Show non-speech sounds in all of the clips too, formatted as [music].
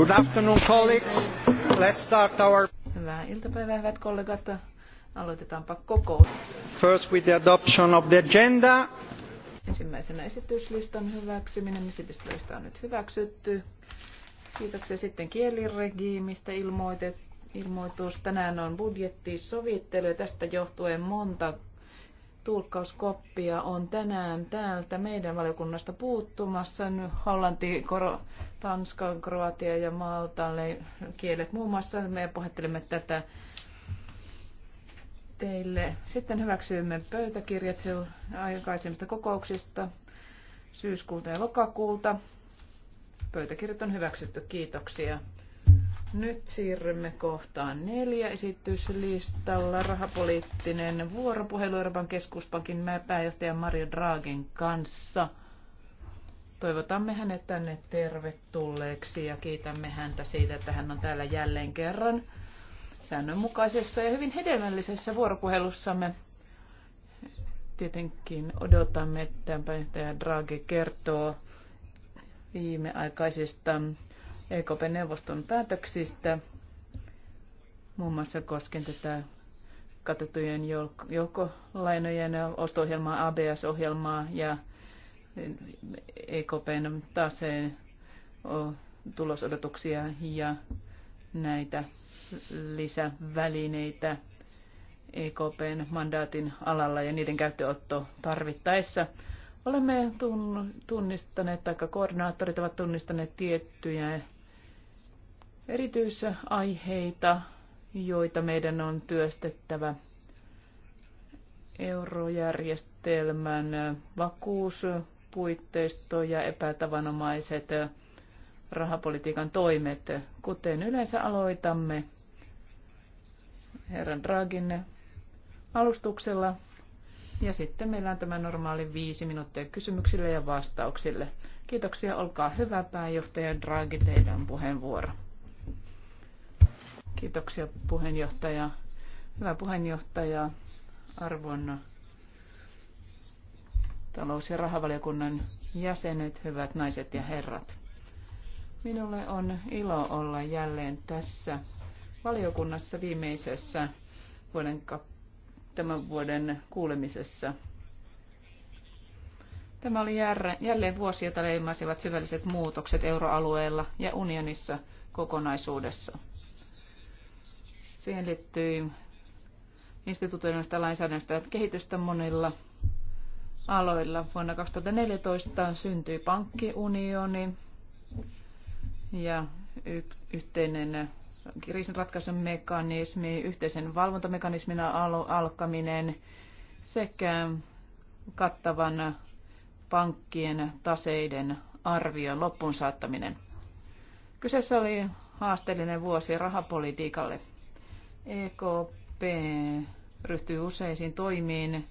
Good afternoon, colleagues. Let's start our... Hyvää iltapäivää, hyvät kollegat. Aloitetaanpa kokous. First with the adoption of the agenda. Ensimmäisenä esityslistan hyväksyminen. Esityslista on nyt hyväksytty. Kiitoksia sitten kieliregiimistä ilmoitus. Tänään on budjettisovittelu ja tästä johtuen monta tulkkauskoppia on tänään täältä meidän valiokunnasta puuttumassa. Nyt Hollanti, Koro, Tanska, Kroatia ja Malta kielet muun muassa. Me pohjattelemme tätä teille. Sitten hyväksyimme pöytäkirjat aikaisemmista kokouksista syyskuuta ja lokakuulta. Pöytäkirjat on hyväksytty. Kiitoksia. Nyt siirrymme kohtaan neljä esityslistalla. Rahapoliittinen vuoropuhelu Euroopan keskuspankin pääjohtaja Mario Draagen kanssa. Toivotamme hänet tänne tervetulleeksi ja kiitämme häntä siitä, että hän on täällä jälleen kerran säännönmukaisessa ja hyvin hedelmällisessä vuoropuhelussamme. Tietenkin odotamme, että pääjohtaja Draghi kertoo viimeaikaisista EKP-neuvoston päätöksistä, muun muassa koskien tätä katettujen joukkolainojen osto-ohjelmaa, ABS-ohjelmaa ja EKPn taseen tulosodotuksia ja näitä lisävälineitä EKPn mandaatin alalla ja niiden käyttöotto tarvittaessa. Olemme tunnistaneet, tai koordinaattorit ovat tunnistaneet tiettyjä erityisaiheita, joita meidän on työstettävä. Eurojärjestelmän vakuuspuitteisto ja epätavanomaiset rahapolitiikan toimet, kuten yleensä aloitamme herran Dragin alustuksella. Ja sitten meillä on tämä normaali viisi minuuttia kysymyksille ja vastauksille. Kiitoksia, olkaa hyvä pääjohtaja Draghi, teidän puheenvuoro. Kiitoksia puheenjohtaja. Hyvä puheenjohtaja, arvon talous- ja rahavaliokunnan jäsenet, hyvät naiset ja herrat. Minulle on ilo olla jälleen tässä valiokunnassa viimeisessä vuoden, tämän vuoden kuulemisessa. Tämä oli jälleen vuosi, jota leimasivat syvälliset muutokset euroalueella ja unionissa kokonaisuudessa – Siihen liittyy instituutioista lainsäädännöstä kehitystä monilla aloilla. Vuonna 2014 syntyi pankkiunioni ja yhteinen kriisinratkaisun mekanismi, yhteisen valvontamekanismin al- alkaminen sekä kattavan pankkien taseiden arvion loppuun saattaminen. Kyseessä oli haasteellinen vuosi rahapolitiikalle. EKP ryhtyy useisiin toimiin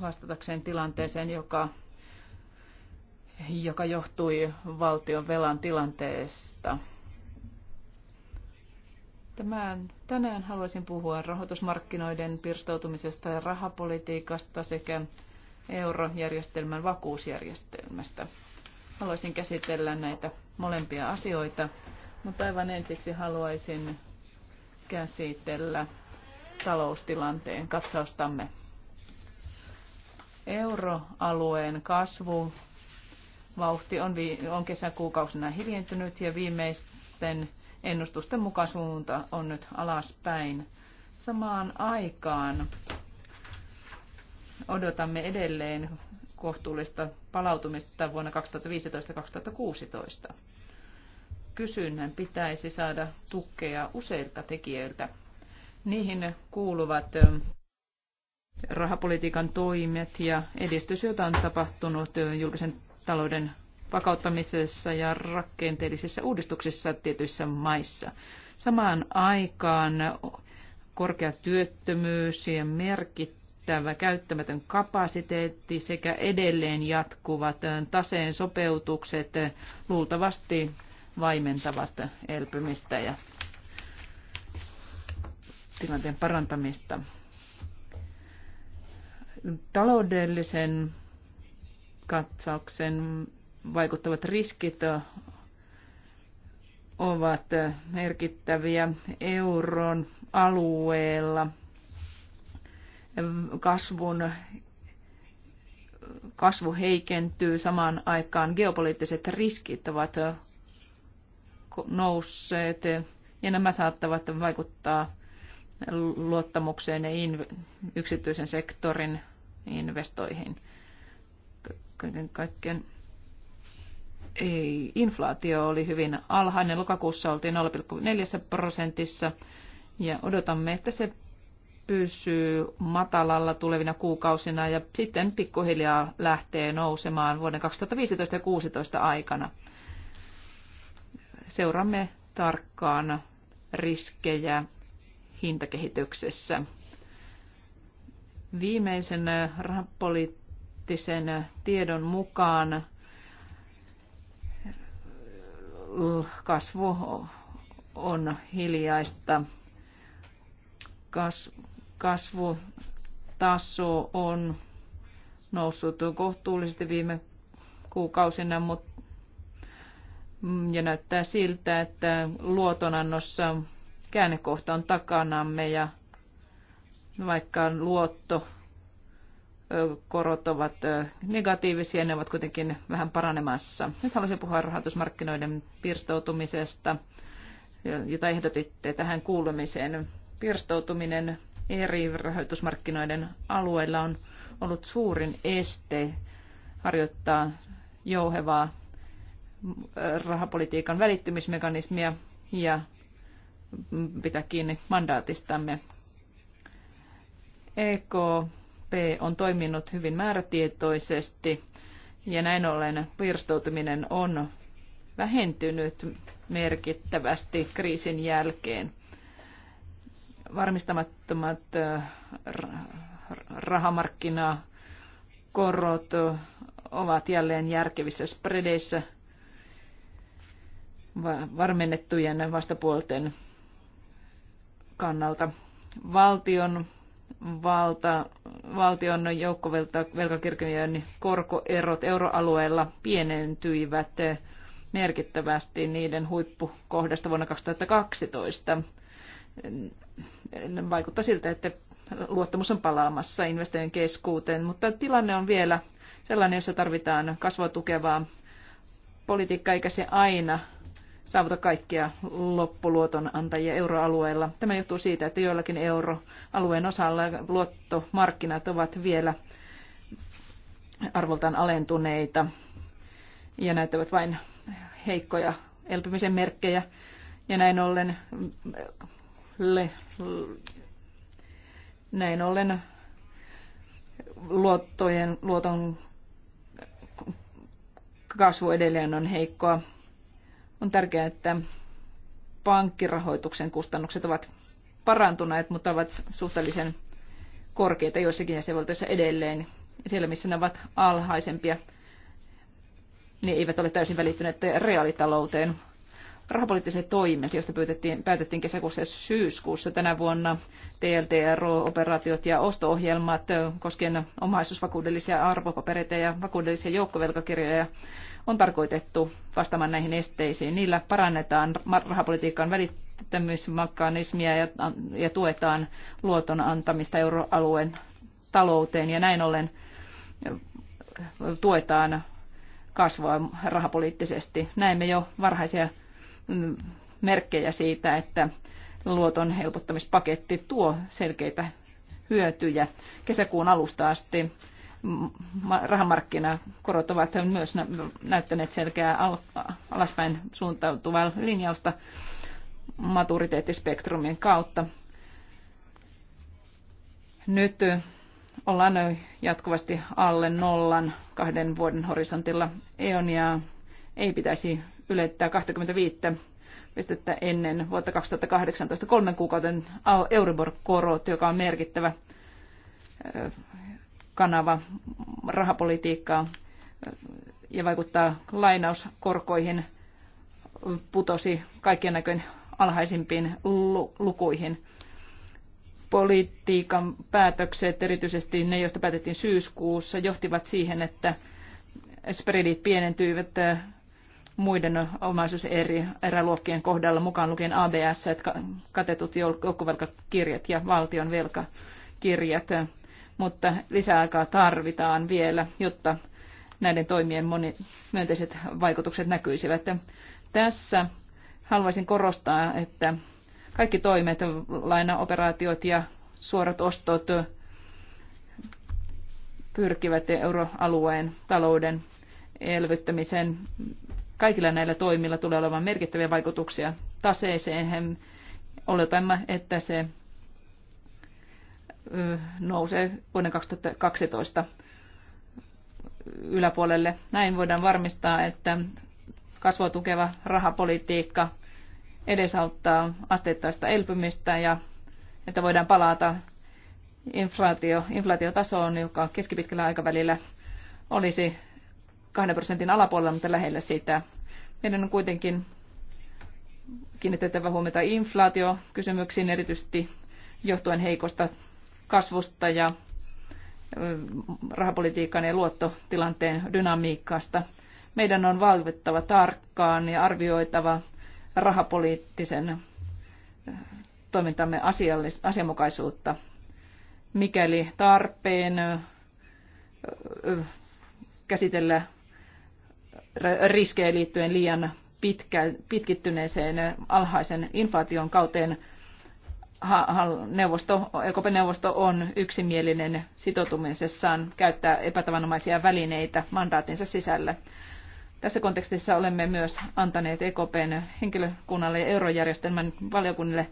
vastatakseen tilanteeseen, joka, joka johtui valtion velan tilanteesta. Tämän, tänään haluaisin puhua rahoitusmarkkinoiden pirstoutumisesta ja rahapolitiikasta sekä eurojärjestelmän vakuusjärjestelmästä. Haluaisin käsitellä näitä molempia asioita, mutta aivan ensiksi haluaisin käsitellä taloustilanteen katsaustamme. Euroalueen kasvu vauhti on, vi- on kesäkuukausina hiljentynyt ja viimeisten ennustusten mukaan suunta on nyt alaspäin. Samaan aikaan odotamme edelleen kohtuullista palautumista vuonna 2015-2016 kysynnän pitäisi saada tukea useilta tekijöiltä. Niihin kuuluvat rahapolitiikan toimet ja edistys, jota on tapahtunut julkisen talouden vakauttamisessa ja rakenteellisissa uudistuksissa tietyissä maissa. Samaan aikaan korkea työttömyys ja merkittävä käyttämätön kapasiteetti sekä edelleen jatkuvat taseen sopeutukset luultavasti vaimentavat elpymistä ja tilanteen parantamista. Taloudellisen katsauksen vaikuttavat riskit ovat merkittäviä euron alueella. Kasvun, kasvu heikentyy samaan aikaan. Geopoliittiset riskit ovat nousseet ja nämä saattavat vaikuttaa luottamukseen ja yksityisen sektorin investoihin. Kaiken kaikkiaan ei, inflaatio oli hyvin alhainen. Lokakuussa oltiin 0,4 prosentissa ja odotamme, että se pysyy matalalla tulevina kuukausina ja sitten pikkuhiljaa lähtee nousemaan vuoden 2015 ja 2016 aikana seuraamme tarkkaan riskejä hintakehityksessä. Viimeisen rahapoliittisen tiedon mukaan kasvu on hiljaista. Kas, kasvutaso on noussut kohtuullisesti viime kuukausina, mutta Mm, ja näyttää siltä, että luotonannossa käännekohta on takanamme ja vaikka luotto korot ovat negatiivisia, ne ovat kuitenkin vähän paranemassa. Nyt haluaisin puhua rahoitusmarkkinoiden pirstoutumisesta, jota ehdotitte tähän kuulumiseen. Pirstoutuminen eri rahoitusmarkkinoiden alueilla on ollut suurin este harjoittaa jouhevaa rahapolitiikan välittymismekanismia ja pitää kiinni mandaatistamme. EKP on toiminut hyvin määrätietoisesti ja näin ollen pirstoutuminen on vähentynyt merkittävästi kriisin jälkeen. Varmistamattomat rahamarkkinakorot ovat jälleen järkevissä spredeissä – varmennettujen vastapuolten kannalta. Valtion valta, valtion joukkovelkakirjojen korkoerot euroalueella pienentyivät merkittävästi niiden huippukohdasta vuonna 2012. Vaikuttaa siltä, että luottamus on palaamassa investoijien keskuuteen, mutta tilanne on vielä sellainen, jossa tarvitaan kasvua tukevaa politiikkaa, eikä se aina saavuta kaikkia loppuluoton antajia euroalueella. Tämä johtuu siitä, että joillakin euroalueen osalla luottomarkkinat ovat vielä arvoltaan alentuneita ja näyttävät vain heikkoja elpymisen merkkejä. Ja näin ollen, le, näin ollen luottojen, luoton kasvu edelleen on heikkoa on tärkeää, että pankkirahoituksen kustannukset ovat parantuneet, mutta ovat suhteellisen korkeita joissakin jäsenvaltioissa edelleen. Siellä, missä ne ovat alhaisempia, ne eivät ole täysin välittyneet reaalitalouteen. Rahapoliittiset toimet, joista päätettiin kesäkuussa ja syyskuussa tänä vuonna, TLTRO-operaatiot ja osto-ohjelmat koskien omaisuusvakuudellisia arvopapereita ja vakuudellisia joukkovelkakirjoja on tarkoitettu vastaamaan näihin esteisiin. Niillä parannetaan rahapolitiikan välittämismekanismia ja, ja tuetaan luoton antamista euroalueen talouteen ja näin ollen tuetaan kasvua rahapoliittisesti. Näemme jo varhaisia mm, merkkejä siitä, että luoton helpottamispaketti tuo selkeitä hyötyjä. Kesäkuun alusta asti rahamarkkinakorot ovat myös näyttäneet selkeää alaspäin suuntautuvaa linjausta maturiteettispektrumin kautta. Nyt ollaan jatkuvasti alle nollan kahden vuoden horisontilla EONia ei pitäisi ylettää 25 pistettä ennen vuotta 2018 kolmen kuukauden Euribor-korot, joka on merkittävä kanava rahapolitiikkaa ja vaikuttaa lainauskorkoihin putosi kaikkien näköin alhaisimpiin lukuihin. Politiikan päätökset, erityisesti ne, joista päätettiin syyskuussa, johtivat siihen, että spreadit pienentyivät muiden eräluokkien kohdalla, mukaan lukien ABS, katetut joukkovelkakirjat ja valtion velkakirjat mutta lisäaikaa tarvitaan vielä, jotta näiden toimien moni, myönteiset vaikutukset näkyisivät. Tässä haluaisin korostaa, että kaikki toimet, lainaoperaatiot ja suorat ostot pyrkivät euroalueen talouden elvyttämiseen. Kaikilla näillä toimilla tulee olemaan merkittäviä vaikutuksia taseeseen. Oletamme, että se nousee vuoden 2012 yläpuolelle. Näin voidaan varmistaa, että kasvua tukeva rahapolitiikka edesauttaa asteittaista elpymistä ja että voidaan palata inflaatio, inflaatiotasoon, joka keskipitkällä aikavälillä olisi 2 prosentin alapuolella, mutta lähellä sitä. Meidän on kuitenkin kiinnitettävä huomiota inflaatiokysymyksiin, erityisesti johtuen heikosta kasvusta ja rahapolitiikan ja luottotilanteen dynamiikasta. Meidän on valvettava tarkkaan ja arvioitava rahapoliittisen toimintamme asianmukaisuutta. Mikäli tarpeen käsitellä riskejä liittyen liian pitkä, pitkittyneeseen alhaisen inflaation kauteen neuvosto, EKP-neuvosto on yksimielinen sitoutumisessaan käyttää epätavanomaisia välineitä mandaatinsa sisällä. Tässä kontekstissa olemme myös antaneet EKPn henkilökunnalle ja eurojärjestelmän valiokunnille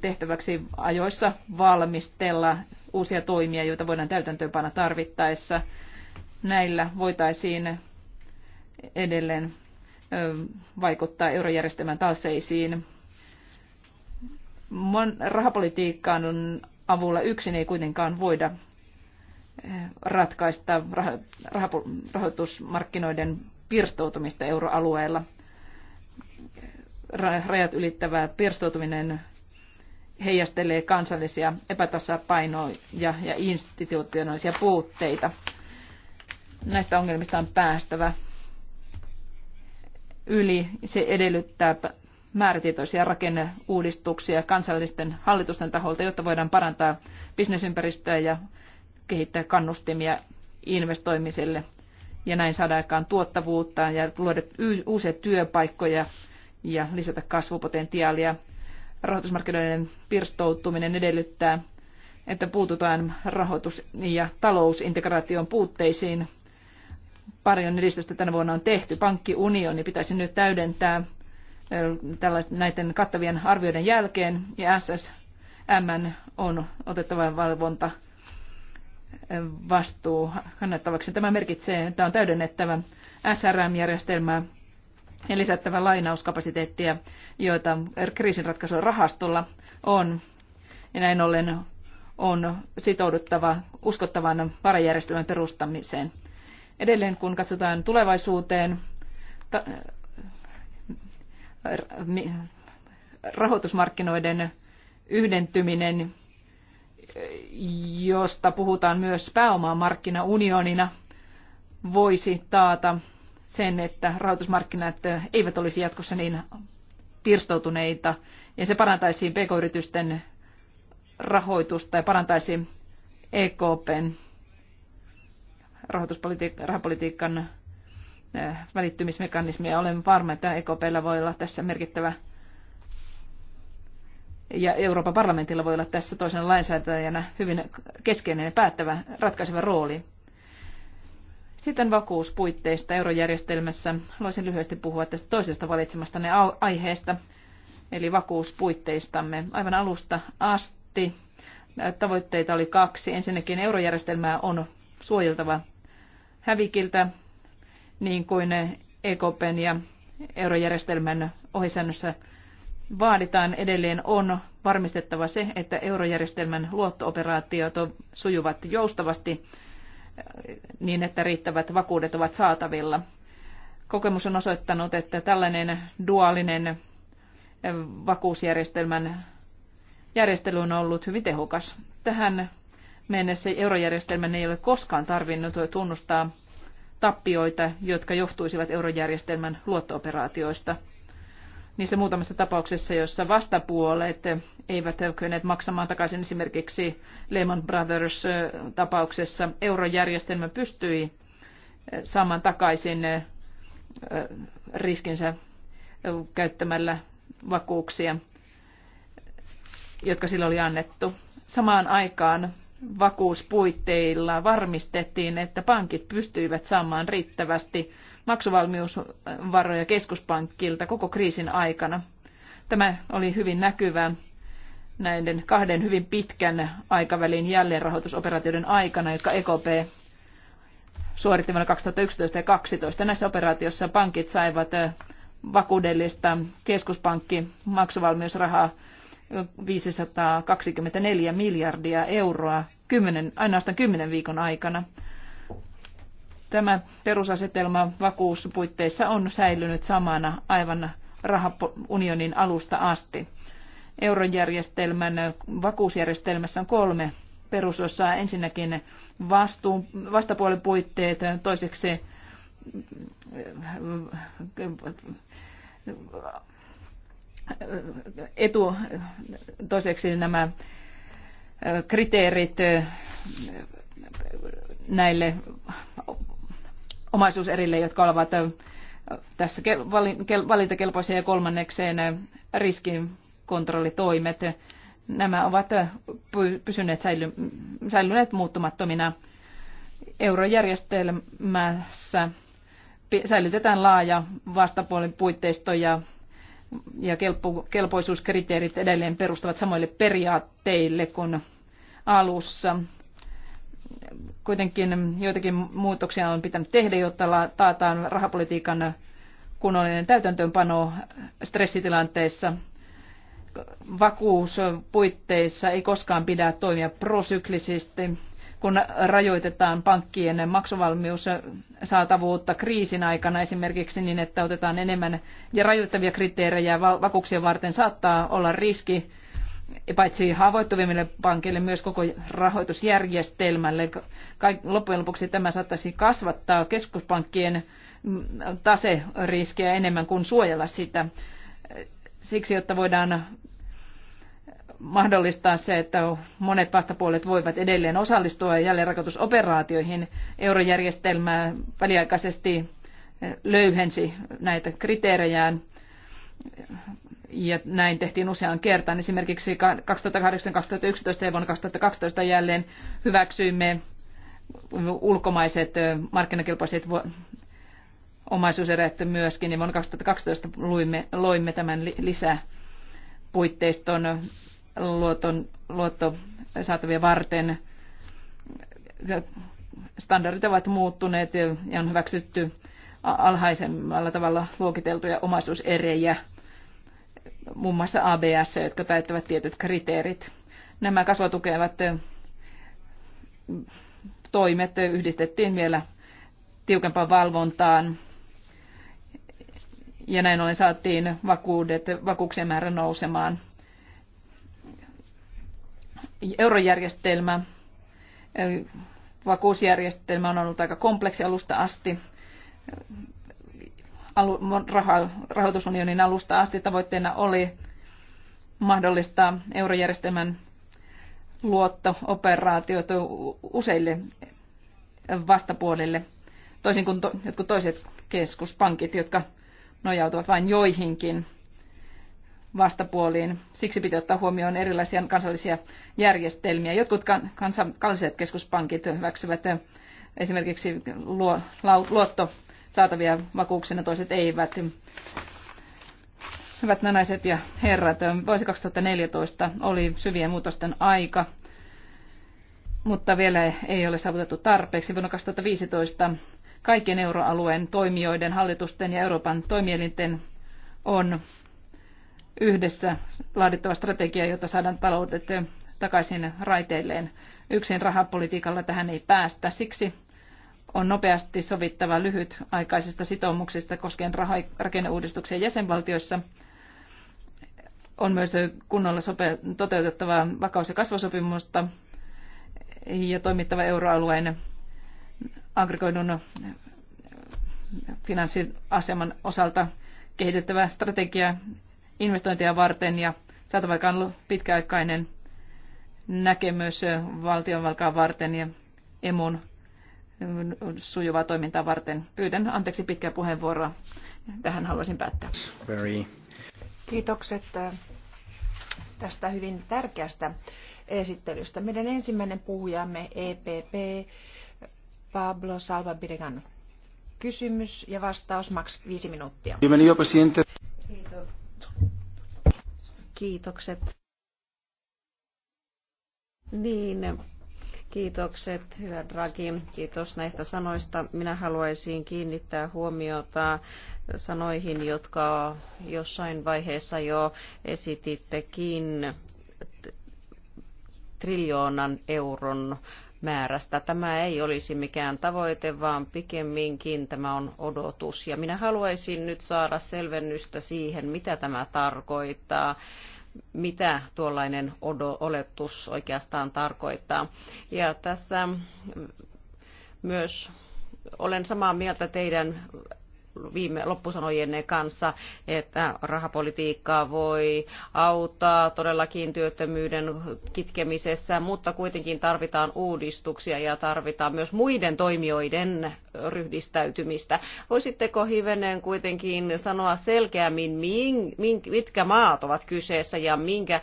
tehtäväksi ajoissa valmistella uusia toimia, joita voidaan täytäntöönpana tarvittaessa. Näillä voitaisiin edelleen vaikuttaa eurojärjestelmän taseisiin rahapolitiikkaan on avulla yksin ei kuitenkaan voida eh, ratkaista rahoitusmarkkinoiden pirstoutumista euroalueella. Rajat ylittävä pirstoutuminen heijastelee kansallisia epätasapainoja ja institutionaalisia puutteita. Näistä ongelmista on päästävä yli. Se edellyttää määrätietoisia rakenneuudistuksia kansallisten hallitusten taholta, jotta voidaan parantaa bisnesympäristöä ja kehittää kannustimia investoimiselle ja näin saada aikaan tuottavuutta ja luoda uusia työpaikkoja ja lisätä kasvupotentiaalia. Rahoitusmarkkinoiden pirstoutuminen edellyttää, että puututaan rahoitus- ja talousintegraation puutteisiin. Paljon edistystä tänä vuonna on tehty. Pankkiunioni pitäisi nyt täydentää näiden kattavien arvioiden jälkeen ja SSM on otettava valvonta vastuu kannettavaksi. Tämä merkitsee, että on täydennettävä SRM-järjestelmää ja lisättävä lainauskapasiteettia, joita kriisinratkaisurahastolla rahastolla on. Ja näin ollen on sitouduttava uskottavan varajärjestelmän perustamiseen. Edelleen kun katsotaan tulevaisuuteen, rahoitusmarkkinoiden yhdentyminen, josta puhutaan myös pääomamarkkinaunionina, voisi taata sen, että rahoitusmarkkinat eivät olisi jatkossa niin pirstoutuneita ja se parantaisi pk-yritysten rahoitusta ja parantaisi EKPn rahoituspolitiikan Eh, välittymismekanismia. Olen varma, että EKPllä voi olla tässä merkittävä ja Euroopan parlamentilla voi olla tässä toisen lainsäätäjänä hyvin keskeinen ja päättävä ratkaiseva rooli. Sitten vakuuspuitteista eurojärjestelmässä. Haluaisin lyhyesti puhua tästä toisesta valitsemastanne aiheesta, eli vakuuspuitteistamme. Aivan alusta asti tavoitteita oli kaksi. Ensinnäkin eurojärjestelmää on suojeltava hävikiltä niin kuin EKPn ja eurojärjestelmän ohisäännössä vaaditaan edelleen on varmistettava se, että eurojärjestelmän luottooperaatiot sujuvat joustavasti äh, niin, että riittävät vakuudet ovat saatavilla. Kokemus on osoittanut, että tällainen duaalinen äh, vakuusjärjestelmän järjestely on ollut hyvin tehokas. Tähän mennessä eurojärjestelmän ei ole koskaan tarvinnut tunnustaa tappioita, jotka johtuisivat eurojärjestelmän luottooperaatioista. Niissä muutamassa tapauksessa, joissa vastapuolet eivät kyenneet maksamaan takaisin esimerkiksi Lehman Brothers-tapauksessa, eurojärjestelmä pystyi saamaan takaisin riskinsä käyttämällä vakuuksia, jotka sille oli annettu. Samaan aikaan vakuuspuitteilla varmistettiin, että pankit pystyivät saamaan riittävästi maksuvalmiusvaroja keskuspankilta koko kriisin aikana. Tämä oli hyvin näkyvää näiden kahden hyvin pitkän aikavälin jälleenrahoitusoperaatioiden aikana, jotka EKP suoritti vuonna 2011 ja 2012. Näissä operaatioissa pankit saivat vakuudellista keskuspankki maksuvalmiusrahaa 524 miljardia euroa 10, ainoastaan 10 viikon aikana. Tämä perusasetelma vakuuspuitteissa on säilynyt samana aivan rahaunionin alusta asti. Eurojärjestelmän vakuusjärjestelmässä on kolme perusosaa. Ensinnäkin vastuun, vastapuolen puitteet, toiseksi etu toiseksi nämä kriteerit näille omaisuuserille, jotka ovat tässä valintakelpoisia ja kolmannekseen riskinkontrollitoimet. Nämä ovat pysyneet säily, säilyneet muuttumattomina. Eurojärjestelmässä säilytetään laaja vastapuolen puitteisto ja ja kelpo, kelpoisuuskriteerit edelleen perustuvat samoille periaatteille kuin alussa. Kuitenkin joitakin muutoksia on pitänyt tehdä, jotta taataan rahapolitiikan kunnollinen täytäntöönpano stressitilanteissa. Vakuuspuitteissa ei koskaan pidä toimia prosyklisesti kun rajoitetaan pankkien maksuvalmiussaatavuutta kriisin aikana esimerkiksi niin, että otetaan enemmän ja rajoittavia kriteerejä vakuuksia varten saattaa olla riski paitsi haavoittuvimmille pankeille myös koko rahoitusjärjestelmälle. Loppujen lopuksi tämä saattaisi kasvattaa keskuspankkien taseriskiä enemmän kuin suojella sitä. Siksi, jotta voidaan mahdollistaa se, että monet vastapuolet voivat edelleen osallistua jälleenrakennusoperaatioihin. eurojärjestelmä väliaikaisesti eh, löyhensi näitä kriteerejään ja näin tehtiin useaan kertaan. Esimerkiksi 2008, 2011 ja vuonna 2012 jälleen hyväksyimme ulkomaiset eh, markkinakelpoiset omaisuuserät myöskin, niin vuonna 2012 luimme, loimme tämän lisäpuitteiston luoton, saatavia varten. Standardit ovat muuttuneet ja on hyväksytty alhaisemmalla tavalla luokiteltuja omaisuuserejä, muun mm. muassa ABS, jotka täyttävät tietyt kriteerit. Nämä kasvatukevat toimet yhdistettiin vielä tiukempaan valvontaan ja näin ollen saatiin vakuudet, vakuuksien määrä nousemaan eurojärjestelmä, vakuusjärjestelmä on ollut aika kompleksi alusta asti. Rahoitusunionin alusta asti tavoitteena oli mahdollistaa eurojärjestelmän luotto-operaatiot useille vastapuolille, toisin kuin to, jotkut toiset keskuspankit, jotka nojautuvat vain joihinkin vastapuoliin. Siksi pitää ottaa huomioon erilaisia kansallisia järjestelmiä. Jotkut kansalliset keskuspankit hyväksyvät esimerkiksi luotto saatavia vakuuksina, toiset eivät. Hyvät naiset ja herrat, vuosi 2014 oli syvien muutosten aika, mutta vielä ei ole saavutettu tarpeeksi. Vuonna 2015 kaikkien euroalueen toimijoiden, hallitusten ja Euroopan toimielinten on yhdessä laadittava strategia, jotta saadaan taloudet takaisin raiteilleen. Yksin rahapolitiikalla tähän ei päästä. Siksi on nopeasti sovittava lyhytaikaisista sitoumuksista koskien rakenneuudistuksia jäsenvaltioissa. On myös kunnolla sope- toteutettava vakaus- ja kasvusopimusta ja toimittava euroalueen aggregoidun finanssiaseman osalta kehitettävä strategia investointeja varten ja saatava aikaan pitkäaikainen näkemys valtionvalkaa varten ja emun sujuvaa toimintaa varten. Pyydän anteeksi pitkää puheenvuoroa. Tähän haluaisin päättää. Very. Kiitokset tästä hyvin tärkeästä esittelystä. Meidän ensimmäinen puhujamme EPP Pablo Birgan. Kysymys ja vastaus maks viisi minuuttia. Kiitos. Kiitokset. Niin, kiitokset, hyvä Draghi. Kiitos näistä sanoista. Minä haluaisin kiinnittää huomiota sanoihin, jotka jossain vaiheessa jo esitittekin triljoonan euron määrästä. Tämä ei olisi mikään tavoite, vaan pikemminkin tämä on odotus. Ja minä haluaisin nyt saada selvennystä siihen, mitä tämä tarkoittaa mitä tuollainen oletus oikeastaan tarkoittaa. Ja tässä myös olen samaa mieltä teidän viime loppusanojen kanssa, että rahapolitiikkaa voi auttaa todellakin työttömyyden kitkemisessä, mutta kuitenkin tarvitaan uudistuksia ja tarvitaan myös muiden toimijoiden ryhdistäytymistä. Voisitteko hivenen kuitenkin sanoa selkeämmin, mitkä maat ovat kyseessä ja minkä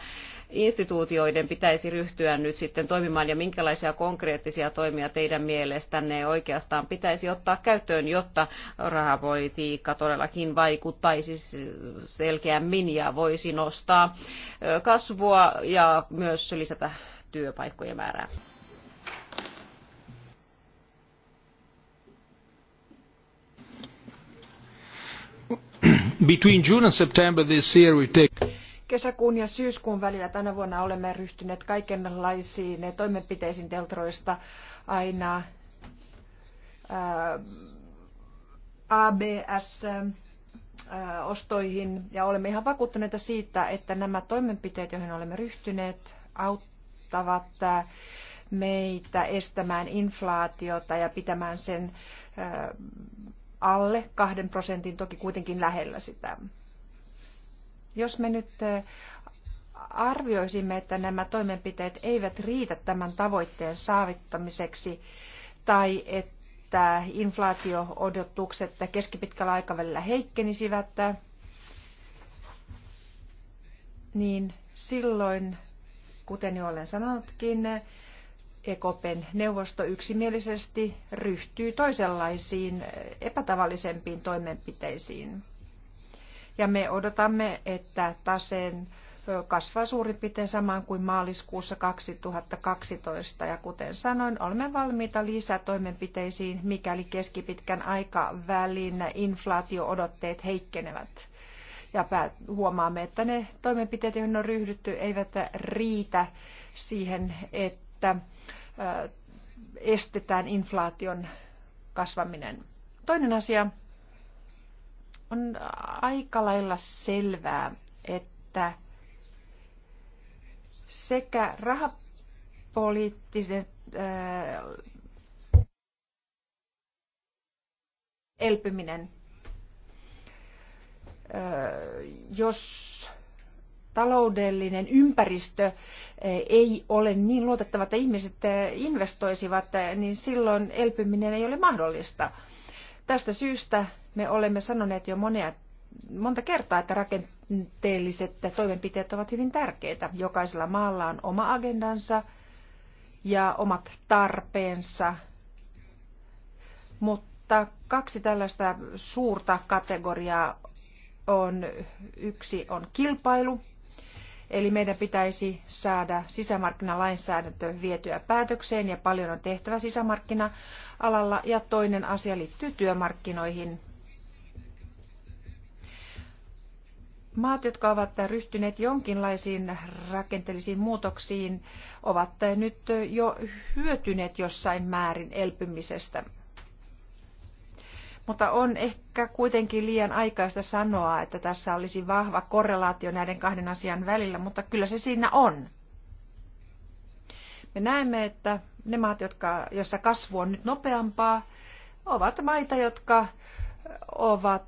instituutioiden pitäisi ryhtyä nyt sitten toimimaan ja minkälaisia konkreettisia toimia teidän mielestänne oikeastaan pitäisi ottaa käyttöön, jotta rahapolitiikka todellakin vaikuttaisi selkeämmin ja voisi nostaa kasvua ja myös lisätä työpaikkojen määrää. Between June and September this year we take kesäkuun ja syyskuun välillä tänä vuonna olemme ryhtyneet kaikenlaisiin toimenpiteisiin teltroista aina ABS-ostoihin ja olemme ihan vakuuttuneita siitä, että nämä toimenpiteet, joihin olemme ryhtyneet, auttavat meitä estämään inflaatiota ja pitämään sen alle kahden prosentin, toki kuitenkin lähellä sitä. Jos me nyt eh, arvioisimme, että nämä toimenpiteet eivät riitä tämän tavoitteen saavuttamiseksi tai että inflaatio-odotukset keskipitkällä aikavälillä heikkenisivät, niin silloin, kuten jo olen sanonutkin, EKPn neuvosto yksimielisesti ryhtyy toisenlaisiin eh, epätavallisempiin toimenpiteisiin ja me odotamme, että taseen kasvaa suurin piirtein samaan kuin maaliskuussa 2012. Ja kuten sanoin, olemme valmiita lisätoimenpiteisiin, mikäli keskipitkän aikavälin inflaatioodotteet heikkenevät. Ja huomaamme, että ne toimenpiteet, joihin on ryhdytty, eivät riitä siihen, että estetään inflaation kasvaminen. Toinen asia on aika lailla selvää, että sekä rahapoliittinen äh, elpyminen, äh, jos taloudellinen ympäristö äh, ei ole niin luotettava, että ihmiset investoisivat, niin silloin elpyminen ei ole mahdollista. Tästä syystä me olemme sanoneet jo monia, monta kertaa, että rakenteelliset toimenpiteet ovat hyvin tärkeitä. Jokaisella maalla on oma agendansa ja omat tarpeensa, mutta kaksi tällaista suurta kategoriaa on, yksi on kilpailu, Eli meidän pitäisi saada sisämarkkinalainsäädäntö vietyä päätökseen ja paljon on tehtävä sisämarkkina-alalla. Ja toinen asia liittyy työmarkkinoihin. Maat, jotka ovat ryhtyneet jonkinlaisiin rakenteellisiin muutoksiin, ovat nyt jo hyötyneet jossain määrin elpymisestä. Mutta on ehkä kuitenkin liian aikaista sanoa, että tässä olisi vahva korrelaatio näiden kahden asian välillä, mutta kyllä se siinä on. Me näemme, että ne maat, jotka, joissa kasvu on nyt nopeampaa, ovat maita, jotka ovat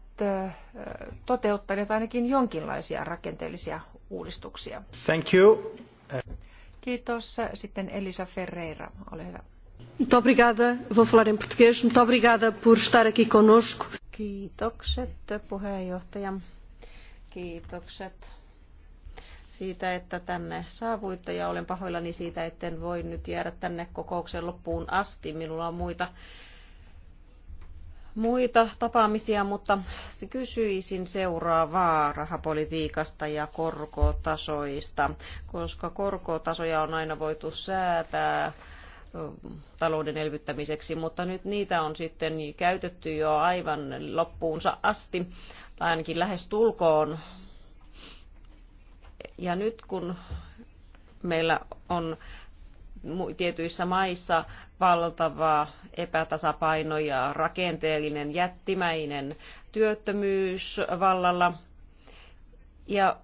toteuttaneet ainakin jonkinlaisia rakenteellisia uudistuksia. Thank you. Kiitos. Sitten Elisa Ferreira, ole hyvä. Muito obrigada. Vou falar em português. Muito obrigada por estar aqui conosco. Kiitokset puheenjohtaja. Kiitokset siitä, että tänne saavuitte ja olen pahoillani siitä, etten voi nyt jäädä tänne kokouksen loppuun asti. Minulla on muita muita tapaamisia, mutta kysyisin seuraavaa rahapolitiikasta ja korkotasoista, koska korkotasoja on aina voitu säätää talouden elvyttämiseksi, mutta nyt niitä on sitten käytetty jo aivan loppuunsa asti, tai ainakin lähes tulkoon. Ja nyt kun meillä on tietyissä maissa valtava epätasapaino ja rakenteellinen jättimäinen työttömyys vallalla. Ja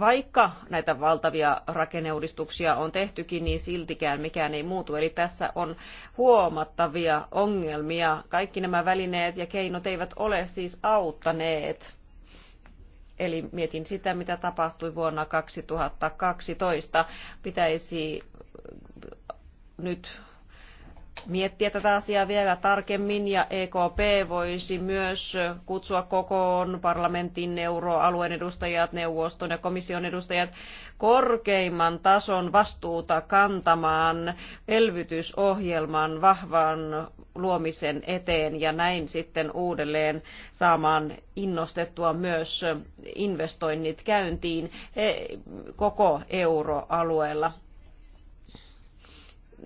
vaikka näitä valtavia rakenneuudistuksia on tehtykin, niin siltikään mikään ei muutu. Eli tässä on huomattavia ongelmia. Kaikki nämä välineet ja keinot eivät ole siis auttaneet. Eli mietin sitä, mitä tapahtui vuonna 2012. Pitäisi nyt miettiä tätä asiaa vielä tarkemmin ja EKP voisi myös kutsua kokoon parlamentin, euroalueen edustajat, neuvoston ja komission edustajat korkeimman tason vastuuta kantamaan elvytysohjelman vahvan luomisen eteen ja näin sitten uudelleen saamaan innostettua myös investoinnit käyntiin eh, koko euroalueella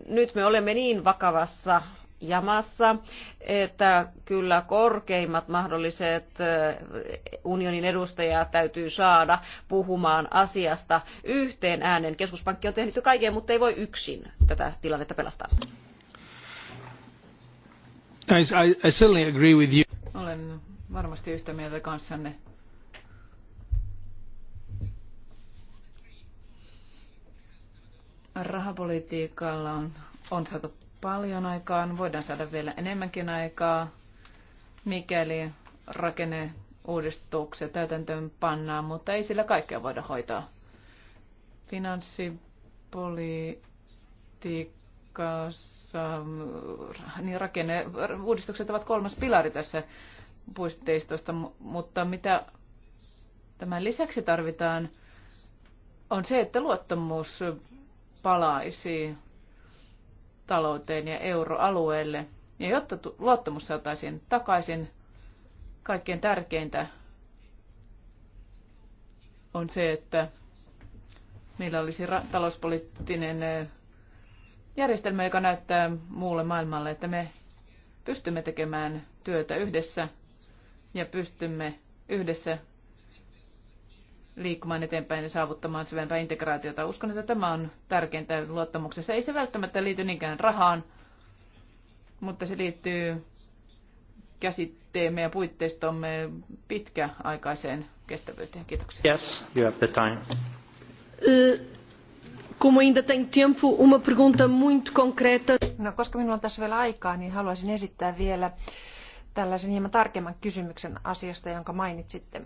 nyt me olemme niin vakavassa jamassa, että kyllä korkeimmat mahdolliset eh, unionin edustajat täytyy saada puhumaan asiasta yhteen äänen. Keskuspankki on tehnyt jo kaiken, mutta ei voi yksin tätä tilannetta pelastaa. I, I, I certainly agree with you. Olen varmasti yhtä mieltä kanssanne Rahapolitiikalla on, on saatu paljon aikaan, voidaan saada vielä enemmänkin aikaa, mikäli rakenne uudistuksia täytäntöön pannaan, mutta ei sillä kaikkea voida hoitaa. Finanssipolitiikassa mm, niin rakenne, uudistukset ovat kolmas pilari tässä puisteistosta, mutta mitä tämän lisäksi tarvitaan, on se, että luottamus palaisi talouteen ja euroalueelle. Ja jotta luottamus saataisiin takaisin, kaikkein tärkeintä on se, että meillä olisi talouspoliittinen järjestelmä, joka näyttää muulle maailmalle, että me pystymme tekemään työtä yhdessä ja pystymme yhdessä liikkumaan eteenpäin ja saavuttamaan syvempää integraatiota. Uskon, että tämä on tärkeintä luottamuksessa. Ei se välttämättä liity niinkään rahaan, mutta se liittyy käsitteemme ja puitteistomme pitkäaikaiseen kestävyyteen. Kiitoksia. Yes, you have the time. Eh, como ainda tenho tempo, uma pergunta muito concreta. No, koska minulla on tässä vielä aikaa, niin haluaisin esittää vielä tällaisen hieman tarkemman kysymyksen asiasta, jonka mainitsitte.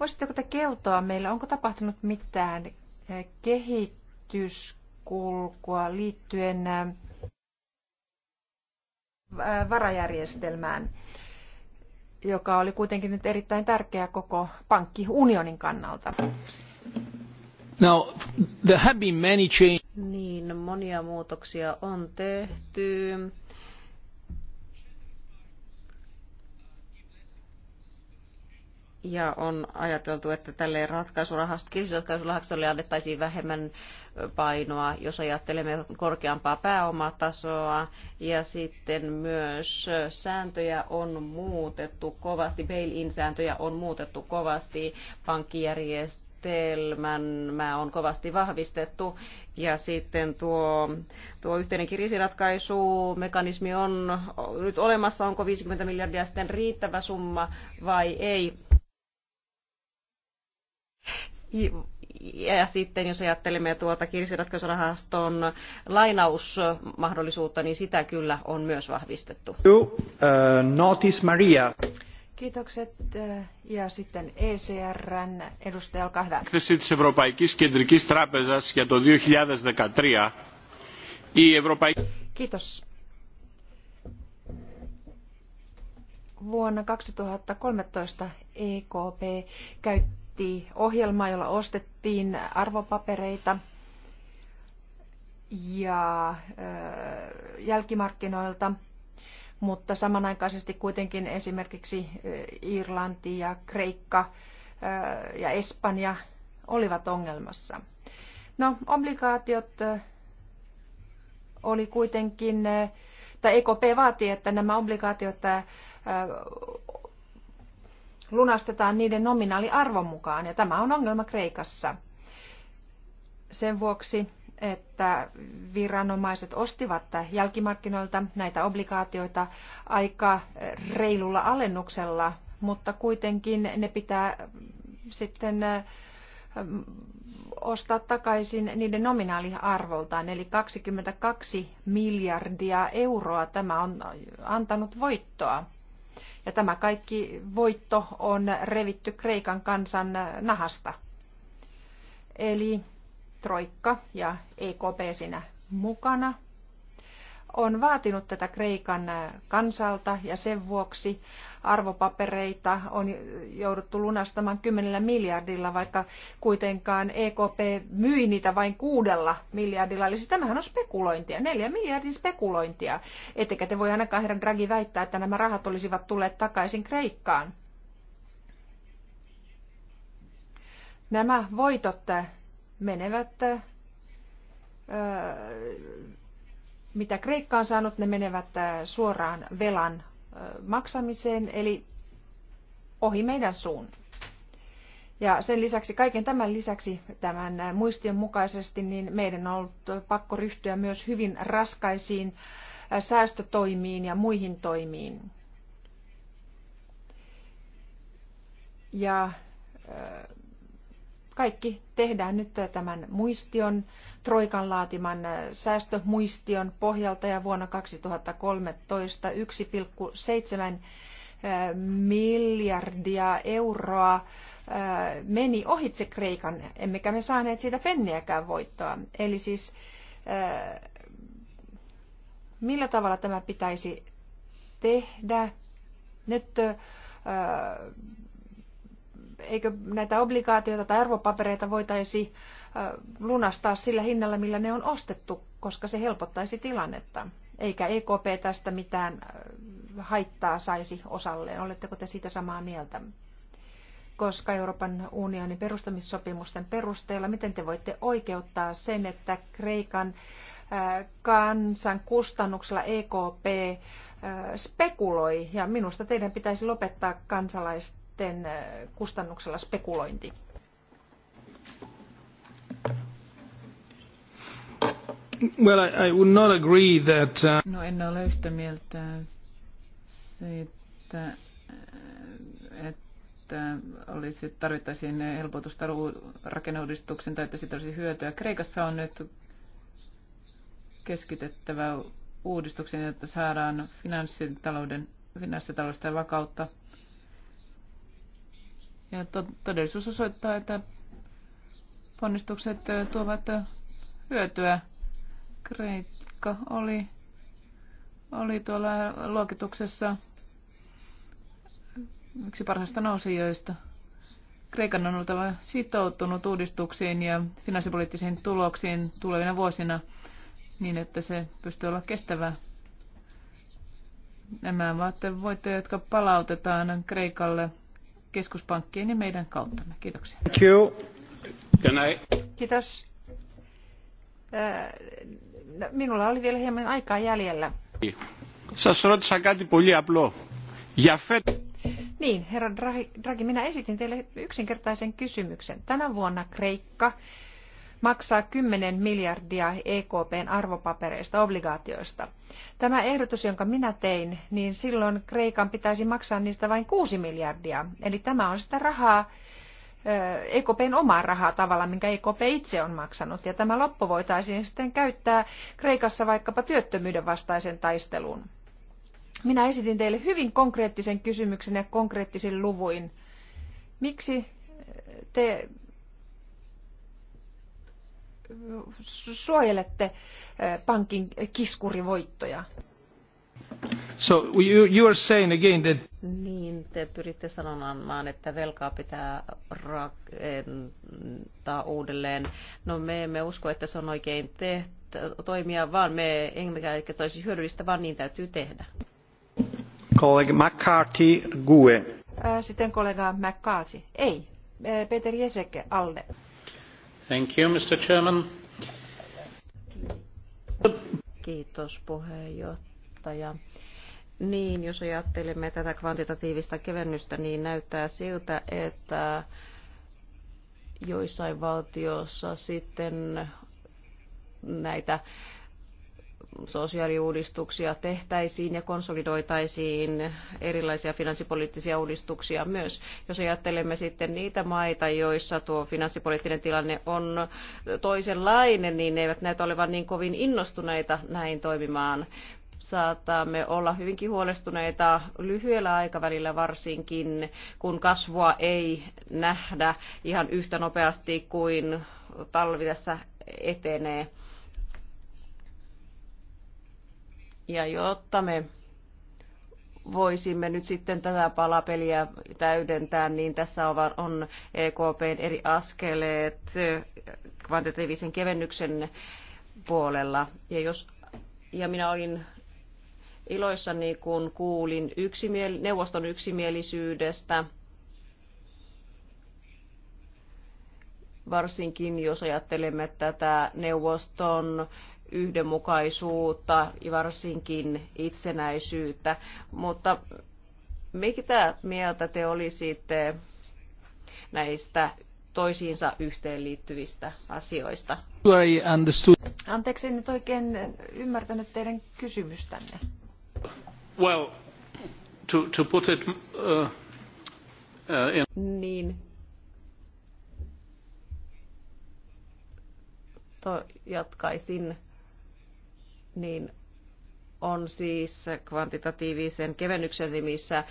Voisitteko te kertoa meillä, onko tapahtunut mitään eh, kehityskulkua liittyen eh, eh, varajärjestelmään, joka oli kuitenkin nyt erittäin tärkeä koko pankkiunionin kannalta? Now, there have been many change- niin, monia muutoksia on tehty Ja on ajateltu, että tälle ratkaisurahastolle, kriisiratkaisurahastolle annettaisiin vähemmän painoa, jos ajattelemme korkeampaa pääomatasoa. Ja sitten myös sääntöjä on muutettu kovasti, bail-in-sääntöjä on muutettu kovasti pankkijärjestelmä mä on kovasti vahvistettu. Ja sitten tuo, tuo yhteinen kriisiratkaisumekanismi on nyt olemassa, onko 50 miljardia sitten riittävä summa vai ei. Ja sitten jos ajattelemme tuota kriisiratkaisurahaston lainausmahdollisuutta, niin sitä kyllä on myös vahvistettu. uh, Notis Maria. Kiitokset. Uh, ja sitten ECRn edustaja, olkaa hyvä. της Ευρωπαϊκής Κεντρικής Τράπεζας 2013. Kiitos. Vuonna 2013 EKP käytti käytti ohjelmaa, jolla ostettiin arvopapereita ja jälkimarkkinoilta, mutta samanaikaisesti kuitenkin esimerkiksi Irlanti ja Kreikka ja Espanja olivat ongelmassa. No, obligaatiot oli kuitenkin, tai EKP vaati, että nämä obligaatiot lunastetaan niiden nominaaliarvon mukaan, ja tämä on ongelma Kreikassa. Sen vuoksi, että viranomaiset ostivat jälkimarkkinoilta näitä obligaatioita aika reilulla alennuksella, mutta kuitenkin ne pitää sitten ostaa takaisin niiden nominaaliarvoltaan, eli 22 miljardia euroa tämä on antanut voittoa. Ja tämä kaikki voitto on revitty Kreikan kansan nahasta. Eli Troikka ja EKP sinä mukana on vaatinut tätä Kreikan kansalta ja sen vuoksi arvopapereita on jouduttu lunastamaan kymmenellä miljardilla, vaikka kuitenkaan EKP myi niitä vain kuudella miljardilla. Eli siis tämähän on spekulointia, neljä miljardin spekulointia. Ettekä te voi ainakaan herra Draghi väittää, että nämä rahat olisivat tulleet takaisin Kreikkaan. Nämä voitot menevät öö, mitä Kreikka on saanut, ne menevät äh, suoraan velan äh, maksamiseen, eli ohi meidän suun. Ja sen lisäksi, kaiken tämän lisäksi, tämän äh, muistion mukaisesti, niin meidän on ollut pakko ryhtyä myös hyvin raskaisiin säästötoimiin ja muihin toimiin. Ja kaikki tehdään nyt tämän muistion, Troikan laatiman äh, säästömuistion pohjalta ja vuonna 2013 1,7 äh, miljardia euroa äh, meni ohitse Kreikan, emmekä me saaneet siitä penniäkään voittoa. Eli siis millä tavalla tämä pitäisi tehdä? Nyt eikö näitä obligaatioita tai arvopapereita voitaisi lunastaa sillä hinnalla, millä ne on ostettu, koska se helpottaisi tilannetta. Eikä EKP tästä mitään haittaa saisi osalleen. Oletteko te siitä samaa mieltä? Koska Euroopan unionin perustamissopimusten perusteella, miten te voitte oikeuttaa sen, että Kreikan kansan kustannuksella EKP spekuloi ja minusta teidän pitäisi lopettaa kansalaisten sitten kustannuksella spekulointi. Well, I, I would not agree that, uh... No en ole yhtä mieltä siitä, että olisi, tarvittaisiin helpotusta rakenneuudistuksen tai että siitä olisi hyötyä. Kreikassa on nyt keskitettävä uudistuksen, jotta saadaan finanssitalouden, finanssitaloudesta vakautta – ja to- todellisuus osoittaa, että ponnistukset tuovat hyötyä. Kreikka oli, oli tuolla luokituksessa yksi parhaista nousijoista. Kreikan on oltava sitoutunut uudistuksiin ja finanssipoliittisiin tuloksiin tulevina vuosina niin, että se pystyy olla kestävää. Nämä ovat voittoja, jotka palautetaan Kreikalle – keskuspankkien ja meidän kauttamme. Kiitoksia. Thank you. Can I... Kiitos. Äh, no, minulla oli vielä hieman aikaa jäljellä. Σας ρώτησα κάτι πολύ απλό. Για φέτος... Niin, herra Draghi, minä esitin teille yksinkertaisen kysymyksen. Tänä vuonna Kreikka maksaa 10 miljardia EKPn arvopapereista, obligaatioista. Tämä ehdotus, jonka minä tein, niin silloin Kreikan pitäisi maksaa niistä vain 6 miljardia. Eli tämä on sitä rahaa, EKPn omaa rahaa tavalla, minkä EKP itse on maksanut. Ja tämä loppu voitaisiin sitten käyttää Kreikassa vaikkapa työttömyyden vastaisen taisteluun. Minä esitin teille hyvin konkreettisen kysymyksen ja konkreettisin luvuin. Miksi te suojelette pankin kiskurivoittoja? So you, you are saying again that... Niin, te pyritte sanomaan, että velkaa pitää rakentaa uudelleen. No me emme usko, että se on oikein tehtä, toimia, vaan me emmekä, että olisi hyödyllistä, vaan niin täytyy tehdä. Kollega McCarthy, GUE. Sitten kollega McCarthy. Ei, Peter Jeseke, ALDE. Kiitos puheenjohtaja. Niin, jos ajattelemme tätä kvantitatiivista kevennystä, niin näyttää siltä, että joissain valtioissa sitten näitä sosiaaliuudistuksia tehtäisiin ja konsolidoitaisiin erilaisia finanssipoliittisia uudistuksia myös. Jos ajattelemme sitten niitä maita, joissa tuo finanssipoliittinen tilanne on toisenlainen, niin ne eivät näitä olevan niin kovin innostuneita näin toimimaan saattamme olla hyvinkin huolestuneita lyhyellä aikavälillä varsinkin, kun kasvua ei nähdä ihan yhtä nopeasti kuin talvi tässä etenee. Ja jotta me voisimme nyt sitten tätä palapeliä täydentää, niin tässä on EKPn eri askeleet kvantitatiivisen kevennyksen puolella. Ja, jos, ja minä olin iloissani, kun kuulin yksimiel, neuvoston yksimielisyydestä, varsinkin jos ajattelemme tätä neuvoston yhdenmukaisuutta, varsinkin itsenäisyyttä. Mutta mitä mieltä te olisitte näistä toisiinsa yhteen liittyvistä asioista? Anteeksi, en nyt oikein ymmärtänyt teidän kysymystänne. Well, to, to put it, uh, uh, in... Niin. To, jatkaisin niin on siis kvantitatiivisen kevennyksen nimissä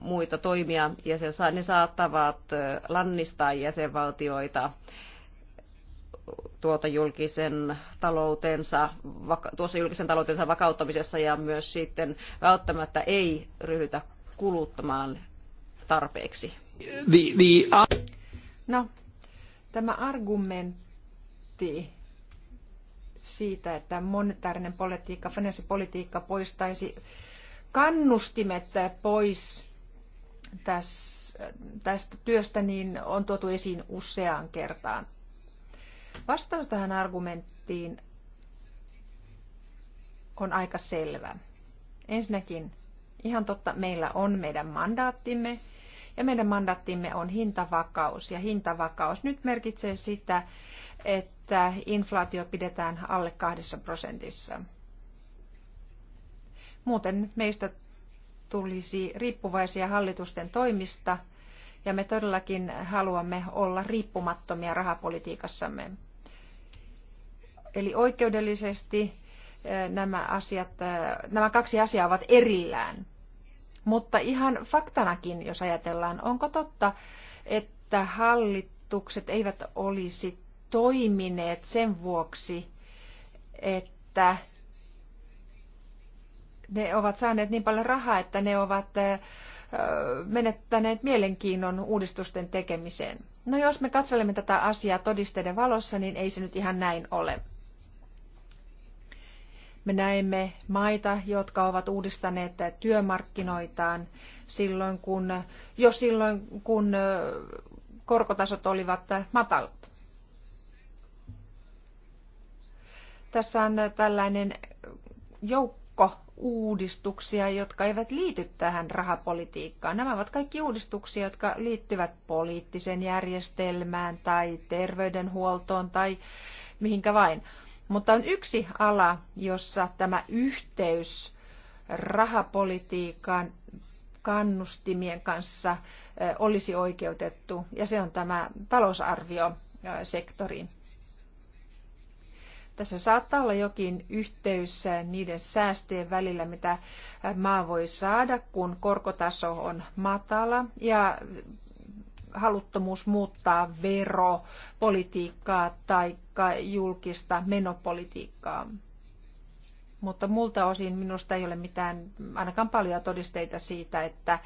muita toimia, ja sen ne saattavat lannistaa jäsenvaltioita tuota julkisen taloutensa, tuossa julkisen taloutensa vakauttamisessa ja myös sitten välttämättä ei ryhdytä kuluttamaan tarpeeksi. The, the... No, tämä argumentti siitä, että monetaarinen politiikka, finanssipolitiikka poistaisi kannustimet pois tästä työstä, niin on tuotu esiin useaan kertaan. Vastaus tähän argumenttiin on aika selvä. Ensinnäkin ihan totta, meillä on meidän mandaattimme, ja meidän mandattimme on hintavakaus. Ja hintavakaus nyt merkitsee sitä, että inflaatio pidetään alle kahdessa prosentissa. Muuten meistä tulisi riippuvaisia hallitusten toimista, ja me todellakin haluamme olla riippumattomia rahapolitiikassamme. Eli oikeudellisesti eh, nämä, asiat, eh, nämä kaksi asiaa ovat erillään. Mutta ihan faktanakin, jos ajatellaan, onko totta, että hallitukset eivät olisi toimineet sen vuoksi, että ne ovat saaneet niin paljon rahaa, että ne ovat menettäneet mielenkiinnon uudistusten tekemiseen. No jos me katselemme tätä asiaa todisteiden valossa, niin ei se nyt ihan näin ole. Me näemme maita, jotka ovat uudistaneet työmarkkinoitaan silloin, kun, jo silloin, kun korkotasot olivat matalat. Tässä on tällainen joukko uudistuksia, jotka eivät liity tähän rahapolitiikkaan. Nämä ovat kaikki uudistuksia, jotka liittyvät poliittiseen järjestelmään tai terveydenhuoltoon tai mihinkä vain. Mutta on yksi ala, jossa tämä yhteys rahapolitiikan kannustimien kanssa olisi oikeutettu, ja se on tämä talousarviosektori. Tässä saattaa olla jokin yhteys niiden säästöjen välillä, mitä maa voi saada, kun korkotaso on matala ja haluttomuus muuttaa veropolitiikkaa tai julkista menopolitiikkaa. Mutta multa osin minusta ei ole mitään, ainakaan paljon todisteita siitä, että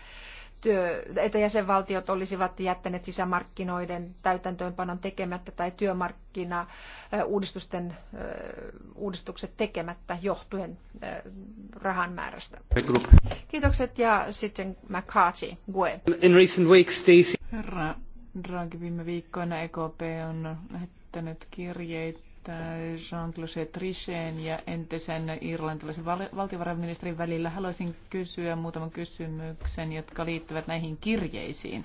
työ, että jäsenvaltiot olisivat jättäneet sisämarkkinoiden täytäntöönpanon tekemättä tai työmarkkinauudistusten uudistukset tekemättä johtuen rahan määrästä. Kiitokset ja sitten McCarthy, GUE. In recent weeks, Herra Draghi viime viikkoina EKP on lähettänyt kirjeitä Jean-Claude Trichén ja entisen irlantilaisen val- valtiovarainministerin välillä. Haluaisin kysyä muutaman kysymyksen, jotka liittyvät näihin kirjeisiin.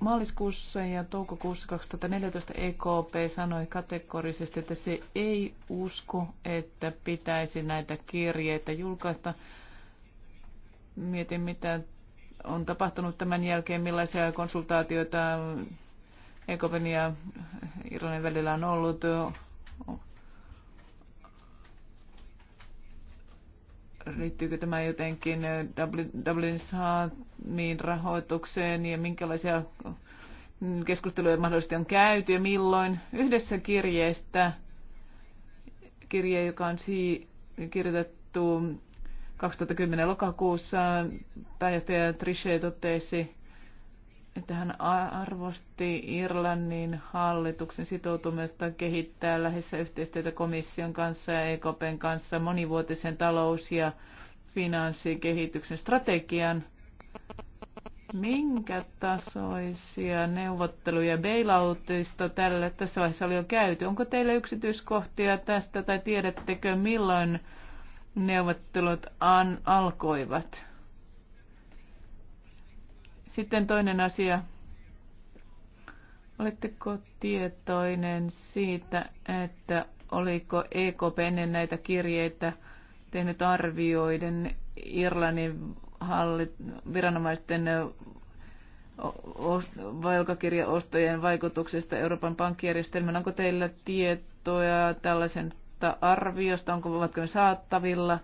Maaliskuussa ja toukokuussa 2014 EKP sanoi kategorisesti, että se ei usko, että pitäisi näitä kirjeitä julkaista. Mietin, mitä on tapahtunut tämän jälkeen, millaisia konsultaatioita Ekopen ja Irlannin välillä on ollut. Liittyykö tämä jotenkin Dublin saamiin rahoitukseen ja minkälaisia keskusteluja mahdollisesti on käyty ja milloin? Yhdessä kirjeestä, kirje, joka on si- kirjoitettu 2010 lokakuussa, pääjohtaja Trichet totesi, että hän arvosti Irlannin hallituksen sitoutumista kehittää lähessä yhteistyötä komission kanssa ja EKPn kanssa monivuotisen talous- ja finanssikehityksen strategian. Minkä tasoisia neuvotteluja bailoutista tällä, tässä vaiheessa oli jo käyty? Onko teillä yksityiskohtia tästä tai tiedättekö milloin neuvottelut an, alkoivat? Sitten toinen asia. Oletteko tietoinen siitä, että oliko EKP ennen näitä kirjeitä tehnyt arvioiden Irlannin hallit- viranomaisten velkakirjaostojen vaikutuksesta Euroopan pankkijärjestelmään. Onko teillä tietoja tällaisen arviosta? Onko, ovatko ne saattavilla?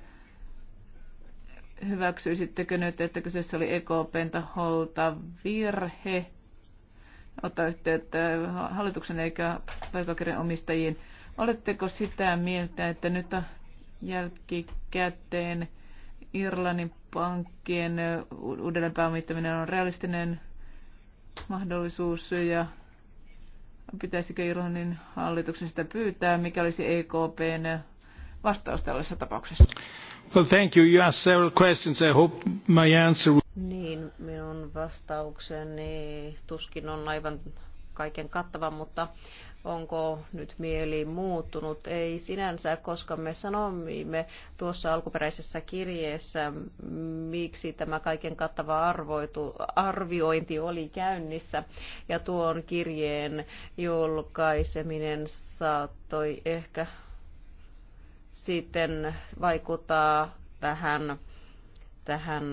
hyväksyisittekö nyt, että kyseessä oli EKPn taholta virhe ottaa yhteyttä hallituksen eikä velkakirjan omistajiin. Oletteko sitä mieltä, että nyt jälkikäteen Irlannin pankkien uudelleenpääomittaminen on realistinen mahdollisuus ja pitäisikö Irlannin hallituksen sitä pyytää, mikä olisi EKPn vastaus tällaisessa tapauksessa? Niin, minun vastaukseni tuskin on aivan kaiken kattava, mutta onko nyt mieli muuttunut? Ei sinänsä, koska me sanoimme tuossa alkuperäisessä kirjeessä, miksi tämä kaiken kattava arvoitu, arviointi oli käynnissä. Ja tuon kirjeen julkaiseminen saattoi ehkä sitten vaikuttaa tähän, tähän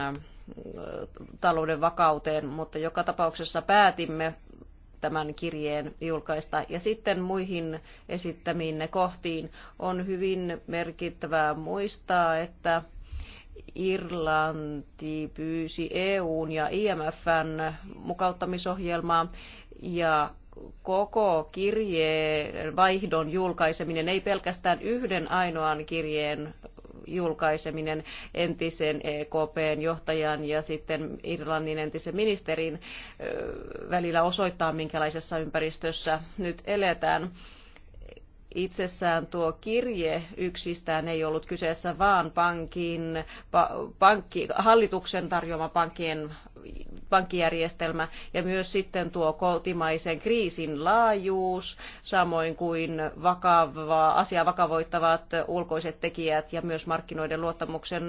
talouden vakauteen, mutta joka tapauksessa päätimme tämän kirjeen julkaista. Ja sitten muihin esittämiin kohtiin on hyvin merkittävää muistaa, että Irlanti pyysi EUn ja IMFn mukauttamisohjelmaa ja koko kirjeen vaihdon julkaiseminen, ei pelkästään yhden ainoan kirjeen julkaiseminen entisen EKPn johtajan ja sitten Irlannin entisen ministerin välillä osoittaa, minkälaisessa ympäristössä nyt eletään itsessään tuo kirje yksistään ei ollut kyseessä, vaan pankin, pa, pankki, hallituksen tarjoama pankkien pankkijärjestelmä ja myös sitten tuo kotimaisen kriisin laajuus, samoin kuin vakava, asiaa vakavoittavat ulkoiset tekijät ja myös markkinoiden luottamuksen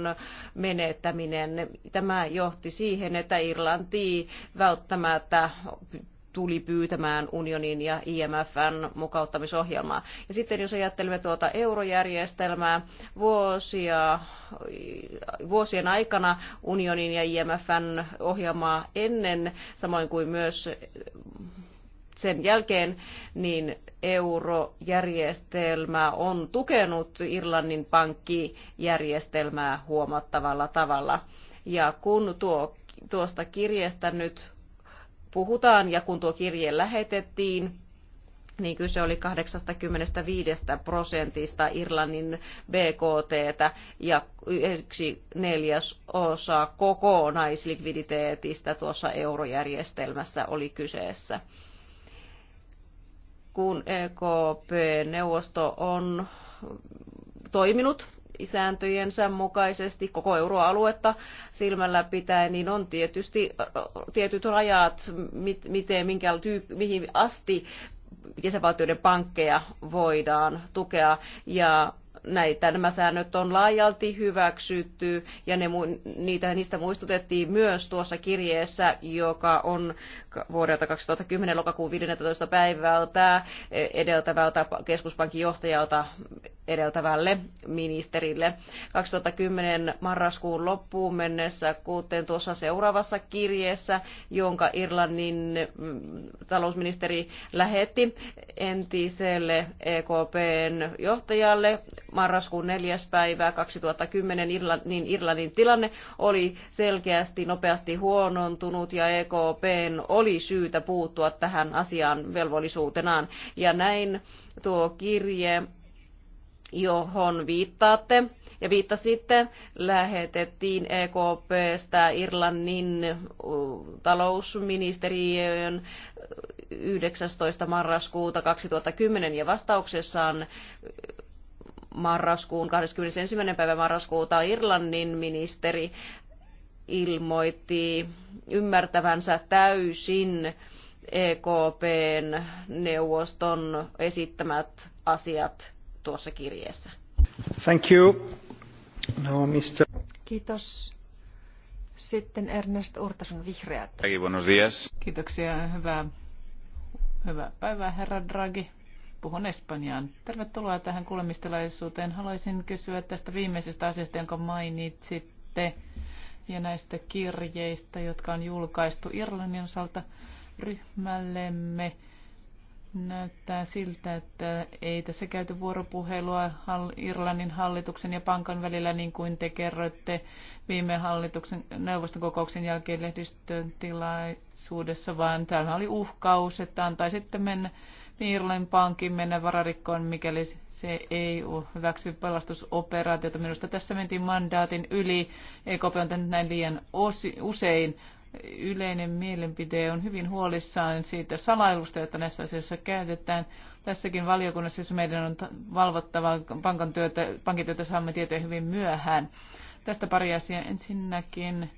menettäminen. Tämä johti siihen, että Irlanti välttämättä tuli pyytämään unionin ja IMFn mukauttamisohjelmaa. Ja sitten jos ajattelemme tuota eurojärjestelmää, vuosia, vuosien aikana unionin ja IMFn ohjelmaa ennen, samoin kuin myös sen jälkeen, niin eurojärjestelmä on tukenut Irlannin pankkijärjestelmää huomattavalla tavalla. Ja kun tuo, tuosta kirjeestä nyt puhutaan ja kun tuo kirje lähetettiin, niin kyse oli 85 prosentista Irlannin BKT ja yksi neljäs osa kokonaislikviditeetistä tuossa eurojärjestelmässä oli kyseessä. Kun EKP-neuvosto on toiminut sääntöjensä mukaisesti koko euroaluetta silmällä pitää, niin on tietysti tietyt rajat, miten, minkä tyyp, mihin asti jäsenvaltioiden pankkeja voidaan tukea ja näitä, nämä säännöt on laajalti hyväksytty ja ne, niitä, niistä muistutettiin myös tuossa kirjeessä, joka on vuodelta 2010 lokakuun 15. päivältä edeltävältä keskuspankin johtajalta edeltävälle ministerille. 2010 marraskuun loppuun mennessä, kuten tuossa seuraavassa kirjeessä, jonka Irlannin mm, talousministeri lähetti entiselle EKPn johtajalle marraskuun 4. päivä, 2010, niin Irlannin tilanne oli selkeästi nopeasti huonontunut ja EKPn oli syytä puuttua tähän asiaan velvollisuutenaan. Ja näin tuo kirje johon viittaatte ja viittasitte, lähetettiin EKPstä Irlannin talousministeriön 19. marraskuuta 2010 ja vastauksessaan marraskuun 21. päivä marraskuuta Irlannin ministeri ilmoitti ymmärtävänsä täysin EKPn neuvoston esittämät asiat tuossa kirjeessä. Thank you. No, Mr. Kiitos. Sitten Ernest Urtasun vihreät. Kiitoksia. Hyvää, hyvää päivää, herra Draghi. Puhun Espanjaan. Tervetuloa tähän kuulemistilaisuuteen. Haluaisin kysyä tästä viimeisestä asiasta, jonka mainitsitte, ja näistä kirjeistä, jotka on julkaistu Irlannin osalta ryhmällemme Näyttää siltä, että ei tässä käyty vuoropuhelua Irlannin hallituksen ja pankan välillä, niin kuin te kerroitte viime hallituksen neuvostokokouksen jälkeen lehdistön tilaisuudessa, vaan täällä oli uhkaus, että antaisitte mennä Irlannin pankin mennä vararikkoon, mikäli se ei hyväksy pelastusoperaatiota. Minusta tässä mentiin mandaatin yli. EKP on tehnyt näin liian usein yleinen mielipide on hyvin huolissaan siitä salailusta, jota näissä asioissa käytetään. Tässäkin valiokunnassa siis meidän on valvottava pankan työtä, pankin työtä saamme tietoja hyvin myöhään. Tästä pari asiaa. Ensinnäkin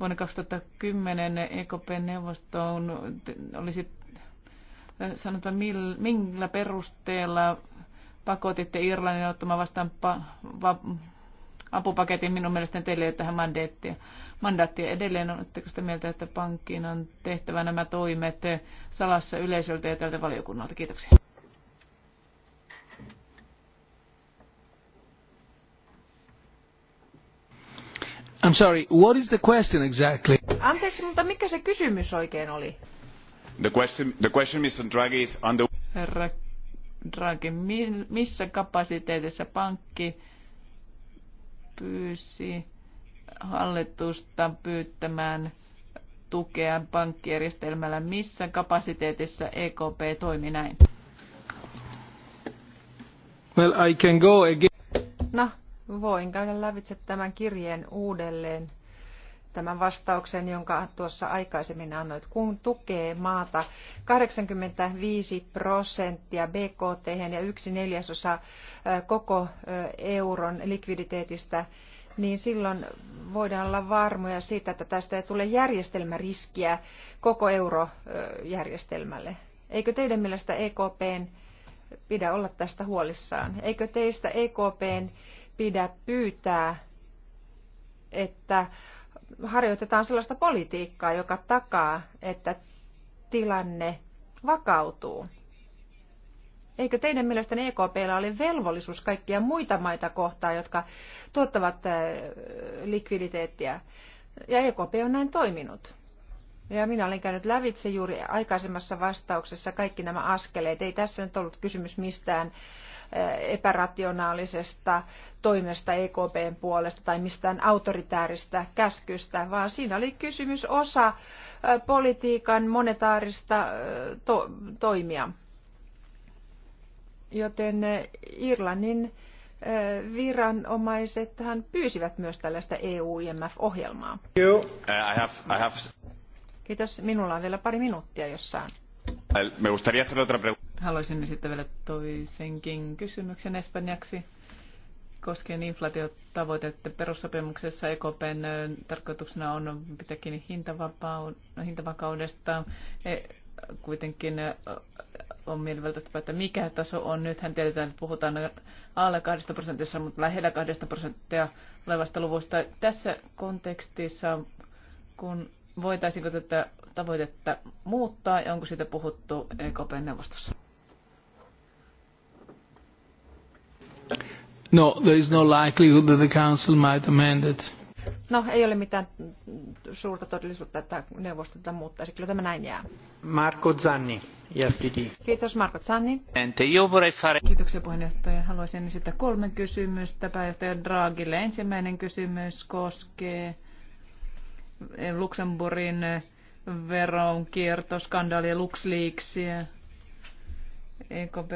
vuonna 2010 EKP-neuvostoon olisi sanotaan millä perusteella pakotitte Irlannin ottamaan vastaan apupaketin minun mielestäni teille ei tähän mandeettia mandaattia edelleen. Oletteko sitä mieltä, että pankkiin on tehtävä nämä toimet salassa yleisöltä ja tältä valiokunnalta? Kiitoksia. I'm sorry, what is the question exactly? Anteeksi, mutta mikä se kysymys oikein oli? The question, the question Mr. Draghi is on the... Herra Draghi, missä kapasiteetissa pankki pyysi hallitusta pyytämään tukea pankkijärjestelmällä. Missä kapasiteetissa EKP toimi näin? Well, I can go again. No, voin käydä lävitse tämän kirjeen uudelleen. Tämän vastauksen, jonka tuossa aikaisemmin annoit, kun tukee maata 85 prosenttia BKT ja yksi neljäsosa koko euron likviditeetistä niin silloin voidaan olla varmoja siitä, että tästä ei tule järjestelmäriskiä koko eurojärjestelmälle. Eikö teidän mielestä EKPn pidä olla tästä huolissaan? Eikö teistä EKPn pidä pyytää, että harjoitetaan sellaista politiikkaa, joka takaa, että tilanne vakautuu? Eikö teidän mielestänne EKPllä ole velvollisuus kaikkia muita maita kohtaan, jotka tuottavat äh, likviditeettiä? Ja EKP on näin toiminut. Ja minä olen käynyt lävitse juuri aikaisemmassa vastauksessa kaikki nämä askeleet. Ei tässä nyt ollut kysymys mistään äh, epärationaalisesta toimesta EKPn puolesta tai mistään autoritääristä käskystä, vaan siinä oli kysymys osa äh, politiikan monetaarista to- toimia. Joten eh, Irlannin eh, viranomaiset hän pyysivät myös tällaista EU-IMF-ohjelmaa. Eh, Kiitos. Minulla on vielä pari minuuttia, jos saan. Haluaisin esittää vielä toisenkin kysymyksen espanjaksi koskien inflaatiotavoitetta. Perussopimuksessa EKPn tarkoituksena on pitää kiinni hintavakaudesta. E- kuitenkin on mielivaltaista että mikä taso on. Nythän tiedetään, että puhutaan alle 2 prosentissa, mutta lähellä 2 prosenttia olevasta luvusta. Tässä kontekstissa, kun voitaisiinko tätä tavoitetta muuttaa ja onko siitä puhuttu ekp neuvostossa? No, there is no likelihood that the council might amend it. No, ei ole mitään suurta todellisuutta, että neuvosto tätä muuttaisi. Kyllä tämä näin jää. Marco Zanni, FDD. E Kiitos Marco Zanni. Ente fare... Kiitoksia puheenjohtaja. Haluaisin esittää kolme kysymystä pääjohtaja Draghille. Ensimmäinen kysymys koskee Luxemburgin veronkiertoskandaalia LuxLeaksia EKP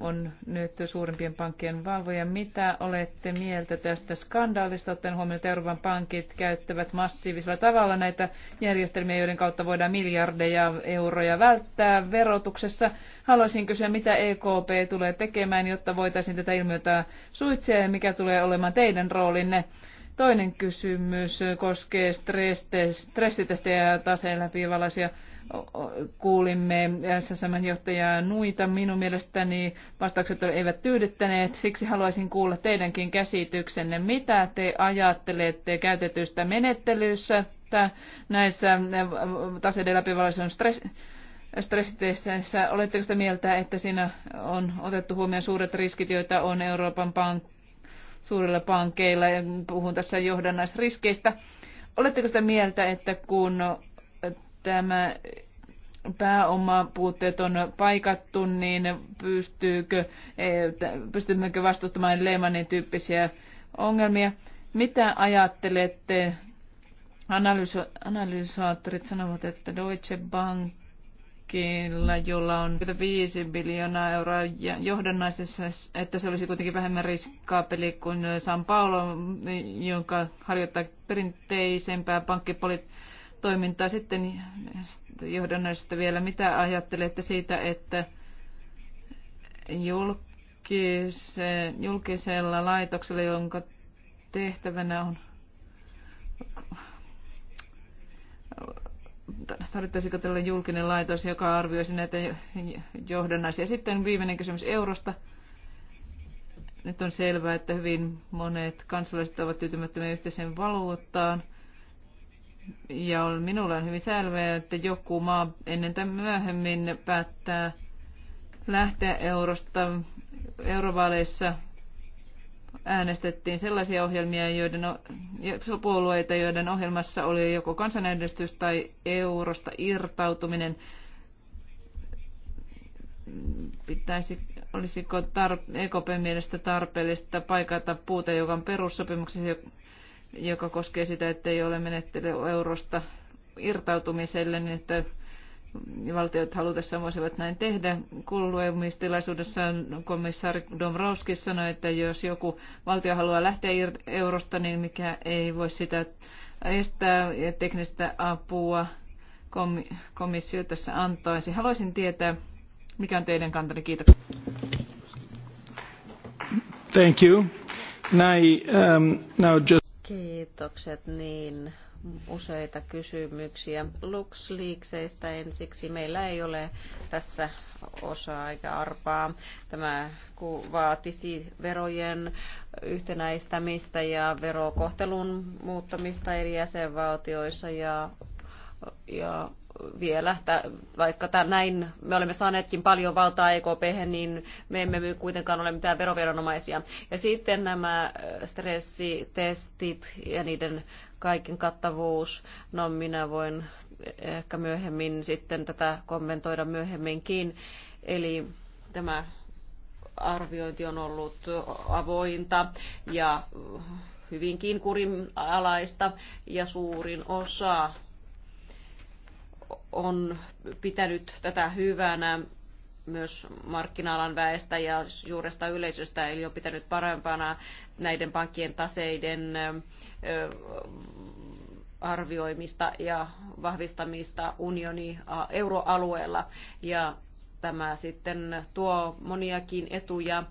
on nyt suurimpien pankkien valvoja. Mitä olette mieltä tästä skandaalista, ottaen huomioon, että Euroopan pankit käyttävät massiivisella tavalla näitä järjestelmiä, joiden kautta voidaan miljardeja euroja välttää verotuksessa? Haluaisin kysyä, mitä EKP tulee tekemään, jotta voitaisiin tätä ilmiötä suitsia ja mikä tulee olemaan teidän roolinne? Toinen kysymys koskee stressitestejä ja taseen läpivalaisia kuulimme SSMn johtajaa Nuita. Minun mielestäni vastaukset eivät tyydyttäneet. Siksi haluaisin kuulla teidänkin käsityksenne. Mitä te ajattelette käytetystä menettelyssä näissä taseiden läpivalaisuuden stress, stressiteissä? Oletteko sitä mieltä, että siinä on otettu huomioon suuret riskit, joita on Euroopan pank, suurilla pankeilla? Puhun tässä johdannaisriskeistä. Oletteko sitä mieltä, että kun tämä pääomapuutteet on paikattu, niin pystyykö, e, pystymmekö vastustamaan Lehmanin tyyppisiä ongelmia? Mitä ajattelette? Analyso- analysaattorit sanovat, että Deutsche Bankilla, jolla on 5 miljoonaa euroa johdannaisessa, että se olisi kuitenkin vähemmän riskaapeli kuin San Paolo, jonka harjoittaa perinteisempää pankkipolitiikkaa toimintaa. Sitten eh, johdannaisesta vielä, mitä ajattelette siitä, että julkisen, julkisella laitoksella, jonka tehtävänä on tarvittaisiko tällainen julkinen laitos, joka arvioisi näitä johdannaisia. Sitten viimeinen kysymys eurosta. Nyt on selvää, että hyvin monet kansalaiset ovat tyytymättömiä yhteiseen valuuttaan – ja minulla on hyvin selvää, että joku maa ennen tai myöhemmin päättää lähteä eurosta. Eurovaaleissa äänestettiin sellaisia ohjelmia, joiden puolueita, joiden ohjelmassa oli joko kansanäänestys tai eurosta irtautuminen. Pitäisi, olisiko tar- EKP mielestä tarpeellista paikata puuta, joka on perussopimuksessa, joka koskee sitä, että ei ole menettely eurosta irtautumiselle, niin että valtiot halutessaan voisivat näin tehdä. Kuluemistilaisuudessa komissaari Domrovski sanoi, että jos joku valtio haluaa lähteä eurosta, niin mikä ei voi sitä estää ja teknistä apua komissio tässä antaisi. Haluaisin tietää, mikä on teidän kantani. Kiitoksia. Thank you. Now, um, now just... Kiitokset, niin useita kysymyksiä. LuxLeaksista ensiksi. Meillä ei ole tässä osaa eikä arpaa. Tämä vaatisi verojen yhtenäistämistä ja verokohtelun muuttamista eri jäsenvaltioissa ja, ja vielä, vaikka tämän, näin me olemme saaneetkin paljon valtaa EKP, niin me emme kuitenkaan ole mitään veroviranomaisia. Ja sitten nämä äh, stressitestit ja niiden kaiken kattavuus, no minä voin ehkä myöhemmin sitten tätä kommentoida myöhemminkin. Eli tämä arviointi on ollut avointa ja hyvinkin kurinalaista ja suurin osa on pitänyt tätä hyvänä myös markkina-alan väestä ja juuresta yleisöstä, eli on pitänyt parempana näiden pankkien taseiden arvioimista ja vahvistamista unioni euroalueella. Ja tämä sitten tuo moniakin etuja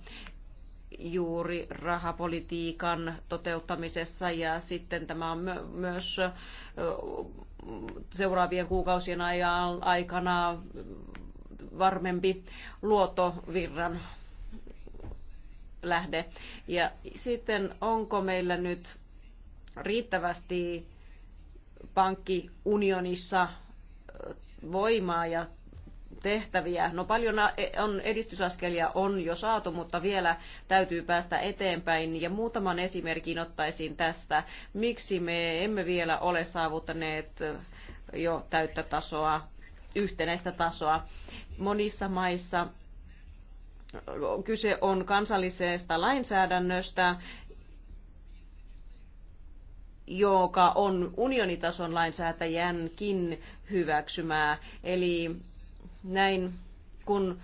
juuri rahapolitiikan toteuttamisessa ja sitten tämä on myös seuraavien kuukausien aikana varmempi luotovirran lähde. Ja sitten onko meillä nyt riittävästi pankkiunionissa voimaa ja tehtäviä. No paljon on edistysaskelia on jo saatu, mutta vielä täytyy päästä eteenpäin. Ja muutaman esimerkin ottaisin tästä, miksi me emme vielä ole saavuttaneet jo täyttä tasoa, yhtenäistä tasoa. Monissa maissa kyse on kansallisesta lainsäädännöstä, joka on unionitason lainsäätäjänkin hyväksymää. Eli näin, kun,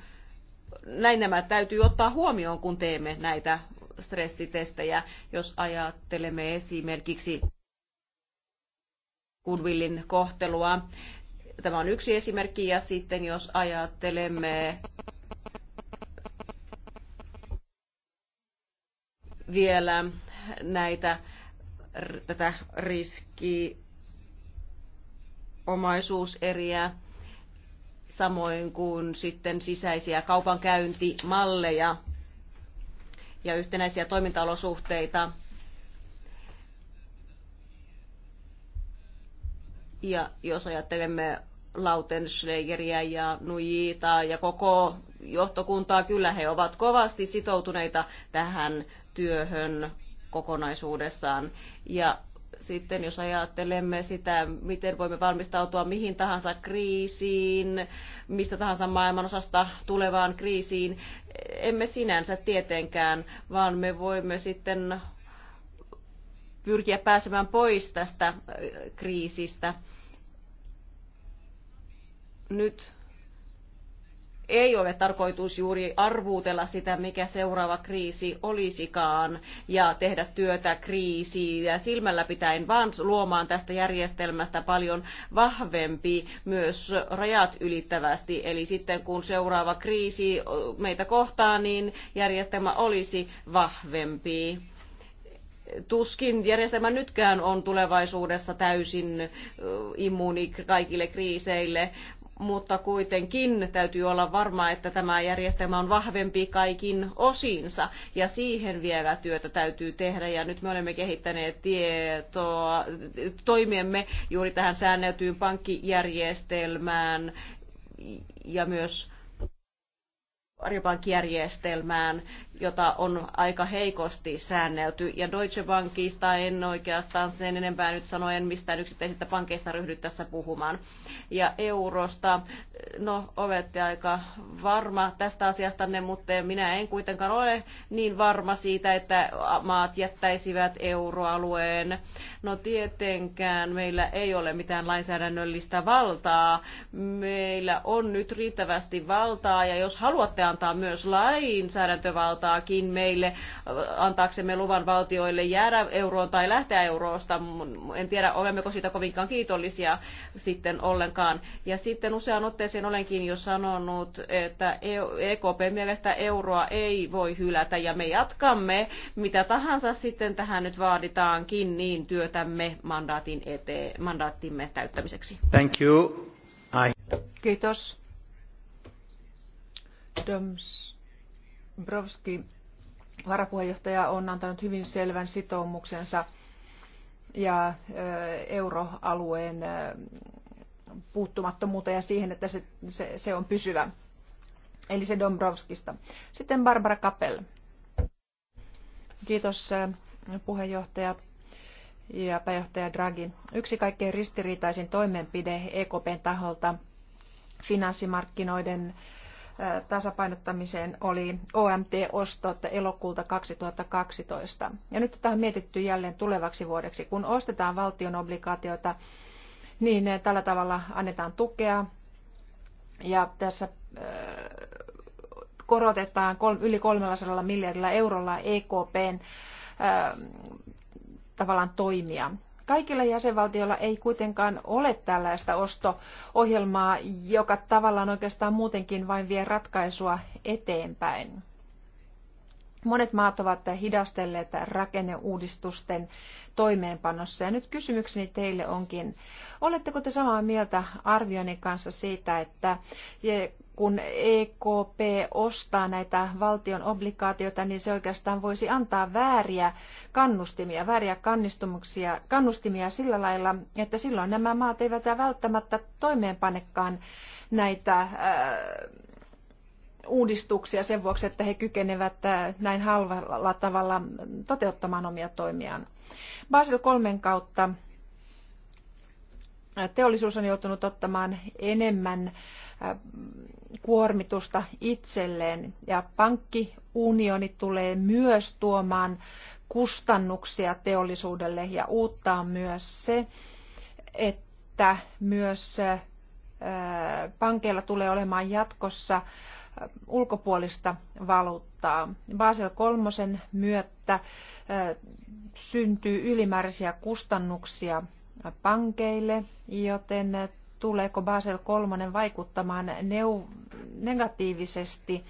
näin nämä täytyy ottaa huomioon, kun teemme näitä stressitestejä. Jos ajattelemme esimerkiksi kunvillin kohtelua, tämä on yksi esimerkki, ja sitten jos ajattelemme vielä näitä, tätä riski omaisuuseriä, samoin kuin sitten sisäisiä kaupankäyntimalleja ja yhtenäisiä toimintaolosuhteita. Ja jos ajattelemme Lautenschlägeriä ja Nujita ja koko johtokuntaa, kyllä he ovat kovasti sitoutuneita tähän työhön kokonaisuudessaan. Ja sitten jos ajattelemme sitä, miten voimme valmistautua mihin tahansa kriisiin, mistä tahansa maailmanosasta tulevaan kriisiin, emme sinänsä tietenkään, vaan me voimme sitten pyrkiä pääsemään pois tästä äh, kriisistä. Nyt ei ole tarkoitus juuri arvuutella sitä, mikä seuraava kriisi olisikaan ja tehdä työtä kriisiä silmällä pitäen, vaan luomaan tästä järjestelmästä paljon vahvempi myös rajat ylittävästi. Eli sitten kun seuraava kriisi meitä kohtaa, niin järjestelmä olisi vahvempi tuskin järjestelmä nytkään on tulevaisuudessa täysin immuuni kaikille kriiseille, mutta kuitenkin täytyy olla varma, että tämä järjestelmä on vahvempi kaikin osinsa ja siihen vielä työtä täytyy tehdä ja nyt me olemme kehittäneet tietoa, toimiemme juuri tähän säänneltyyn pankkijärjestelmään ja myös varjopankkijärjestelmään jota on aika heikosti säännelty. Ja Deutsche Bankista en oikeastaan sen enempää nyt sano, en mistään yksittäisistä pankeista ryhdy tässä puhumaan. Ja eurosta, no olette aika varma tästä asiasta, mutta minä en kuitenkaan ole niin varma siitä, että maat jättäisivät euroalueen. No tietenkään meillä ei ole mitään lainsäädännöllistä valtaa. Meillä on nyt riittävästi valtaa ja jos haluatte antaa myös lainsäädäntövaltaa, kertaakin meille antaaksemme luvan valtioille jäädä euroon tai lähteä euroosta. En tiedä, olemmeko siitä kovinkaan kiitollisia sitten ollenkaan. Ja sitten useaan otteeseen olenkin jo sanonut, että EKP e mielestä euroa ei voi hylätä ja me jatkamme mitä tahansa sitten tähän nyt vaaditaankin, niin työtämme mandaatin eteen, mandaattimme täyttämiseksi. Thank you. I... Kiitos. Doms. Dombrovski, varapuheenjohtaja, on antanut hyvin selvän sitoumuksensa ja euroalueen puuttumattomuuteen ja siihen, että se, se, se on pysyvä. Eli se Dombrovskista. Sitten Barbara Kappel. Kiitos puheenjohtaja ja pääjohtaja Draghi. Yksi kaikkein ristiriitaisin toimenpide EKPn taholta finanssimarkkinoiden äh, tasapainottamiseen oli OMT-ostot elokuulta 2012. Ja nyt tätä on mietitty jälleen tulevaksi vuodeksi. Kun ostetaan valtion obligaatioita, niin tällä tavalla annetaan tukea. Ja tässä korotetaan yli 300 miljardilla eurolla EKPn tavallaan toimia. Kaikilla jäsenvaltioilla ei kuitenkaan ole tällaista osto-ohjelmaa, joka tavallaan oikeastaan muutenkin vain vie ratkaisua eteenpäin. Monet maat ovat hidastelleet rakenneuudistusten toimeenpanossa. Ja nyt kysymykseni teille onkin, oletteko te samaa mieltä arvioinnin kanssa siitä, että kun EKP ostaa näitä valtion obligaatioita, niin se oikeastaan voisi antaa vääriä kannustimia, vääriä kannustumuksia, kannustimia sillä lailla, että silloin nämä maat eivät välttämättä toimeenpanekaan näitä äh, uudistuksia sen vuoksi, että he kykenevät äh, näin halvalla tavalla toteuttamaan omia toimiaan. Basel kolmen kautta äh, teollisuus on joutunut ottamaan enemmän äh, kuormitusta itselleen. Ja pankkiunioni tulee myös tuomaan kustannuksia teollisuudelle ja uutta on myös se, että myös pankeilla tulee olemaan jatkossa ulkopuolista valuuttaa. Basel kolmosen myötä syntyy ylimääräisiä kustannuksia pankeille, joten tuleeko Basel III vaikuttamaan neu- negatiivisesti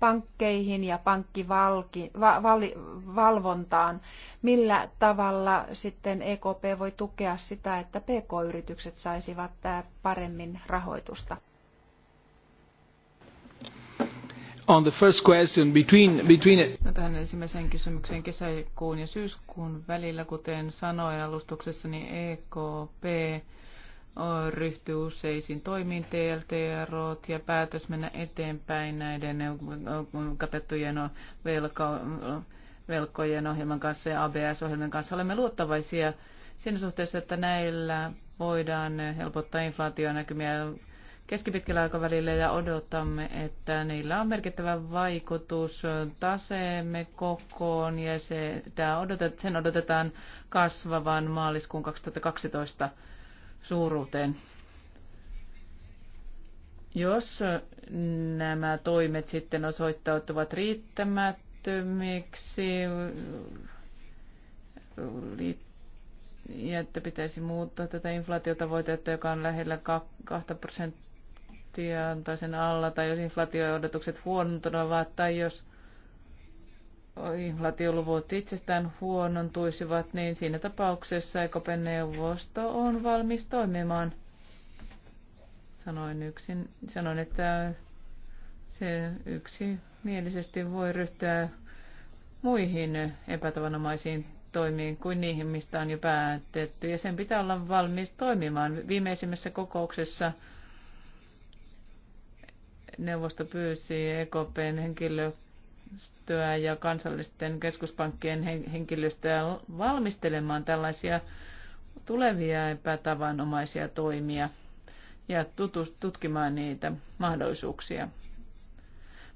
pankkeihin ja pankkivalvontaan. Millä tavalla sitten EKP voi tukea sitä, että PK-yritykset saisivat paremmin rahoitusta? On the first question, between, between... No, tähän ensimmäiseen kysymykseen kesäkuun ja syyskuun välillä, kuten sanoin alustuksessa, niin EKP ryhtyy useisiin toimiin TLTRO ja päätös mennä eteenpäin näiden katettujen velko, velkojen ohjelman kanssa ja ABS-ohjelman kanssa. Olemme luottavaisia siinä suhteessa, että näillä voidaan helpottaa inflaationäkymiä keskipitkällä aikavälillä ja odotamme, että niillä on merkittävä vaikutus taseemme kokoon ja se, tämä odotet, sen odotetaan kasvavan maaliskuun 2012 suuruuteen. Jos nämä toimet sitten osoittautuvat riittämättömiksi, ja että pitäisi muuttaa tätä inflaatiotavoitetta, joka on lähellä 2 prosenttia tai sen alla, tai jos inflaatio-odotukset huonontuvat, tai jos inflaatioluvut itsestään huonontuisivat, niin siinä tapauksessa EKPn neuvosto on valmis toimimaan. Sanoin, yksin, sanoin että se yksimielisesti voi ryhtyä muihin epätavanomaisiin toimiin kuin niihin, mistä on jo päätetty. Ja sen pitää olla valmis toimimaan. Viimeisimmässä kokouksessa neuvosto pyysi EKPn henkilökohtaisesti henkilöstöä ja kansallisten keskuspankkien henkilöstöä valmistelemaan tällaisia tulevia epätavanomaisia toimia ja tutkimaan niitä mahdollisuuksia.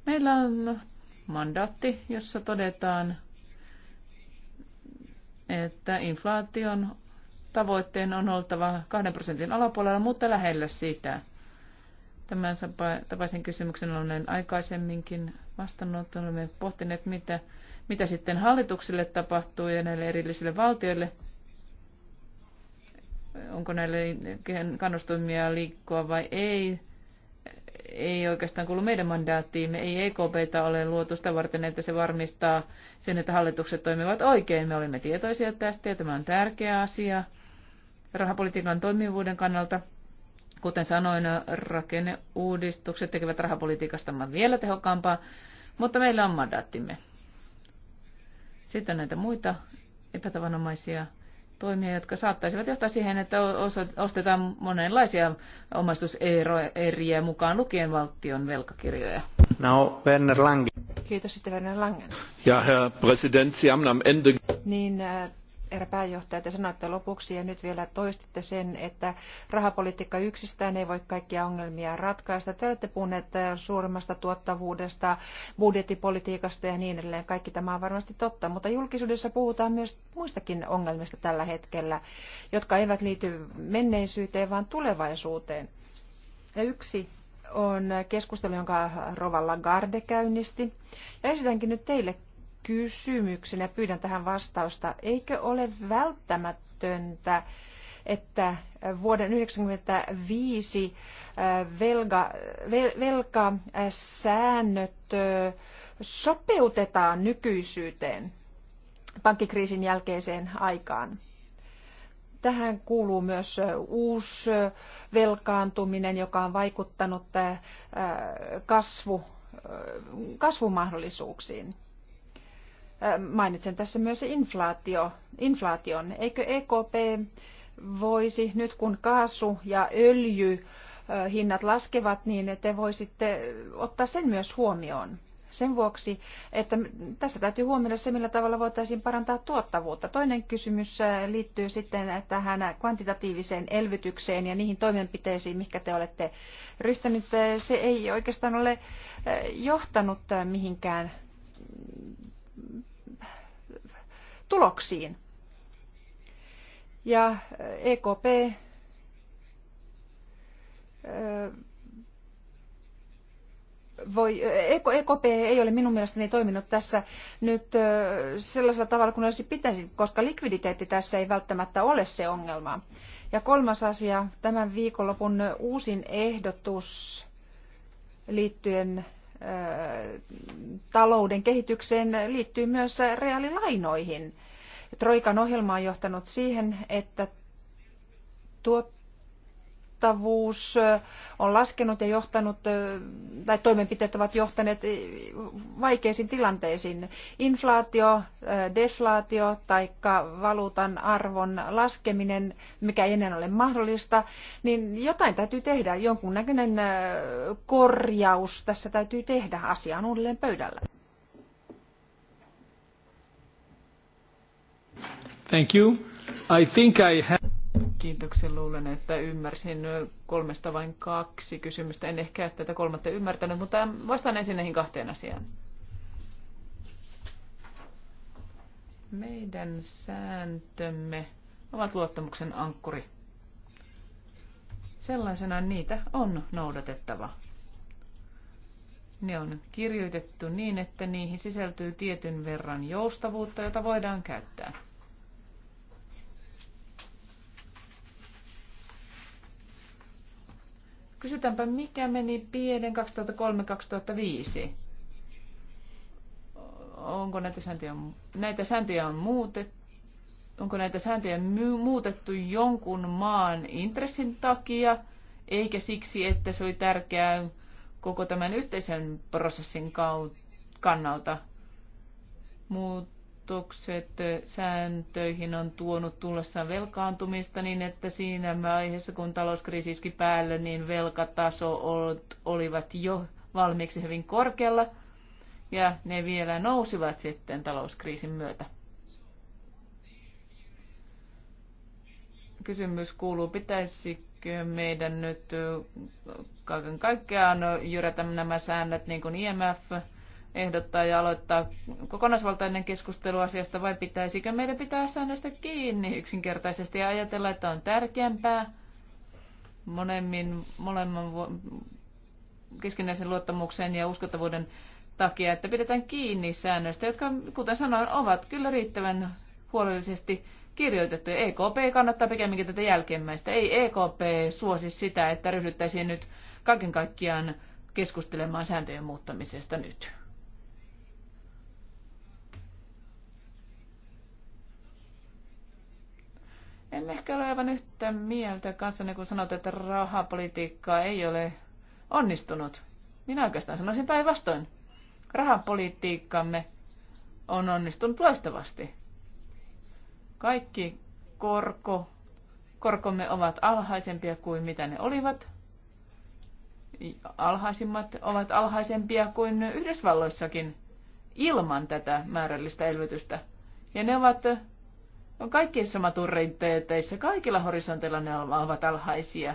Meillä on mandaatti, jossa todetaan, että inflaation tavoitteen on oltava 2 prosentin alapuolella, mutta lähellä sitä – Tämän tapaisen kysymyksen olen aikaisemminkin vastannut. Olemme pohtineet, mitä, mitä sitten hallituksille tapahtuu ja näille erillisille valtioille. Onko näille kannustumia liikkua vai ei? Ei oikeastaan kuulu meidän Me Ei EKPtä ole luotu sitä varten, että se varmistaa sen, että hallitukset toimivat oikein. Me olimme tietoisia tästä ja tämä on tärkeä asia rahapolitiikan toimivuuden kannalta – Kuten sanoin, rakenneuudistukset tekevät rahapolitiikasta vielä tehokkaampaa, mutta meillä on mandaattimme. Sitten on näitä muita epätavanomaisia toimia, jotka saattaisivat johtaa siihen, että ostetaan monenlaisia omaisuuseriä mukaan lukien valtion velkakirjoja. No, Werner Langen. Kiitos sitten Werner Langen. Ja, herr Präsident, Sie haben am Ende... Niin, äh, herra pääjohtaja, te sanoitte lopuksi ja nyt vielä toistitte sen, että rahapolitiikka yksistään ei voi kaikkia ongelmia ratkaista. Te olette puhuneet äh, suuremmasta tuottavuudesta, budjettipolitiikasta ja niin edelleen. Kaikki tämä on varmasti totta, mutta julkisuudessa puhutaan myös muistakin ongelmista tällä hetkellä, jotka eivät liity menneisyyteen, vaan tulevaisuuteen. Ja yksi on keskustelu, jonka Rovalla Garde käynnisti. Ja esitänkin nyt teille kysymyksen ja pyydän tähän vastausta. Eikö ole välttämätöntä, että vuoden 1995 äh, velka, velkasäännöt äh, sopeutetaan nykyisyyteen pankkikriisin jälkeiseen aikaan? tähän kuuluu myös äh, uusi velkaantuminen, joka on vaikuttanut kasvu, kasvumahdollisuuksiin. Mainitsen tässä myös inflaatio, inflaation. Eikö EKP voisi, nyt kun kaasu ja öljy hinnat laskevat, niin te voisitte ottaa sen myös huomioon. Sen vuoksi, että tässä täytyy huomioida se, millä tavalla voitaisiin parantaa tuottavuutta. Toinen kysymys liittyy sitten tähän kvantitatiiviseen elvytykseen ja niihin toimenpiteisiin, mikä te olette ryhtynyt. Se ei oikeastaan ole johtanut mihinkään tuloksiin. Ja EKP eh, e eh, voi, EKP eh, e e ei ole minun mielestäni toiminut tässä nyt sellaisella tavalla kuin olisi pitäisi, koska likviditeetti tässä ei välttämättä ole se ongelma. Ja kolmas asia, tämän viikonlopun uusin ehdotus liittyen talouden kehitykseen liittyy myös reaalilainoihin. Troikan ohjelma on johtanut siihen, että tuot tuottavuus on laskenut ja johtanut, tai toimenpiteet ovat johtaneet vaikeisiin tilanteisiin. Inflaatio, deflaatio tai valuutan arvon laskeminen, mikä ei ennen ole mahdollista, niin jotain täytyy tehdä. Jonkunnäköinen korjaus tässä täytyy tehdä. asiaan uudelleen pöydällä. Thank you. I think I have... Kiitoksia. Luulen, että ymmärsin kolmesta vain kaksi kysymystä. En ehkä tätä kolmatta ymmärtänyt, mutta vastaan ensin näihin kahteen asiaan. Meidän sääntömme ovat luottamuksen ankkuri. Sellaisena niitä on noudatettava. Ne on kirjoitettu niin, että niihin sisältyy tietyn verran joustavuutta, jota voidaan käyttää. Kysytäänpä, mikä meni pienen 2003-2005? Onko näitä sääntöjä, näitä sääntöjä on muutettu? Onko näitä sääntöjä muutettu jonkun maan intressin takia, eikä siksi, että se oli tärkeää koko tämän yhteisen prosessin kannalta? Mut muutokset sääntöihin on tuonut tullessaan velkaantumista niin, että siinä vaiheessa, kun talouskriisi iski päälle, niin velkataso olivat jo valmiiksi hyvin korkealla ja ne vielä nousivat sitten talouskriisin myötä. Kysymys kuuluu, pitäisikö meidän nyt kaiken kaikkiaan jyrätä nämä säännöt niin kuin IMF ehdottaa ja aloittaa kokonaisvaltainen keskustelu asiasta vai pitäisikö meidän pitää säännöstä kiinni yksinkertaisesti ja ajatella, että on tärkeämpää monemmin molemman keskinäisen luottamuksen ja uskottavuuden takia, että pidetään kiinni säännöistä, jotka, kuten sanoin, ovat kyllä riittävän huolellisesti kirjoitettu. EKP kannattaa pikemminkin tätä jälkimmäistä. Ei EKP suosi sitä, että ryhdyttäisiin nyt kaiken kaikkiaan keskustelemaan sääntöjen muuttamisesta nyt. En ehkä ole aivan yhtä mieltä kanssanne, kun sanotte, että rahapolitiikka ei ole onnistunut. Minä oikeastaan sanoisin päinvastoin. Rahapolitiikkamme on onnistunut loistavasti. Kaikki korko, korkomme ovat alhaisempia kuin mitä ne olivat. Alhaisimmat ovat alhaisempia kuin Yhdysvalloissakin ilman tätä määrällistä elvytystä. Ja ne ovat on kaikissa maturiteeteissa, kaikilla horisonteilla ne ovat alhaisia.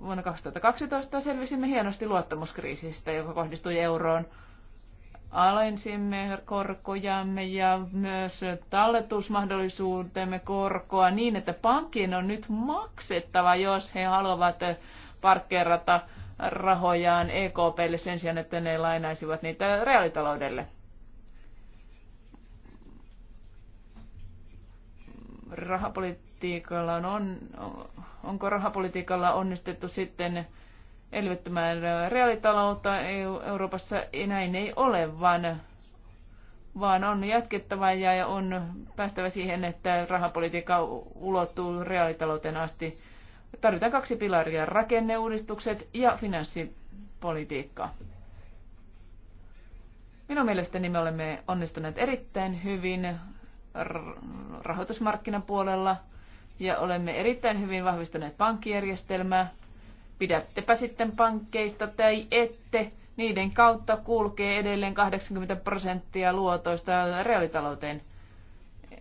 Vuonna 2012 selvisimme hienosti luottamuskriisistä, joka kohdistui euroon. Alensimme korkojamme ja myös talletusmahdollisuutemme korkoa niin, että pankkien on nyt maksettava, jos he haluavat parkkeerata rahojaan EKPlle sen sijaan, että ne lainaisivat niitä reaalitaloudelle. rahapolitiikalla on, on, onko rahapolitiikalla onnistettu sitten elvyttämään reaalitaloutta EU, Euroopassa? Näin ei ole, vaan, vaan on jatkettava ja on päästävä siihen, että rahapolitiikka ulottuu reaalitalouteen asti. Tarvitaan kaksi pilaria, rakenneuudistukset ja finanssipolitiikka. Minun mielestäni me olemme onnistuneet erittäin hyvin puolella ja olemme erittäin hyvin vahvistaneet pankkijärjestelmää. Pidättepä sitten pankkeista tai ette, niiden kautta kulkee edelleen 80 prosenttia luotoista reaalitalouteen.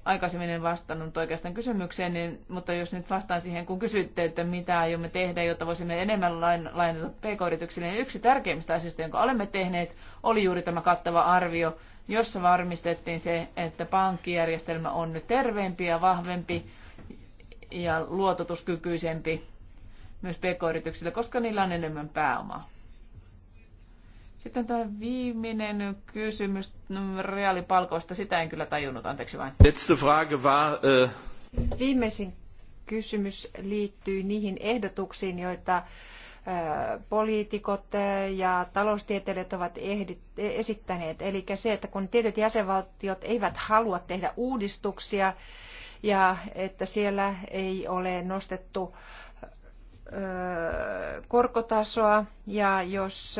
Aikaisemmin en vastannut oikeastaan kysymykseen, niin, mutta jos nyt vastaan siihen, kun kysytte, että mitä aiomme tehdä, jotta voisimme enemmän lain, lainata pk-yrityksille, niin yksi tärkeimmistä asioista, jonka olemme tehneet, oli juuri tämä kattava arvio jossa varmistettiin se, että pankkijärjestelmä on nyt terveempi ja vahvempi ja luototuskykyisempi myös pk koska niillä on enemmän pääomaa. Sitten tämä viimeinen kysymys reaalipalkoista, sitä en kyllä tajunnut, anteeksi vain. Letzte Frage war, äh... Viimeisin kysymys liittyy niihin ehdotuksiin, joita poliitikot ja taloustieteilijät ovat esittäneet. Eli se, että kun tietyt jäsenvaltiot eivät halua tehdä uudistuksia ja että siellä ei ole nostettu korkotasoa ja jos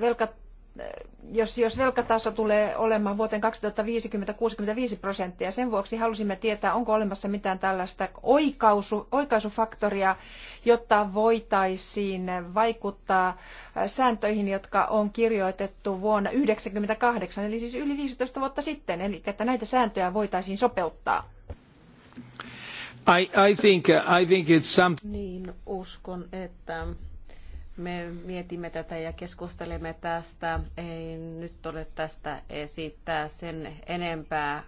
velkat jos, jos velkataso tulee olemaan vuoteen 2050 65 prosenttia. Sen vuoksi halusimme tietää, onko olemassa mitään tällaista oikaisu, oikaisufaktoria, jotta voitaisiin vaikuttaa sääntöihin, jotka on kirjoitettu vuonna 1998, eli siis yli 15 vuotta sitten, eli että näitä sääntöjä voitaisiin sopeuttaa. I, I think, I think it's some... Niin uskon, että me mietimme tätä ja keskustelemme tästä. Ei nyt ole tästä esittää sen enempää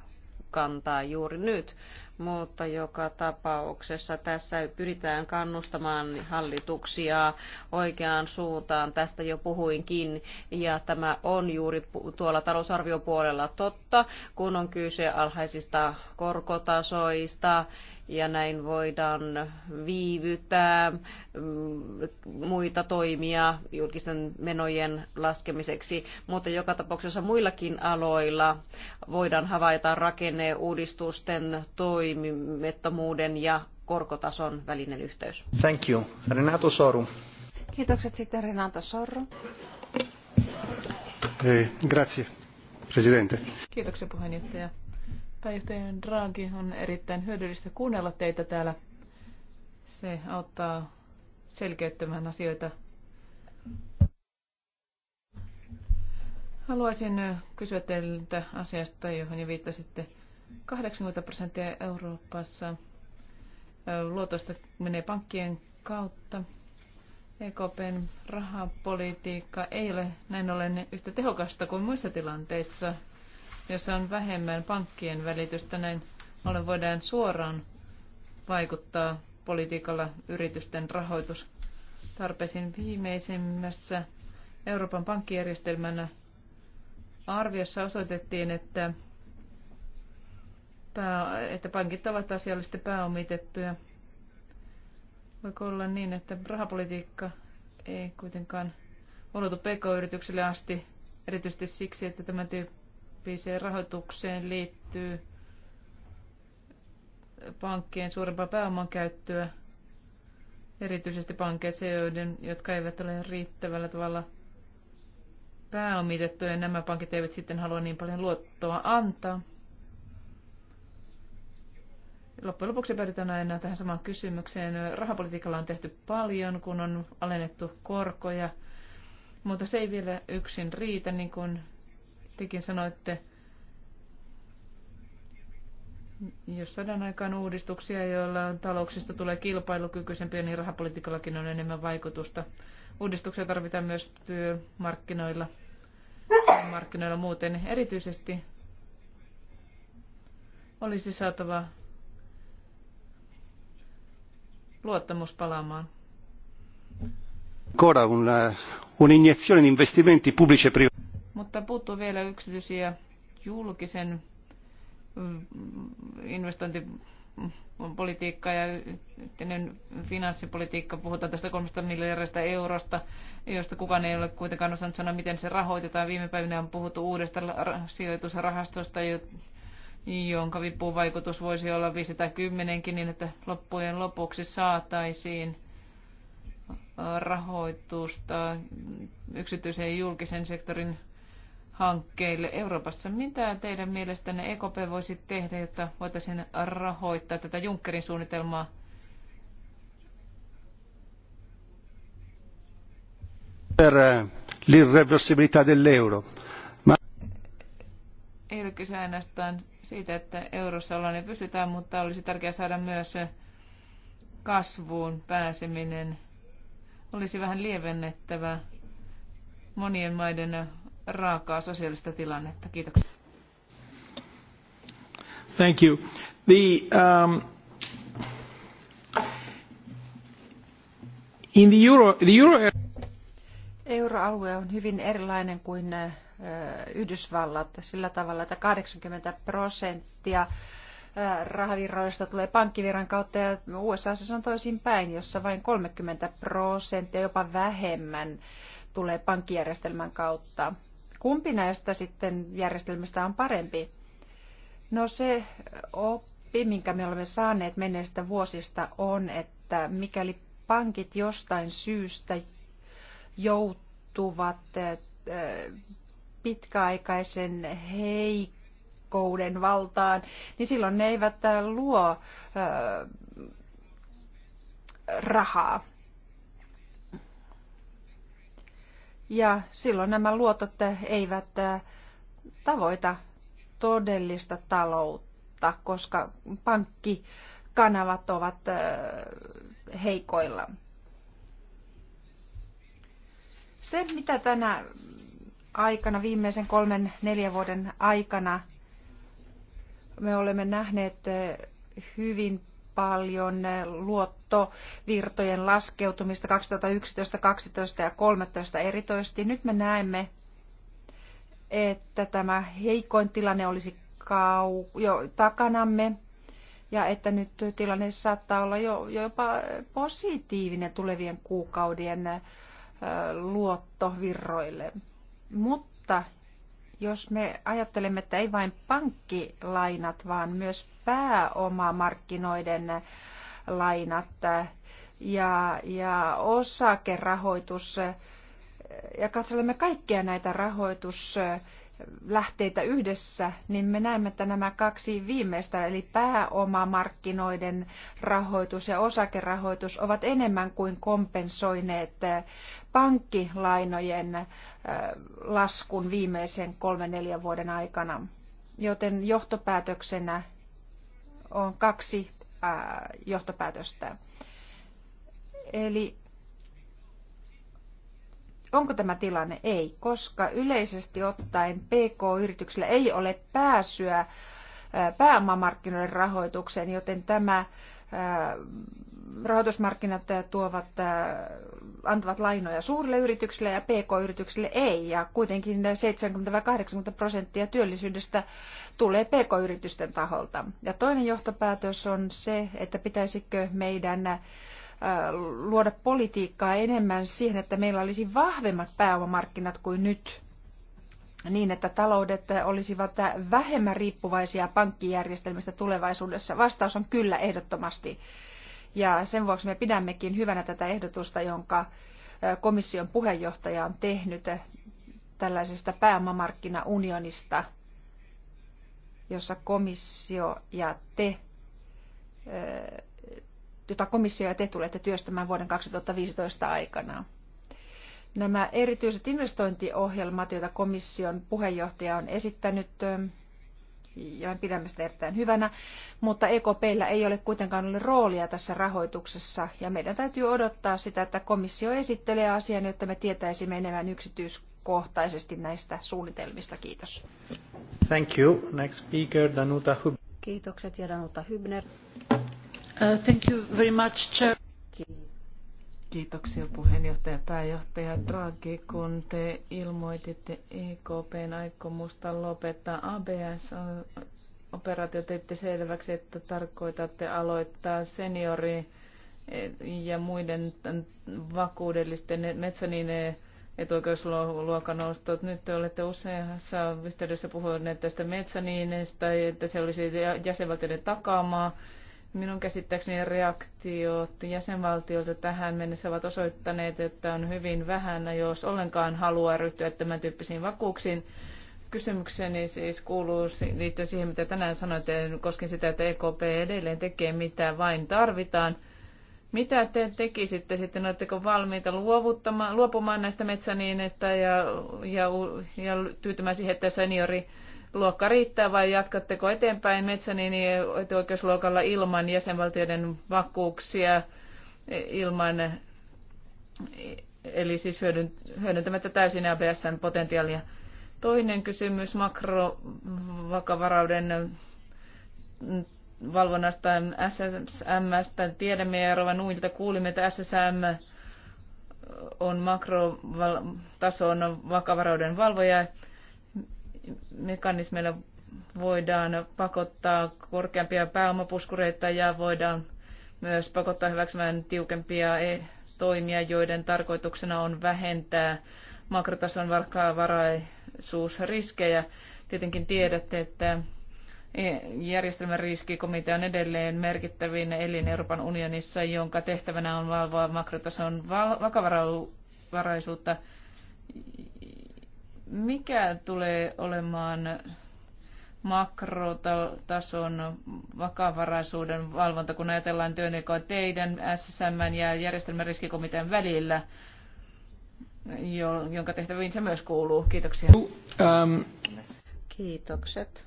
kantaa juuri nyt, mutta joka tapauksessa tässä pyritään kannustamaan hallituksia oikeaan suuntaan. Tästä jo puhuinkin, ja tämä on juuri tuolla talousarviopuolella totta, kun on kyse alhaisista korkotasoista, ja näin voidaan viivyttää mm, muita toimia julkisten menojen laskemiseksi, mutta joka tapauksessa muillakin aloilla voidaan havaita rakenneuudistusten toimia toimimattomuuden ja korkotason välinen yhteys. Thank you. Renato Soru. Kiitokset sitten Renato Sorru. Hei, eh, grazie, presidente. Kiitoksia puheenjohtaja. Pääjohtaja Draghi on erittäin hyödyllistä kuunnella teitä täällä. Se auttaa selkeyttämään asioita. Haluaisin eh, kysyä teiltä asiasta, johon jo viittasitte 80 prosenttia Euroopassa luotosta menee pankkien kautta. EKPn rahapolitiikka ei ole näin ollen yhtä tehokasta kuin muissa tilanteissa, jossa on vähemmän pankkien välitystä. Näin ollen voidaan suoraan vaikuttaa politiikalla yritysten rahoitustarpeisiin viimeisimmässä Euroopan pankkijärjestelmän arviossa osoitettiin, että pää, että pankit ovat asiallisesti pääomitettuja. Voiko olla niin, että rahapolitiikka ei kuitenkaan ulotu pk-yrityksille asti, erityisesti siksi, että tämän tyyppiseen rahoitukseen liittyy pankkien suurempaa pääoman käyttöä, erityisesti pankkeissa, joiden, jotka eivät ole riittävällä tavalla pääomitettuja. Nämä pankit eivät sitten halua niin paljon luottoa antaa. Loppujen lopuksi päädytään aina tähän samaan kysymykseen. Rahapolitiikalla on tehty paljon, kun on alennettu korkoja, mutta se ei vielä yksin riitä, niin kuin tekin sanoitte. Jos saadaan aikaan uudistuksia, joilla talouksista tulee kilpailukykyisempiä, niin rahapolitiikallakin on enemmän vaikutusta. Uudistuksia tarvitaan myös työmarkkinoilla markkinoilla muuten. Erityisesti olisi saatava luottamus palaamaan. Ancora una, eh, un'iniezione di investimenti pubblici e privati. Mutta puuttuu vielä yksityisiä julkisen mm, investointipolitiikka ja finanssipolitiikka. Puhutaan tästä 300 miljardista eurosta, josta kukaan ei ole kuitenkaan osannut sanoa, miten se rahoitetaan. Viime päivinä on puhuttu uudesta sijoitusrahastosta, jonka vipuvaikutus voisi olla 5 tai 10 niin että loppujen lopuksi saataisiin rahoitusta yksityisen ja julkisen sektorin hankkeille Euroopassa. Mitä teidän mielestänne EKP voisi tehdä, jotta voitaisiin rahoittaa tätä Junckerin suunnitelmaa? Per eh, l'irreversibilità dell'euro ei ole kyse ainoastaan siitä, että eurossa ollaan ja pysytään, mutta olisi tärkeää saada myös kasvuun pääseminen. Olisi vähän lievennettävä monien maiden raakaa sosiaalista tilannetta. Kiitoksia. Thank you. The, um, in the euro, the euro... Euroalue on hyvin erilainen kuin äh, Yhdysvallat sillä tavalla, että 80 prosenttia rahavirroista tulee pankkiviran kautta ja USA se on toisinpäin, jossa vain 30 prosenttia, jopa vähemmän tulee pankkijärjestelmän kautta. Kumpi näistä sitten järjestelmistä on parempi? No se oppi, minkä me olemme saaneet menneistä vuosista on, että mikäli pankit jostain syystä joutuvat pitkäaikaisen heikkouden valtaan, niin silloin ne eivät äh, luo äh, rahaa. Ja silloin nämä luotot äh, eivät tavoita todellista taloutta, koska pankkikanavat ovat heikoilla. Se, mitä tänä aikana, viimeisen kolmen, neljän vuoden aikana me olemme nähneet eh, hyvin paljon eh, luottovirtojen laskeutumista 2011, 12 ja 13 erityisesti. Nyt me näemme, että tämä heikoin tilanne olisi kau- jo takanamme ja että nyt tilanne saattaa olla jo, jopa positiivinen tulevien kuukaudien eh, luottovirroille. Mutta jos me ajattelemme, että ei vain pankkilainat, vaan myös pääomamarkkinoiden lainat ja, ja osakerahoitus, ja katselemme kaikkia näitä rahoitus- lähteitä yhdessä, niin me näemme, että nämä kaksi viimeistä, eli pääomamarkkinoiden rahoitus ja osakerahoitus, ovat enemmän kuin kompensoineet pankkilainojen äh, laskun viimeisen kolmen neljän vuoden aikana. Joten johtopäätöksenä on kaksi äh, johtopäätöstä. Eli Onko tämä tilanne? Ei, koska yleisesti ottaen PK-yrityksillä ei ole pääsyä pääomamarkkinoiden rahoitukseen, joten tämä rahoitusmarkkinat tuovat, antavat lainoja suurille yrityksille ja pk-yrityksille ei. Ja kuitenkin 70-80 prosenttia työllisyydestä tulee pk-yritysten taholta. Ja toinen johtopäätös on se, että pitäisikö meidän luoda politiikkaa enemmän siihen, että meillä olisi vahvemmat pääomamarkkinat kuin nyt, niin että taloudet olisivat vähemmän riippuvaisia pankkijärjestelmistä tulevaisuudessa? Vastaus on kyllä ehdottomasti. Ja sen vuoksi me pidämmekin hyvänä tätä ehdotusta, jonka komission puheenjohtaja on tehnyt tällaisesta pääomamarkkinaunionista, jossa komissio ja te jota komissio ja te tulette työstämään vuoden 2015 aikana. Nämä erityiset investointiohjelmat, joita komission puheenjohtaja on esittänyt, ja pidämme sitä erittäin hyvänä, mutta EKPllä ei ole kuitenkaan ollut roolia tässä rahoituksessa, ja meidän täytyy odottaa sitä, että komissio esittelee asian, jotta me tietäisimme enemmän yksityiskohtaisesti näistä suunnitelmista. Kiitos. Thank you. Next speaker, Danuta Hübner. Kiitokset ja Danuta Hübner. Uh, Kiitoksia puheenjohtaja pääjohtaja Draghi, kun te ilmoititte EKPn aikomusta lopettaa ABS-operaatio, teitte selväksi, että tarkoitatte aloittaa seniori ja muiden vakuudellisten metsäniineen etuoikeusluokan ostot. Nyt te olette useassa yhteydessä puhuneet tästä metsäniinestä, että se olisi jäsenvaltioiden takaamaa Minun käsittääkseni reaktiot jäsenvaltiolta tähän mennessä ovat osoittaneet, että on hyvin vähän, jos ollenkaan haluaa ryhtyä tämän tyyppisiin vakuuksiin. Kysymykseni siis kuuluu liittyen siihen, mitä tänään sanoit, koskien sitä, että EKP edelleen tekee mitä vain tarvitaan. Mitä te tekisitte sitten? Oletteko valmiita luovuttamaan, luopumaan näistä metsäniineistä ja, ja, ja tyytymään siihen, että seniori luokka riittää vai jatkatteko eteenpäin metsänini oikeusluokalla ilman jäsenvaltioiden vakuuksia, ilman, eli siis hyödyntämättä täysin ABSn potentiaalia. Toinen kysymys makrovakavarauden valvonnasta SSMstä. Tiedämme ja Rovan Uilta kuulimme, että SSM on makrotason vakavarauden valvoja mekanismeilla voidaan pakottaa korkeampia pääomapuskureita ja voidaan myös pakottaa hyväksymään tiukempia e- toimia, joiden tarkoituksena on vähentää makrotason vakavaraisuusriskejä. Tietenkin tiedätte, että e- järjestelmän riskikomitea on edelleen merkittävin elin Euroopan unionissa, jonka tehtävänä on valvoa makrotason vakavaraisuutta mikä tulee olemaan makrotason vakavaraisuuden valvonta, kun ajatellaan työnjakoa teidän SSM ja järjestelmän riskikomitean välillä, jonka tehtäviin se myös kuuluu. Kiitoksia. Ähm. Kiitokset.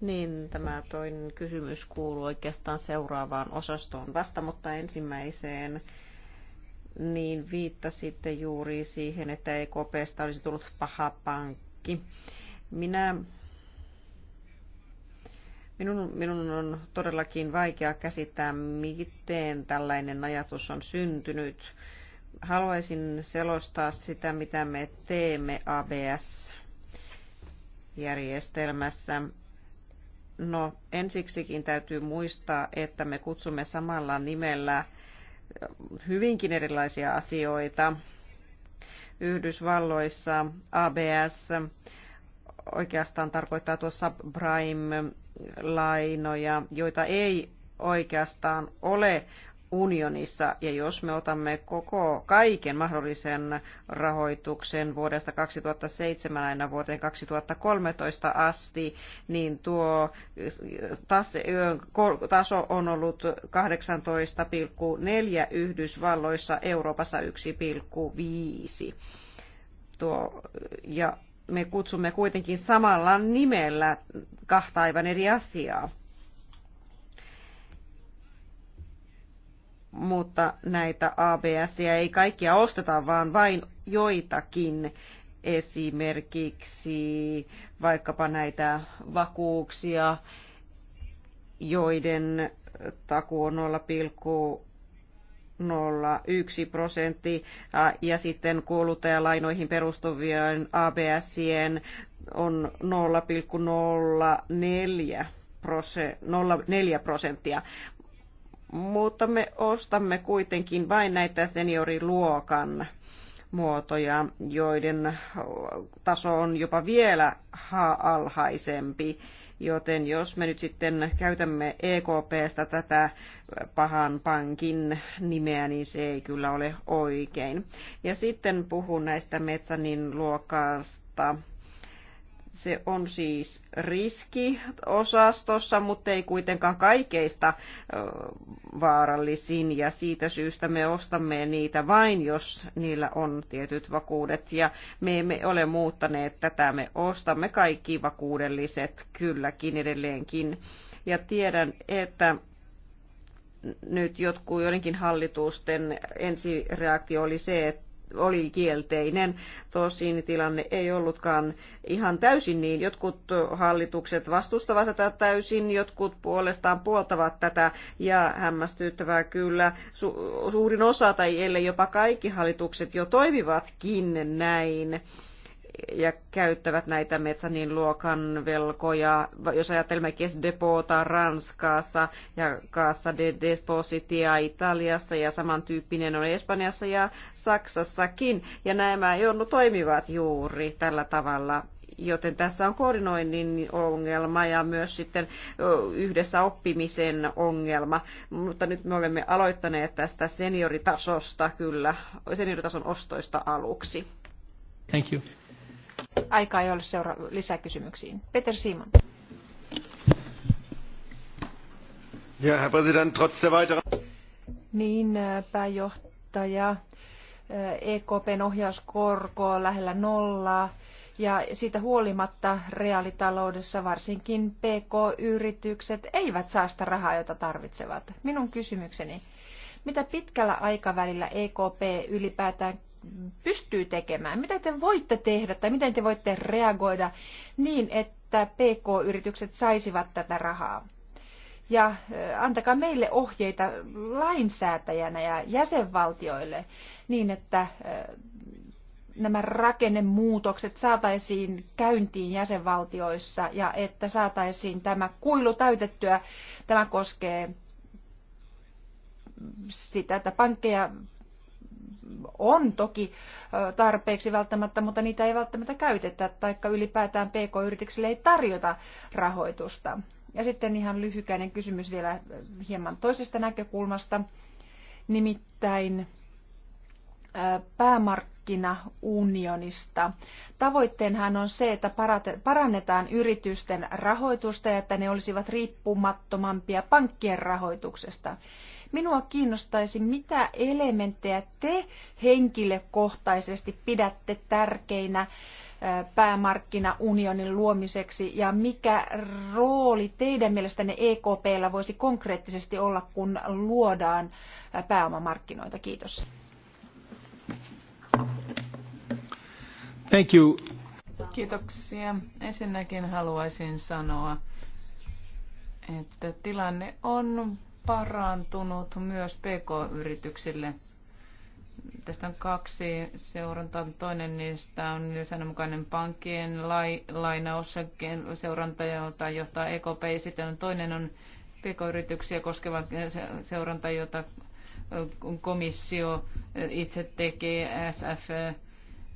Niin, tämä toinen kysymys kuuluu oikeastaan seuraavaan osastoon vasta, mutta ensimmäiseen niin viittasitte juuri siihen, että EKPstä olisi tullut paha pankki. Minä Minun, minun on todellakin vaikea käsittää, miten tällainen ajatus on syntynyt. Haluaisin selostaa sitä, mitä me teemme ABS-järjestelmässä. No, ensiksikin täytyy muistaa, että me kutsumme samalla nimellä hyvinkin erilaisia asioita. Yhdysvalloissa ABS oikeastaan tarkoittaa tuossa subprime lainoja joita ei oikeastaan ole unionissa. Ja jos me otamme koko kaiken mahdollisen rahoituksen vuodesta 2007 aina vuoteen 2013 asti, niin tuo taso on ollut 18,4 Yhdysvalloissa, Euroopassa 1,5. Tuo, ja me kutsumme kuitenkin samalla nimellä kahta aivan eri asiaa mutta näitä abs ei kaikkia osteta, vaan vain joitakin esimerkiksi vaikkapa näitä vakuuksia, joiden taku on 0,01 prosentti ja sitten kuluttajalainoihin perustuvien abs on 0,04 0,4 prosenttia mutta me ostamme kuitenkin vain näitä senioriluokan muotoja, joiden taso on jopa vielä alhaisempi. Joten jos me nyt sitten käytämme EKPstä tätä pahan pankin nimeä, niin se ei kyllä ole oikein. Ja sitten puhun näistä metsänin luokasta se on siis riskiosastossa, mutta ei kuitenkaan kaikkeista vaarallisin ja siitä syystä me ostamme niitä vain, jos niillä on tietyt vakuudet ja me emme ole muuttaneet tätä, me ostamme kaikki vakuudelliset kylläkin edelleenkin ja tiedän, että nyt jotkut joidenkin hallitusten ensireaktio oli se, että oli kielteinen. Tosin tilanne ei ollutkaan ihan täysin niin. Jotkut hallitukset vastustavat tätä täysin, jotkut puolestaan puoltavat tätä ja hämmästyttävää kyllä su- suurin osa tai ellei jopa kaikki hallitukset jo toimivatkin näin ja käyttävät näitä metsänin luokan velkoja. Jos ajattelemme depota Ranskassa ja Kaassa de Depositia Italiassa ja samantyyppinen on Espanjassa ja Saksassakin. Ja nämä ollut toimivat juuri tällä tavalla joten tässä on koordinoinnin ongelma ja myös sitten yhdessä oppimisen ongelma. Mutta nyt me olemme aloittaneet tästä senioritasosta kyllä, senioritason ostoista aluksi. Thank you. Aika ei ole seura- lisäkysymyksiin. Peter Simon. Ja, Herr Präsident, trotz der weiteren... Niin, äh, pääjohtaja, äh, EKPn ohjauskorko on lähellä nollaa ja siitä huolimatta reaalitaloudessa varsinkin PK-yritykset eivät saa sitä rahaa, jota tarvitsevat. Minun kysymykseni, mitä pitkällä aikavälillä EKP ylipäätään pystyy tekemään? Mitä te voitte tehdä tai miten te voitte reagoida niin, että PK-yritykset saisivat tätä rahaa? Ja antakaa meille ohjeita lainsäätäjänä ja jäsenvaltioille niin, että nämä rakennemuutokset saataisiin käyntiin jäsenvaltioissa ja että saataisiin tämä kuilu täytettyä. Tämä koskee sitä, että pankkeja on toki tarpeeksi välttämättä, mutta niitä ei välttämättä käytetä, taikka ylipäätään PK-yrityksille ei tarjota rahoitusta. Ja sitten ihan lyhykäinen kysymys vielä hieman toisesta näkökulmasta, nimittäin päämarkkinaunionista. Tavoitteenhan on se, että parannetaan yritysten rahoitusta ja että ne olisivat riippumattomampia pankkien rahoituksesta. Minua kiinnostaisi, mitä elementtejä te henkilökohtaisesti pidätte tärkeinä päämarkkinaunionin luomiseksi ja mikä rooli teidän mielestänne EKPllä voisi konkreettisesti olla, kun luodaan pääomamarkkinoita? Kiitos. Thank you. Kiitoksia. Ensinnäkin haluaisin sanoa, että tilanne on parantunut myös PK-yrityksille. Tästä on kaksi seurantaa. Toinen niistä on säännönmukainen pankkien lai, lainaus seuranta, jota johtaa EKP. Sitten on toinen on PK-yrityksiä koskeva seuranta, jota komissio itse tekee, SF,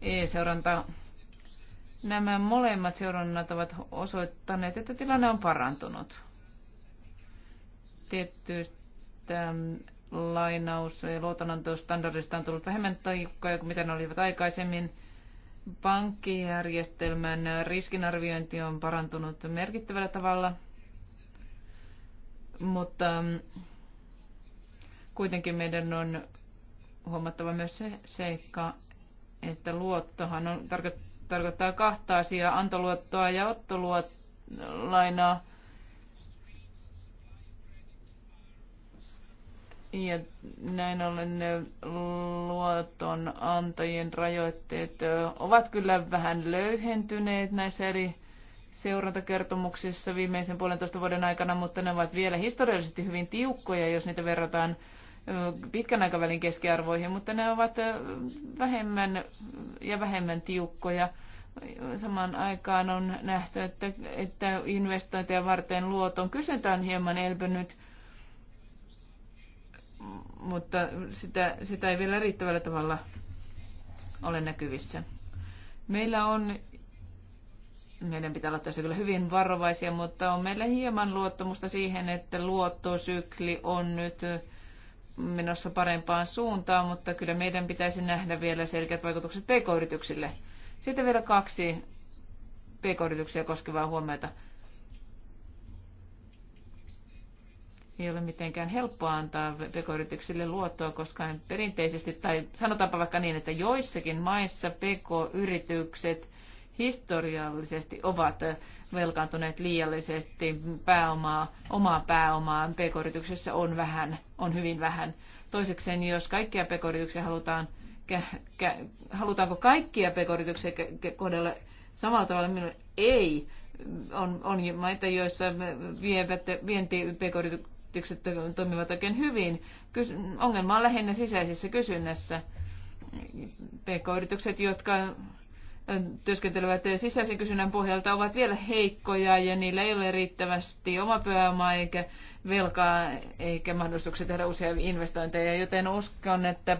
e seuranta Nämä molemmat seurannat ovat osoittaneet, että tilanne on parantunut tietystä lainaus- ja luotonantostandardista on tullut vähemmän taikkoja kuin mitä ne olivat aikaisemmin. Pankkijärjestelmän riskinarviointi on parantunut merkittävällä tavalla, mutta kuitenkin meidän on huomattava myös se seikka, että luottohan on, tarko, tarkoittaa kahta asiaa, antoluottoa ja ottoluottoa lainaa Ja näin ollen ne luotonantajien rajoitteet ovat kyllä vähän löyhentyneet näissä eri seurantakertomuksissa viimeisen puolentoista vuoden aikana, mutta ne ovat vielä historiallisesti hyvin tiukkoja, jos niitä verrataan pitkän aikavälin keskiarvoihin, mutta ne ovat vähemmän ja vähemmän tiukkoja. Samaan aikaan on nähty, että, että investointeja varten luoton kysyntä on hieman elpynyt mutta sitä, sitä ei vielä riittävällä tavalla ole näkyvissä. Meillä on, meidän pitää olla tässä kyllä hyvin varovaisia, mutta on meillä hieman luottamusta siihen, että luottosykli on nyt menossa parempaan suuntaan, mutta kyllä meidän pitäisi nähdä vielä selkeät vaikutukset pk-yrityksille. Sitten vielä kaksi pk-yrityksiä koskevaa huomiota. ei ole mitenkään helppoa antaa pk-yrityksille luottoa, koska perinteisesti, tai sanotaanpa vaikka niin, että joissakin maissa pk-yritykset historiallisesti ovat velkaantuneet liiallisesti pääomaa, omaa pääomaa pk-yrityksessä on vähän, on hyvin vähän. Toisekseen, jos kaikkia pk-yrityksiä halutaan, kä, kä, halutaanko kaikkia pk-yrityksiä kohdella samalla tavalla, minulle ei. On, on maita, joissa vievät, vienti pk yritykset toimivat oikein hyvin. Ongelma on lähinnä sisäisessä kysynnässä. PK-yritykset, jotka työskentelevät sisäisen kysynnän pohjalta, ovat vielä heikkoja ja niillä ei ole riittävästi omapääomaa eikä velkaa eikä mahdollisuuksia tehdä uusia investointeja, joten uskon, että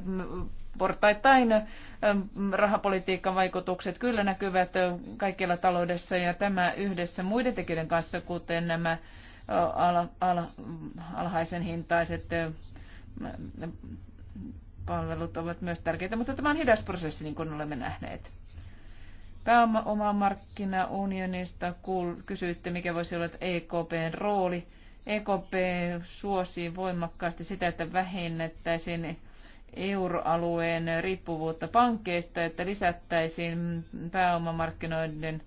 portaittain rahapolitiikan vaikutukset kyllä näkyvät kaikkialla taloudessa ja tämä yhdessä muiden tekijöiden kanssa, kuten nämä al, al, alhaisen hintaiset palvelut ovat myös tärkeitä, mutta tämä on hidas prosessi, niin kuin olemme nähneet. Pääomamarkkinaunionista kysyitte, mikä voisi olla EKPn rooli. EKP suosii voimakkaasti sitä, että vähennettäisiin euroalueen riippuvuutta pankkeista, että lisättäisiin pääomamarkkinoiden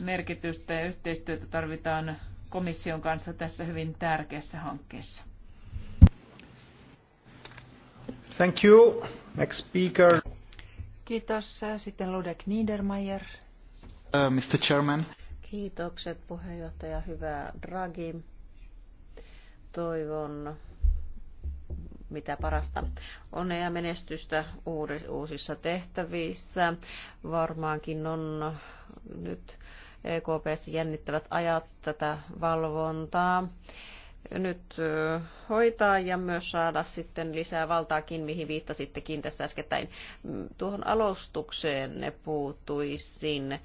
merkitystä ja yhteistyötä tarvitaan komission kanssa tässä hyvin tärkeässä hankkeessa. Thank you. Next speaker. Kiitos. Sitten Ludek Niedermayer. Uh, Mr. Chairman. Kiitokset puheenjohtaja. Hyvä Draghi. Toivon mitä parasta onnea ja menestystä uusissa tehtävissä. Varmaankin on nyt EKPssä jännittävät ajat tätä valvontaa nyt hoitaa ja myös saada sitten lisää valtaakin, mihin viittasittekin tässä äskettäin. Mm, tuohon alustukseen puutuisin.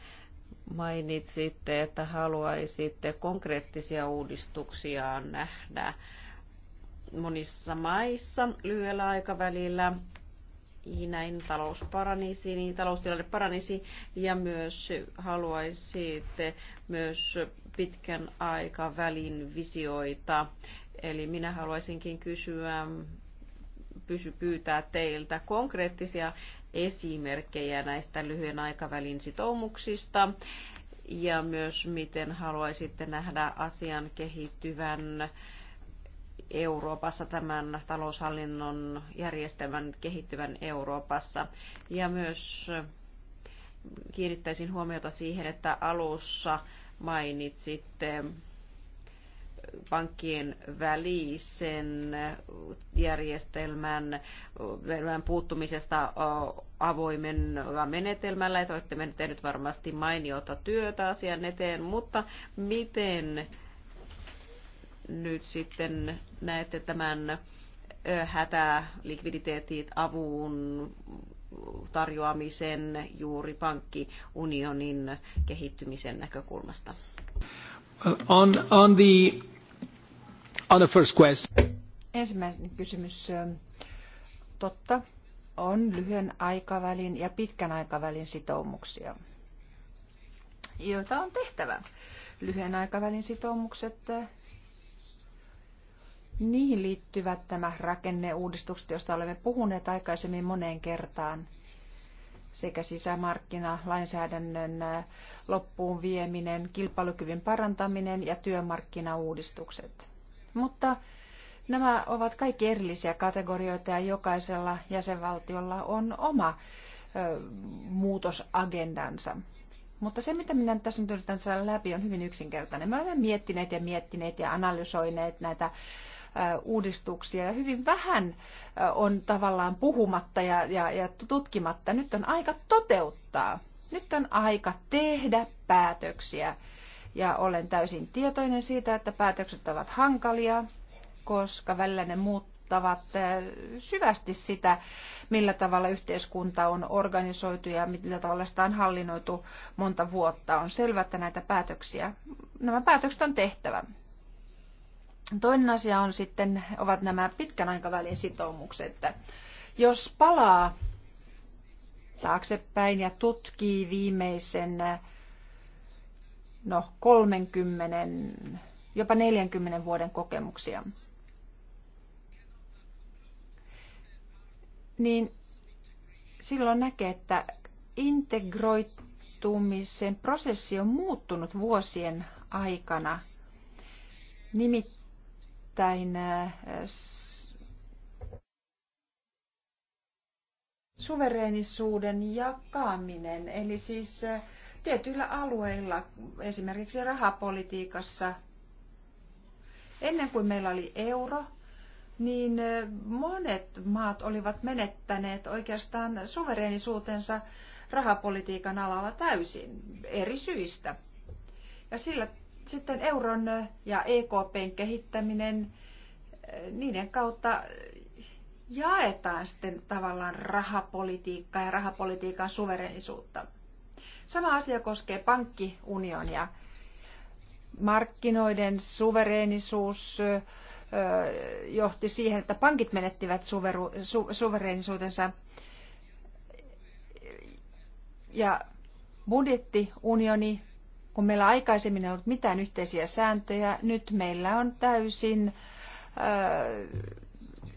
Mainitsitte, että haluaisitte konkreettisia uudistuksia nähdä monissa maissa lyhyellä aikavälillä näin talous paranisi, niin taloustilanne paranisi ja myös haluaisitte myös pitkän aikavälin visioita. Eli minä haluaisinkin kysyä, pysy pyytää teiltä konkreettisia esimerkkejä näistä lyhyen aikavälin sitoumuksista ja myös miten haluaisitte nähdä asian kehittyvän Euroopassa, tämän taloushallinnon järjestelmän kehittyvän Euroopassa. Ja myös kiinnittäisin huomiota siihen, että alussa mainitsitte pankkien välisen järjestelmän puuttumisesta avoimen menetelmällä, että olette tehnyt varmasti mainiota työtä asian eteen, mutta miten nyt sitten näette tämän hätä, likviditeetit, avun tarjoamisen juuri pankkiunionin kehittymisen näkökulmasta? On, on the, on the first question. Ensimmäinen kysymys. Totta, on lyhyen aikavälin ja pitkän aikavälin sitoumuksia, joita on tehtävä. Lyhyen aikavälin sitoumukset Niihin liittyvät tämä rakenneuudistukset, joista olemme puhuneet aikaisemmin moneen kertaan, sekä sisämarkkinalainsäädännön äh, loppuun vieminen, kilpailukyvyn parantaminen ja työmarkkinauudistukset. Mutta nämä ovat kaikki erillisiä kategorioita ja jokaisella jäsenvaltiolla on oma ö, äh, muutosagendansa. Mutta se, mitä minä tässä nyt yritän saada läpi, on hyvin yksinkertainen. Me olemme miettineet ja miettineet ja analysoineet näitä uudistuksia ja hyvin vähän on tavallaan puhumatta ja, ja, ja tutkimatta. Nyt on aika toteuttaa. Nyt on aika tehdä päätöksiä. Ja olen täysin tietoinen siitä, että päätökset ovat hankalia, koska välillä ne muuttavat syvästi sitä, millä tavalla yhteiskunta on organisoitu ja millä tavalla sitä on hallinnoitu monta vuotta. On selvää, että näitä päätöksiä, nämä päätökset on tehtävä. Toinen asia on sitten, ovat nämä pitkän aikavälin sitoumukset. että Jos palaa taaksepäin ja tutkii viimeisen no, 30, jopa 40 vuoden kokemuksia, niin silloin näkee, että integroitumisen prosessi on muuttunut vuosien aikana. Nimittäin erittäin suvereenisuuden jakaminen, eli siis tietyillä alueilla, esimerkiksi rahapolitiikassa, ennen kuin meillä oli euro, niin monet maat olivat menettäneet oikeastaan suvereenisuutensa rahapolitiikan alalla täysin eri syistä. Ja sillä sitten euron ja EKPn kehittäminen, eh, niiden kautta jaetaan sitten tavallaan rahapolitiikkaa ja rahapolitiikan suverenisuutta. Sama asia koskee pankkiunionia. Markkinoiden suverenisuus eh, johti siihen, että pankit menettivät suveru, su, suverenisuutensa. Ja budjettiunioni kun meillä aikaisemmin ei ollut mitään yhteisiä sääntöjä, nyt meillä on täysin äh,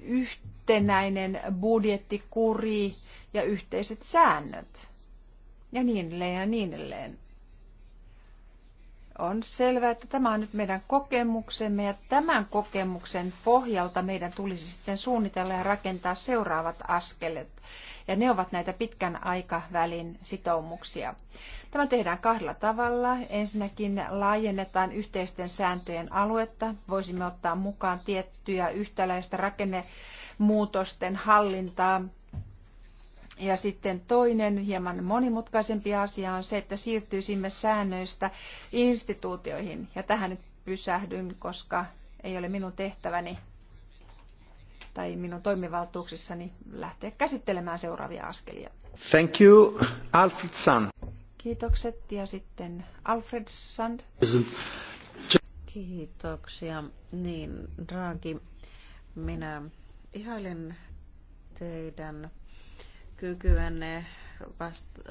yhtenäinen budjettikuri ja yhteiset säännöt. Ja niin edelleen ja niin edelleen. On selvää, että tämä on nyt meidän kokemuksemme ja tämän kokemuksen pohjalta meidän tulisi sitten suunnitella ja rakentaa seuraavat askelet ja ne ovat näitä pitkän aikavälin sitoumuksia. Tämä tehdään kahdella tavalla. Ensinnäkin laajennetaan yhteisten sääntöjen aluetta. Voisimme ottaa mukaan tiettyjä yhtäläistä rakennemuutosten hallintaa ja sitten toinen hieman monimutkaisempi asia on se, että siirtyisimme säännöistä instituutioihin. Ja tähän nyt pysähdyn, koska ei ole minun tehtäväni tai minun toimivaltuuksissani lähteä käsittelemään seuraavia askelia. Thank you, Alfred Sand. Kiitokset ja sitten Alfred Sand. Kiitoksia. Niin, Draghi, minä ihailen teidän kykyänne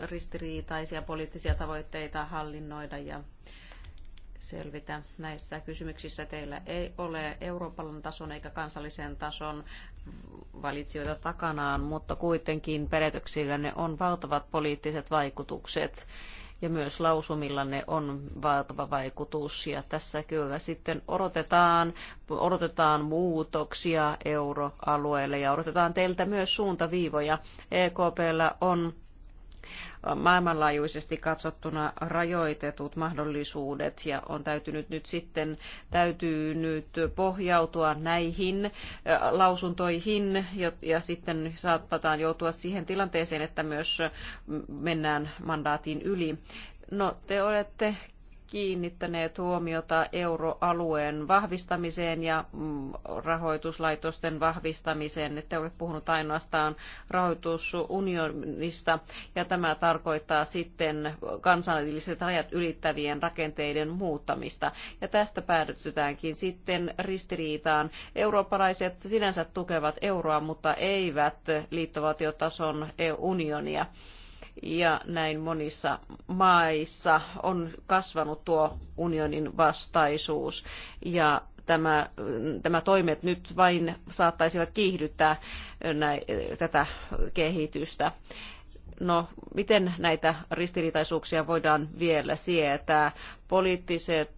ristiriitaisia poliittisia tavoitteita hallinnoida ja selvitä näissä kysymyksissä. Teillä ei ole Euroopan tason eikä kansallisen tason valitsijoita takanaan, mutta kuitenkin perehdyksillä ne on valtavat poliittiset vaikutukset ja myös lausumilla ne on valtava vaikutus. Ja tässä kyllä sitten odotetaan, odotetaan muutoksia euroalueelle ja odotetaan teiltä myös suuntaviivoja. EKPllä on maailmanlaajuisesti katsottuna rajoitetut mahdollisuudet ja on täytynyt nyt sitten täytyy nyt pohjautua näihin äh, lausuntoihin ja sitten saatetaan joutua siihen tilanteeseen, että myös mennään mandaatin yli. No, te olette kiinnittäneet huomiota euroalueen vahvistamiseen ja mm, rahoituslaitosten vahvistamiseen. Ette ole puhunut ainoastaan rahoitusunionista ja tämä tarkoittaa sitten kansalliset rajat ylittävien rakenteiden muuttamista. Ja tästä päädytytäänkin sitten ristiriitaan. Eurooppalaiset sinänsä tukevat euroa, mutta eivät liittovaltiotason unionia ja näin monissa maissa on kasvanut tuo unionin vastaisuus ja tämä, tämä toimet nyt vain saattaisivat kiihdyttää näin, tätä kehitystä. No, miten näitä ristiriitaisuuksia voidaan vielä sietää? Poliittiset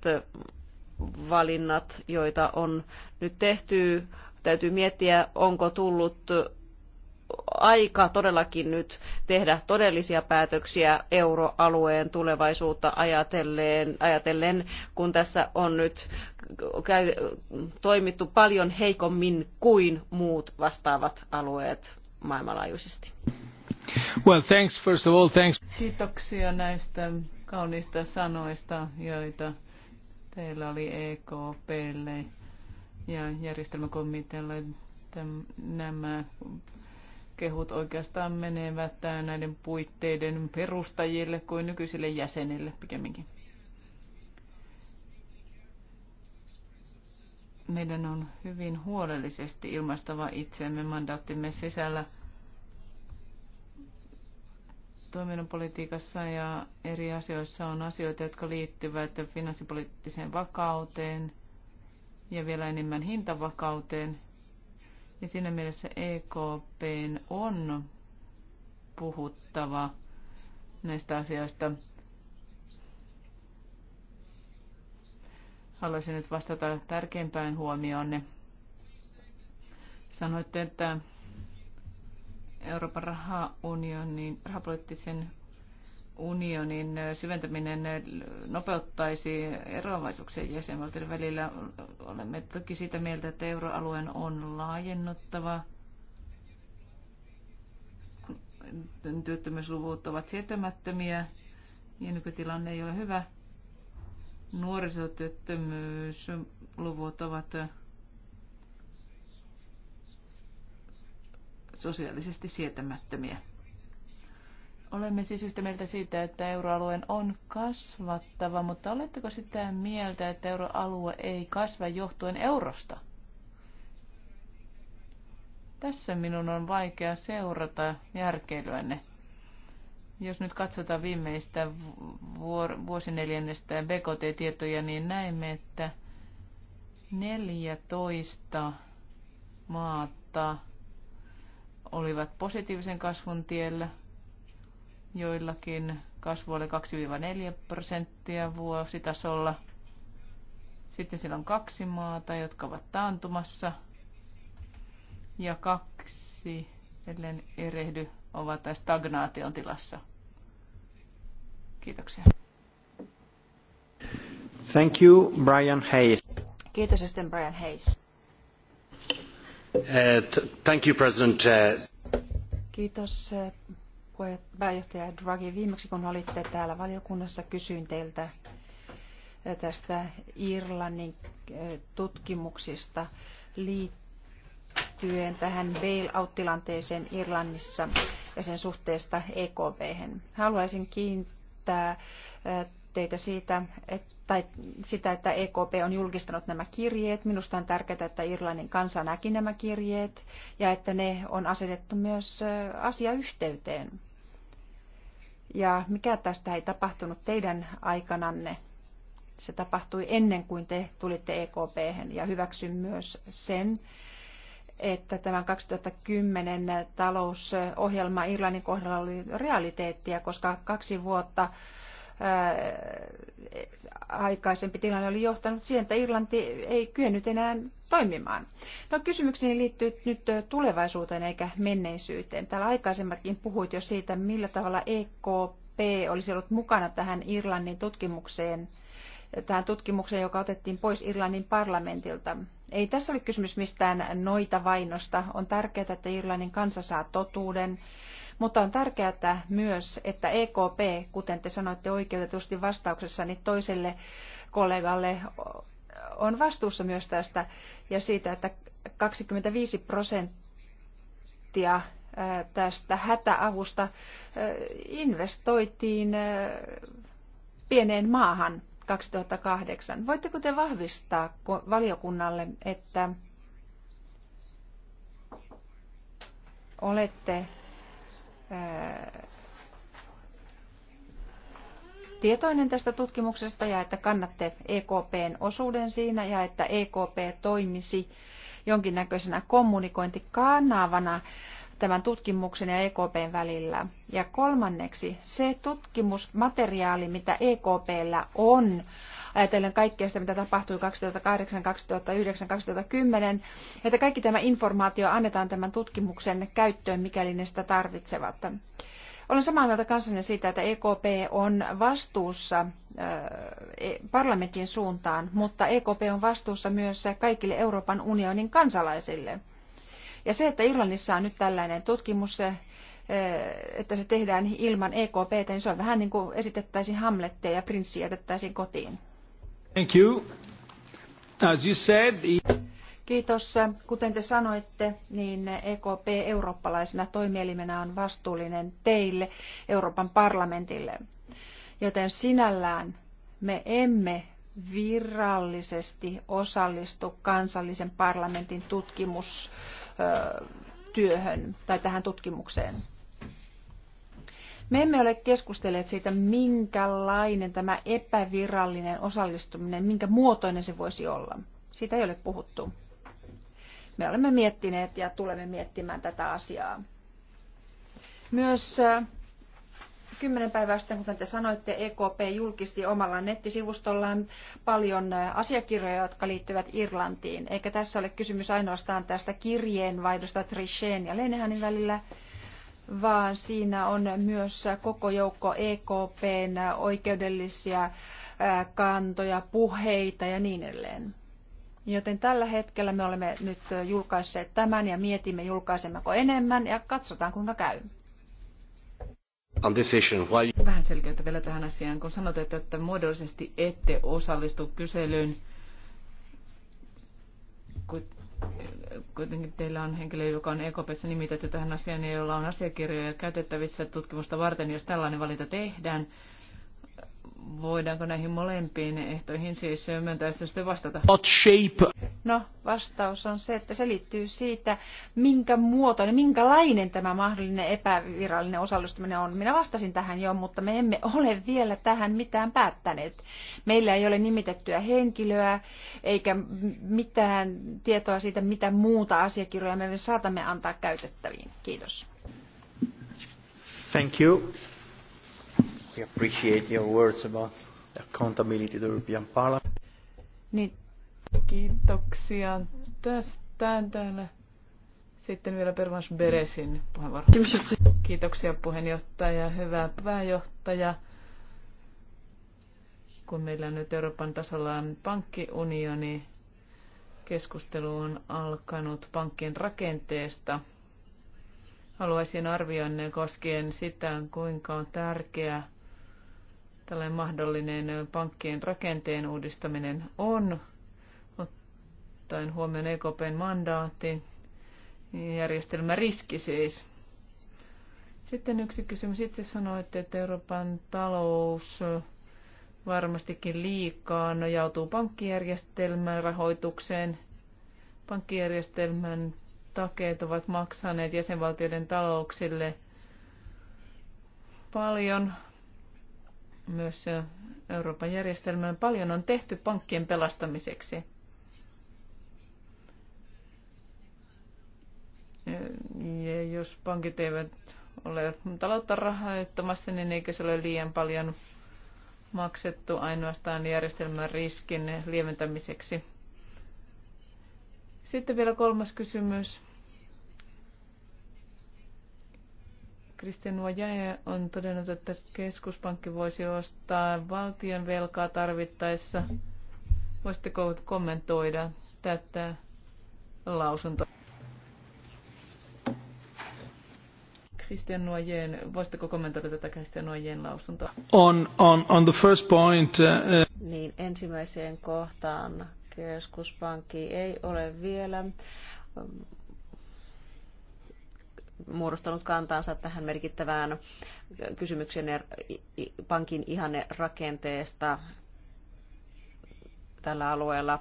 valinnat, joita on nyt tehty, täytyy miettiä, onko tullut aika todellakin nyt tehdä todellisia päätöksiä euroalueen tulevaisuutta ajatellen, ajatellen kun tässä on nyt käy, toimittu paljon heikommin kuin muut vastaavat alueet maailmanlaajuisesti. Well, thanks first of all, thanks. Kiitoksia näistä kauniista sanoista, joita teillä oli EKPlle ja järjestelmäkomitealle nämä kehut oikeastaan menevät näiden puitteiden perustajille kuin nykyisille jäsenille pikemminkin. Meidän on hyvin huolellisesti ilmaistava itseämme mandaattimme sisällä toiminnan politiikassa ja eri asioissa on asioita, jotka liittyvät finanssipoliittiseen vakauteen ja vielä enemmän hintavakauteen – niin siinä mielessä EKP on puhuttava näistä asioista. Haluaisin nyt vastata tärkeimpään huomioonne. Sanoitte, että Euroopan rahaunionin rahapoliittisen unionin syventäminen nopeuttaisi eroavaisuuksien jäsenvaltioiden välillä. Olemme toki sitä mieltä, että euroalueen on laajennuttava. Työttömyysluvut ovat sietämättömiä ja nykytilanne ei ole hyvä. Nuorisotyöttömyysluvut ovat sosiaalisesti sietämättömiä. Olemme siis yhtä mieltä siitä, että euroalueen on kasvattava, mutta oletteko sitä mieltä, että euroalue ei kasva johtuen eurosta? Tässä minun on vaikea seurata järkeilyänne. Jos nyt katsotaan viimeistä vuosineljännestä BKT-tietoja, niin näemme, että 14 maata olivat positiivisen kasvun tiellä – joillakin kasvu oli 2-4 prosenttia vuositasolla. Sitten siellä on kaksi maata, jotka ovat taantumassa. Ja kaksi, ellen erehdy, ovat tässä stagnaation tilassa. Kiitoksia. Thank you, Brian Hayes. Kiitos sitten Brian Hayes. Uh, thank you, President. Uh... Kiitos pääjohtaja Draghi, viimeksi kun olitte täällä valiokunnassa, kysyin teiltä tästä Irlannin tutkimuksista liittyen tähän bailout-tilanteeseen Irlannissa ja sen suhteesta EKB. Haluaisin kiinnittää teitä siitä, että, tai sitä, että EKP on julkistanut nämä kirjeet. Minusta on tärkeää, että Irlannin kansa näki nämä kirjeet ja että ne on asetettu myös asiayhteyteen. Ja mikä tästä ei tapahtunut teidän aikananne? Se tapahtui ennen kuin te tulitte ekp ja hyväksyn myös sen, että tämä 2010 talousohjelma Irlannin kohdalla oli realiteettia, koska kaksi vuotta aikaisempi tilanne oli johtanut siihen, että Irlanti ei kyennyt enää toimimaan. No kysymykseni liittyy nyt tulevaisuuteen eikä menneisyyteen. Täällä aikaisemmatkin puhuit jo siitä, millä tavalla EKP olisi ollut mukana tähän Irlannin tutkimukseen, tähän tutkimukseen, joka otettiin pois Irlannin parlamentilta. Ei tässä ole kysymys mistään noita vainosta. On tärkeää, että Irlannin kansa saa totuuden mutta on tärkeää myös, että EKP, kuten te sanoitte oikeutetusti vastauksessani niin toiselle kollegalle, on vastuussa myös tästä ja siitä, että 25 prosenttia tästä hätäavusta investoitiin pieneen maahan 2008. Voitteko te vahvistaa valiokunnalle, että olette tietoinen tästä tutkimuksesta ja että kannatte EKPn osuuden siinä ja että EKP toimisi jonkinnäköisenä kommunikointikanavana tämän tutkimuksen ja EKPn välillä. Ja kolmanneksi, se tutkimusmateriaali, mitä EKPllä on ajatellen kaikkea sitä, mitä tapahtui 2008, 2009, 2010, että kaikki tämä informaatio annetaan tämän tutkimuksen käyttöön, mikäli ne sitä tarvitsevat. Olen samaa mieltä kanssanne siitä, että EKP on vastuussa e, parlamentin suuntaan, mutta EKP on vastuussa myös kaikille Euroopan unionin kansalaisille. Ja se, että Irlannissa on nyt tällainen tutkimus, että se tehdään ilman EKPtä, niin se on vähän niin kuin esitettäisiin Hamlettia ja prinssi jätettäisiin kotiin arvoisa puhemies Kiitos. Kuten te sanoitte, niin EKP eurooppalaisena toimielimenä on vastuullinen teille, Euroopan parlamentille. Joten sinällään me emme virallisesti osallistu kansallisen parlamentin tutkimustyöhön tai tähän tutkimukseen. Me emme ole keskustelleet siitä, minkälainen tämä epävirallinen osallistuminen, minkä muotoinen se voisi olla. Siitä ei ole puhuttu. Me olemme miettineet ja tulemme miettimään tätä asiaa. Myös äh, kymmenen päivää sitten, kuten te sanoitte, EKP julkisti omalla nettisivustollaan paljon äh, asiakirjoja, jotka liittyvät Irlantiin. Eikä tässä ole kysymys ainoastaan tästä kirjeenvaihdosta Trichén ja Lenehanin välillä, vaan siinä on myös koko joukko EKPn oikeudellisia kantoja, puheita ja niin edelleen. Joten tällä hetkellä me olemme nyt julkaisseet tämän ja mietimme julkaisemmeko enemmän ja katsotaan kuinka käy. Vähän selkeyttä vielä tähän asiaan, kun sanoit, että, että muodollisesti ette osallistu kyselyyn kuitenkin teillä on henkilö, joka on EKPssä nimitetty tähän asiaan jolla on asiakirjoja käytettävissä tutkimusta varten, jos tällainen valinta tehdään voidaanko näihin molempiin ehtoihin siis myöntää vastata? What shape? No, vastaus on se, että se liittyy siitä, minkä muotoinen, minkälainen tämä mahdollinen epävirallinen osallistuminen on. Minä vastasin tähän jo, mutta me emme ole vielä tähän mitään päättäneet. Meillä ei ole nimitettyä henkilöä eikä mitään tietoa siitä, mitä muuta asiakirjoja me saatamme antaa käytettäviin. Kiitos. Thank you. We appreciate your words about accountability the European Parliament. Niin, kiitoksia tästä täällä. Sitten vielä Pervans Beresin puheenvuoro. Kiitoksia puheenjohtaja, hyvää pääjohtaja. Kun meillä nyt Euroopan tasolla on pankkiunioni, keskustelu on alkanut pankkien rakenteesta. Haluaisin arvioinnin koskien sitä, kuinka on tärkeää tällainen mahdollinen pankkien rakenteen uudistaminen on, ottaen huomioon EKPn mandaatti, järjestelmä siis. Sitten yksi kysymys. Itse sanoitte, että Euroopan talous varmastikin liikaa nojautuu pankkijärjestelmän rahoitukseen. Pankkijärjestelmän takeet ovat maksaneet jäsenvaltioiden talouksille paljon myös Euroopan järjestelmään. Paljon on tehty pankkien pelastamiseksi. Ja jos pankit eivät ole taloutta rahoittamassa, niin eikö se ole liian paljon maksettu ainoastaan järjestelmän riskin lieventämiseksi? Sitten vielä kolmas kysymys. Kristian Nuojaja on todennut, että keskuspankki voisi ostaa valtion velkaa tarvittaessa. Voisitteko kommentoida tätä lausuntoa? Christian Noyen, voisitteko kommentoida tätä Christian Noyen lausuntoa? On, on, on the first point, uh, uh niin, ensimmäiseen kohtaan keskuspankki ei ole vielä um, muodostanut kantaansa tähän merkittävään kysymykseen pankin ihanne rakenteesta tällä alueella.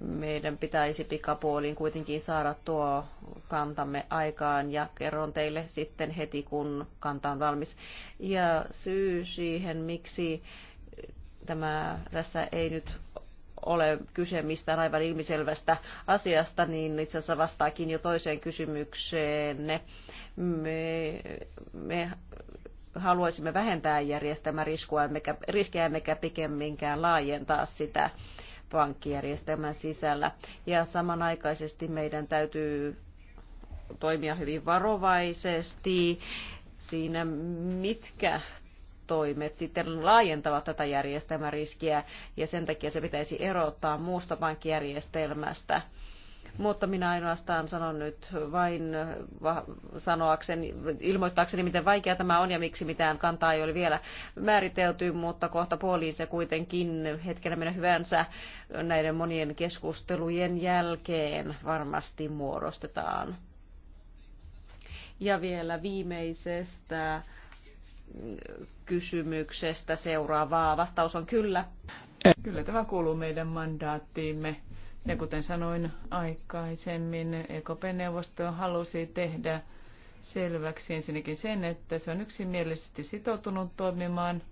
Meidän pitäisi pikapuoliin kuitenkin saada tuo kantamme aikaan ja kerron teille sitten heti, kun kanta on valmis. Ja syy siihen, miksi tämä, tässä ei nyt ole kyse mistään aivan ilmiselvästä asiasta, niin itse asiassa vastaakin jo toiseen kysymykseen. Me, me haluaisimme vähentää järjestelmän riskua, emmekä, riskejä, emmekä pikemminkään laajentaa sitä pankkijärjestelmän sisällä. Ja samanaikaisesti meidän täytyy toimia hyvin varovaisesti siinä, mitkä toimet sitten laajentavat tätä järjestelmäriskiä ja sen takia se pitäisi erottaa muusta pankkijärjestelmästä. Mutta minä ainoastaan sanon nyt vain sanoakseni, ilmoittaakseni, miten vaikea tämä on ja miksi mitään kantaa ei ole vielä määritelty, mutta kohta puoliin se kuitenkin hetkellä minä hyvänsä näiden monien keskustelujen jälkeen varmasti muodostetaan. Ja vielä viimeisestä kysymyksestä seuraavaa. Vastaus on kyllä. Kyllä tämä kuuluu meidän mandaattiimme. Ja kuten sanoin aikaisemmin, EKP-neuvosto halusi tehdä selväksi ensinnäkin sen, että se on yksimielisesti sitoutunut toimimaan.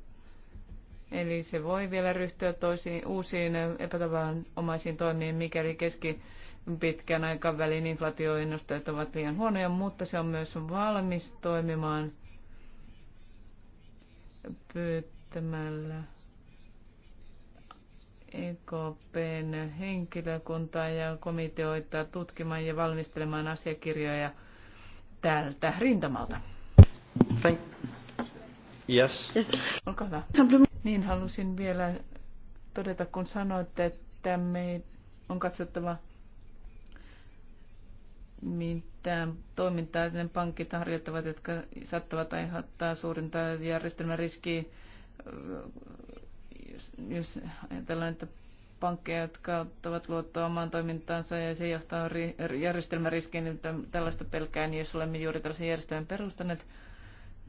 Eli se voi vielä ryhtyä toisiin, uusiin epätavanomaisiin toimiin, mikäli keski pitkän aikavälin inflaatioennusteet ovat liian huonoja, mutta se on myös valmis toimimaan – pyytämällä EKPn henkilökuntaa ja komiteoita tutkimaan ja valmistelemaan asiakirjoja tältä rintamalta. Thank. Yes. Olkaa hyvä. Niin halusin vielä todeta, kun sanoitte, että me on katsottava mitään toimintaa ne pankit harjoittavat, jotka saattavat aiheuttaa suurinta järjestelmän riskiä. Äh, jos ajatellaan, että pankkeja, jotka ottavat luottoa omaan toimintaansa ja se johtaa järjestelmäriskiin, niin tällaista pelkään, niin jos olemme juuri tällaisen järjestelmän perustaneet.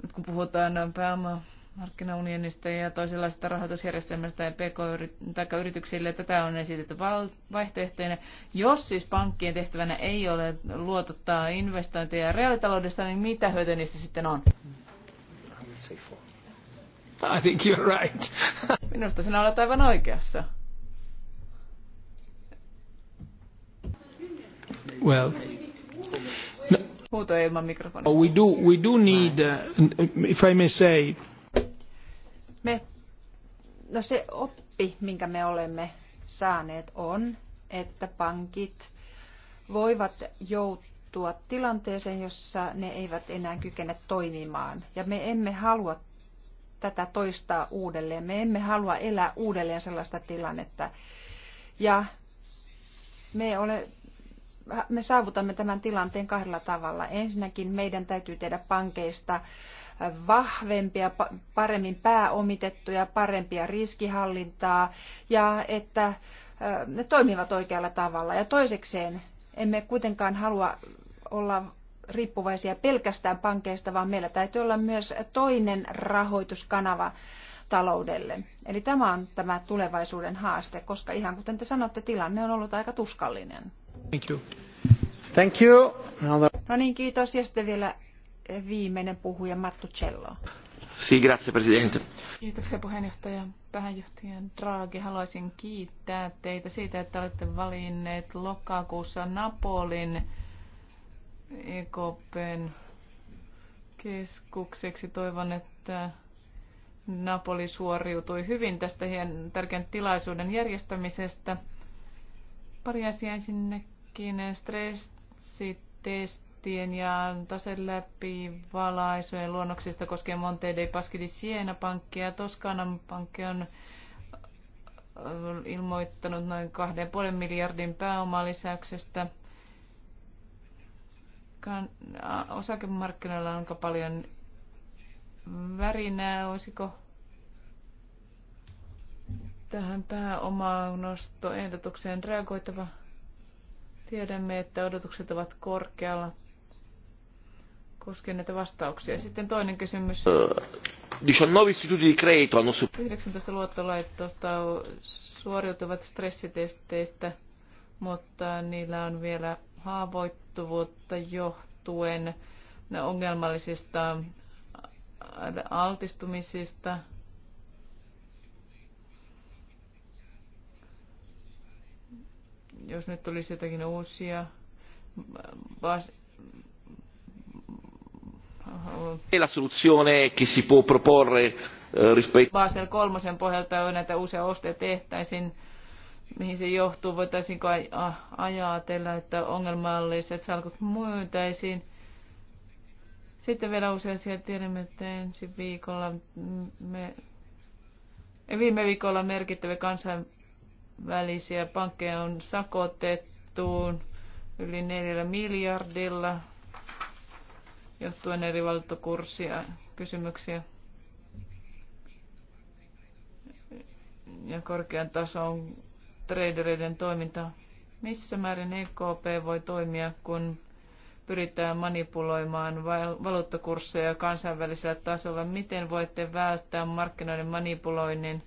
Nyt kun puhutaan pääoma äh, markkinaunionista ja toisenlaisista rahoitusjärjestelmistä ja pk-yrityksille. Tätä on esitetty vaihtoehtoina. Jos siis pankkien tehtävänä ei ole luotottaa investointeja reaalitaloudesta, niin mitä hyötyä niistä sitten on? I think you're right. [laughs] Minusta sinä olet aivan oikeassa. Well, no, Huuto ilman mikrofonia. We do, we do need, uh, if I may say, me, no se oppi, minkä me olemme saaneet, on, että pankit voivat joutua tilanteeseen, jossa ne eivät enää kykene toimimaan. Ja me emme halua tätä toistaa uudelleen. Me emme halua elää uudelleen sellaista tilannetta. Ja me, ole, me saavutamme tämän tilanteen kahdella tavalla. Ensinnäkin meidän täytyy tehdä pankeista vahvempia, paremmin pääomitettuja, parempia riskihallintaa ja että ne toimivat oikealla tavalla. Ja toisekseen emme kuitenkaan halua olla riippuvaisia pelkästään pankeista, vaan meillä täytyy olla myös toinen rahoituskanava taloudelle. Eli tämä on tämä tulevaisuuden haaste, koska ihan kuten te sanotte, tilanne on ollut aika tuskallinen. Thank you. Thank you. No niin, kiitos. Ja sitten vielä viimeinen puhuja Mattu Cello. Si, grazie, presidente. Kiitoksia puheenjohtaja. Pääjohtaja Draghi, haluaisin kiittää teitä siitä, että olette valinneet lokakuussa Napolin EKPn keskukseksi. Toivon, että Napoli suoriutui hyvin tästä tärkeän tilaisuuden järjestämisestä. Pari asiaa ensinnäkin stressitesti raporttien ja valaisujen luonnoksista koskien Monte dei Paschi di Siena pankkia. Toskanan pankki on äh, ilmoittanut noin 2,5 miljardin pääomalisäyksestä. Äh, osakemarkkinoilla onko paljon värinää, olisiko tähän pääomaan nostoehdotukseen reagoitava? Tiedämme, että odotukset ovat korkealla koskien näitä vastauksia. Sitten toinen kysymys. 19 istituti di credito hanno 19 luottolaitosta suoriutuvat stressitesteistä, mutta niillä on vielä haavoittuvuutta johtuen ongelmallisista altistumisista. Jos nyt tulisi jotakin uusia La soluzione che si può proporre eh, rispetto... Basel kolmosen pohjalta näitä uusia ostoja tehtäisiin. Mihin se johtuu? Voitaisiinko ajatella, että ongelmalliset salkut myytäisiin? Sitten vielä usein asioita tiedämme, että ensi viikolla me, viime viikolla merkittäviä kansainvälisiä pankkeja on sakotettu yli neljällä miljardilla johtuen eri valtokurssia kysymyksiä ja korkean tason tradereiden toiminta. Missä määrin EKP voi toimia, kun pyritään manipuloimaan valuuttakursseja kansainvälisellä tasolla? Miten voitte välttää markkinoiden manipuloinnin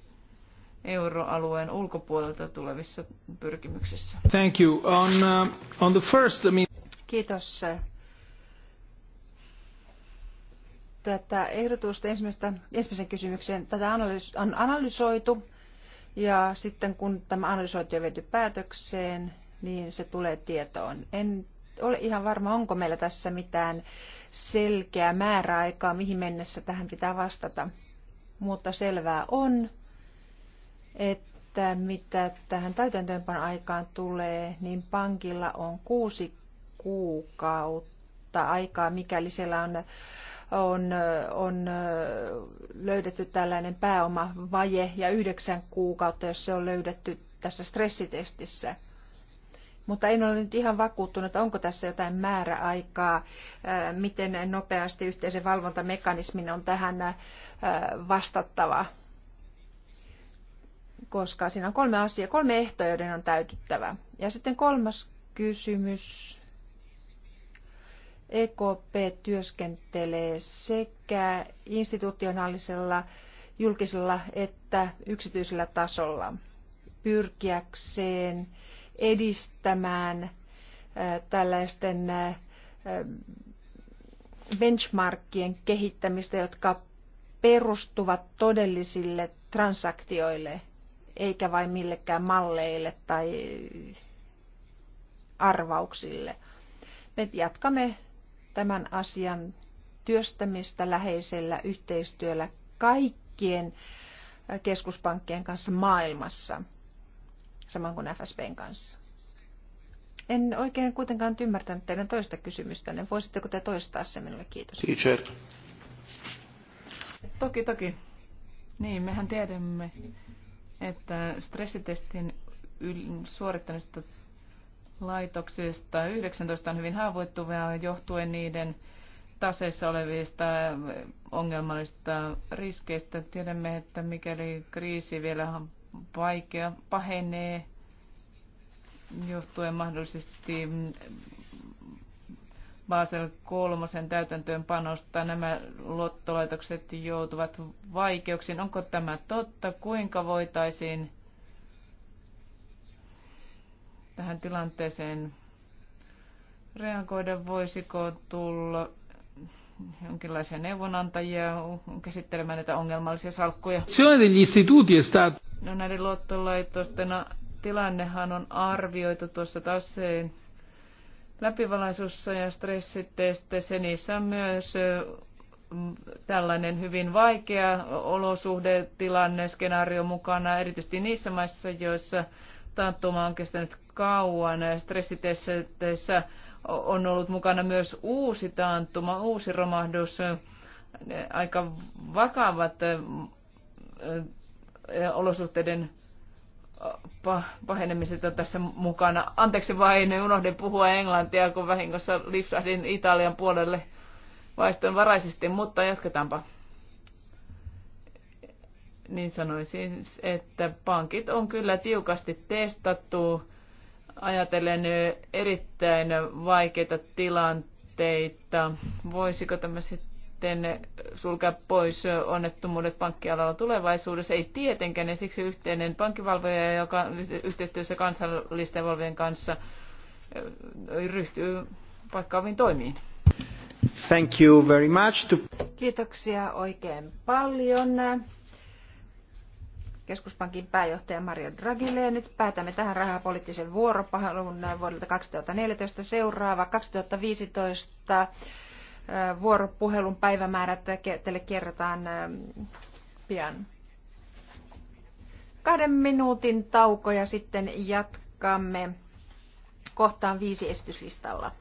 euroalueen ulkopuolelta tulevissa pyrkimyksissä? Thank you. On, uh, on the first, I mean... Kiitos tätä ehdotusta ensimmäistä, ensimmäisen kysymykseen. Tätä on analysoitu ja sitten kun tämä analysointi on viety päätökseen, niin se tulee tietoon. En ole ihan varma, onko meillä tässä mitään selkeää määräaikaa, mihin mennessä tähän pitää vastata. Mutta selvää on, että mitä tähän täytäntöönpan aikaan tulee, niin pankilla on kuusi kuukautta aikaa, mikäli siellä on on, on löydetty tällainen pääomavaje ja yhdeksän kuukautta, jos se on löydetty tässä stressitestissä. Mutta en ole nyt ihan vakuuttunut, onko tässä jotain määräaikaa, miten nopeasti yhteisen valvontamekanismin on tähän vastattava. Koska siinä on kolme asiaa, kolme ehtoa, joiden on täytyttävä. Ja sitten kolmas kysymys EKP työskentelee sekä institutionaalisella, julkisella että yksityisellä tasolla pyrkiäkseen edistämään tällaisten benchmarkkien kehittämistä, jotka perustuvat todellisille transaktioille, eikä vain millekään malleille tai arvauksille. Me jatkamme tämän asian työstämistä läheisellä yhteistyöllä kaikkien keskuspankkien kanssa maailmassa, samoin kuin FSBn kanssa. En oikein kuitenkaan ymmärtänyt teidän toista kysymystä, niin Voisitteko te toistaa se minulle? Kiitos. Teacher. Toki, toki. Niin, mehän tiedämme, että stressitestin suorittamista laitoksista. 19 on hyvin haavoittuvia johtuen niiden taseissa olevista ongelmallisista riskeistä. Tiedämme, että mikäli kriisi vielä vaikea pahenee johtuen mahdollisesti Basel kolmosen täytäntöönpanosta nämä luottolaitokset joutuvat vaikeuksiin. Onko tämä totta? Kuinka voitaisiin tähän tilanteeseen reagoida? Voisiko tulla jonkinlaisia neuvonantajia käsittelemään näitä ongelmallisia salkkuja? No näiden luottolaitosten tilannehan on arvioitu tuossa taseen läpivalaisussa ja stressitesteissä. Niissä on myös tällainen hyvin vaikea olosuhdetilanne, skenaario mukana, erityisesti niissä maissa, joissa taantuma on kestänyt kauan. Stressitesteissä on ollut mukana myös uusi taantuma, uusi romahdus, aika vakavat olosuhteiden pahenemiset on tässä mukana. Anteeksi vain, unohdin puhua englantia, kun vahingossa lipsahdin Italian puolelle vaistonvaraisesti, mutta jatketaanpa niin sanoisin, että pankit on kyllä tiukasti testattu ajatellen erittäin vaikeita tilanteita. Voisiko tämä sitten sulkea pois onnettomuudet pankkialalla tulevaisuudessa? Ei tietenkään, ja siksi yhteinen pankkivalvoja, joka yhteistyössä kansallisten valvojen kanssa ryhtyy paikkaaviin toimiin. Thank you very much to... Kiitoksia oikein paljon keskuspankin pääjohtaja Mario Dragille. Ja nyt päätämme tähän rahapoliittisen vuoropuhelun äh, vuodelta 2014. Seuraava 2015 äh, vuoropuhelun päivämäärät teille kerrotaan äh, pian. Kahden minuutin tauko ja sitten jatkamme kohtaan viisi esityslistalla.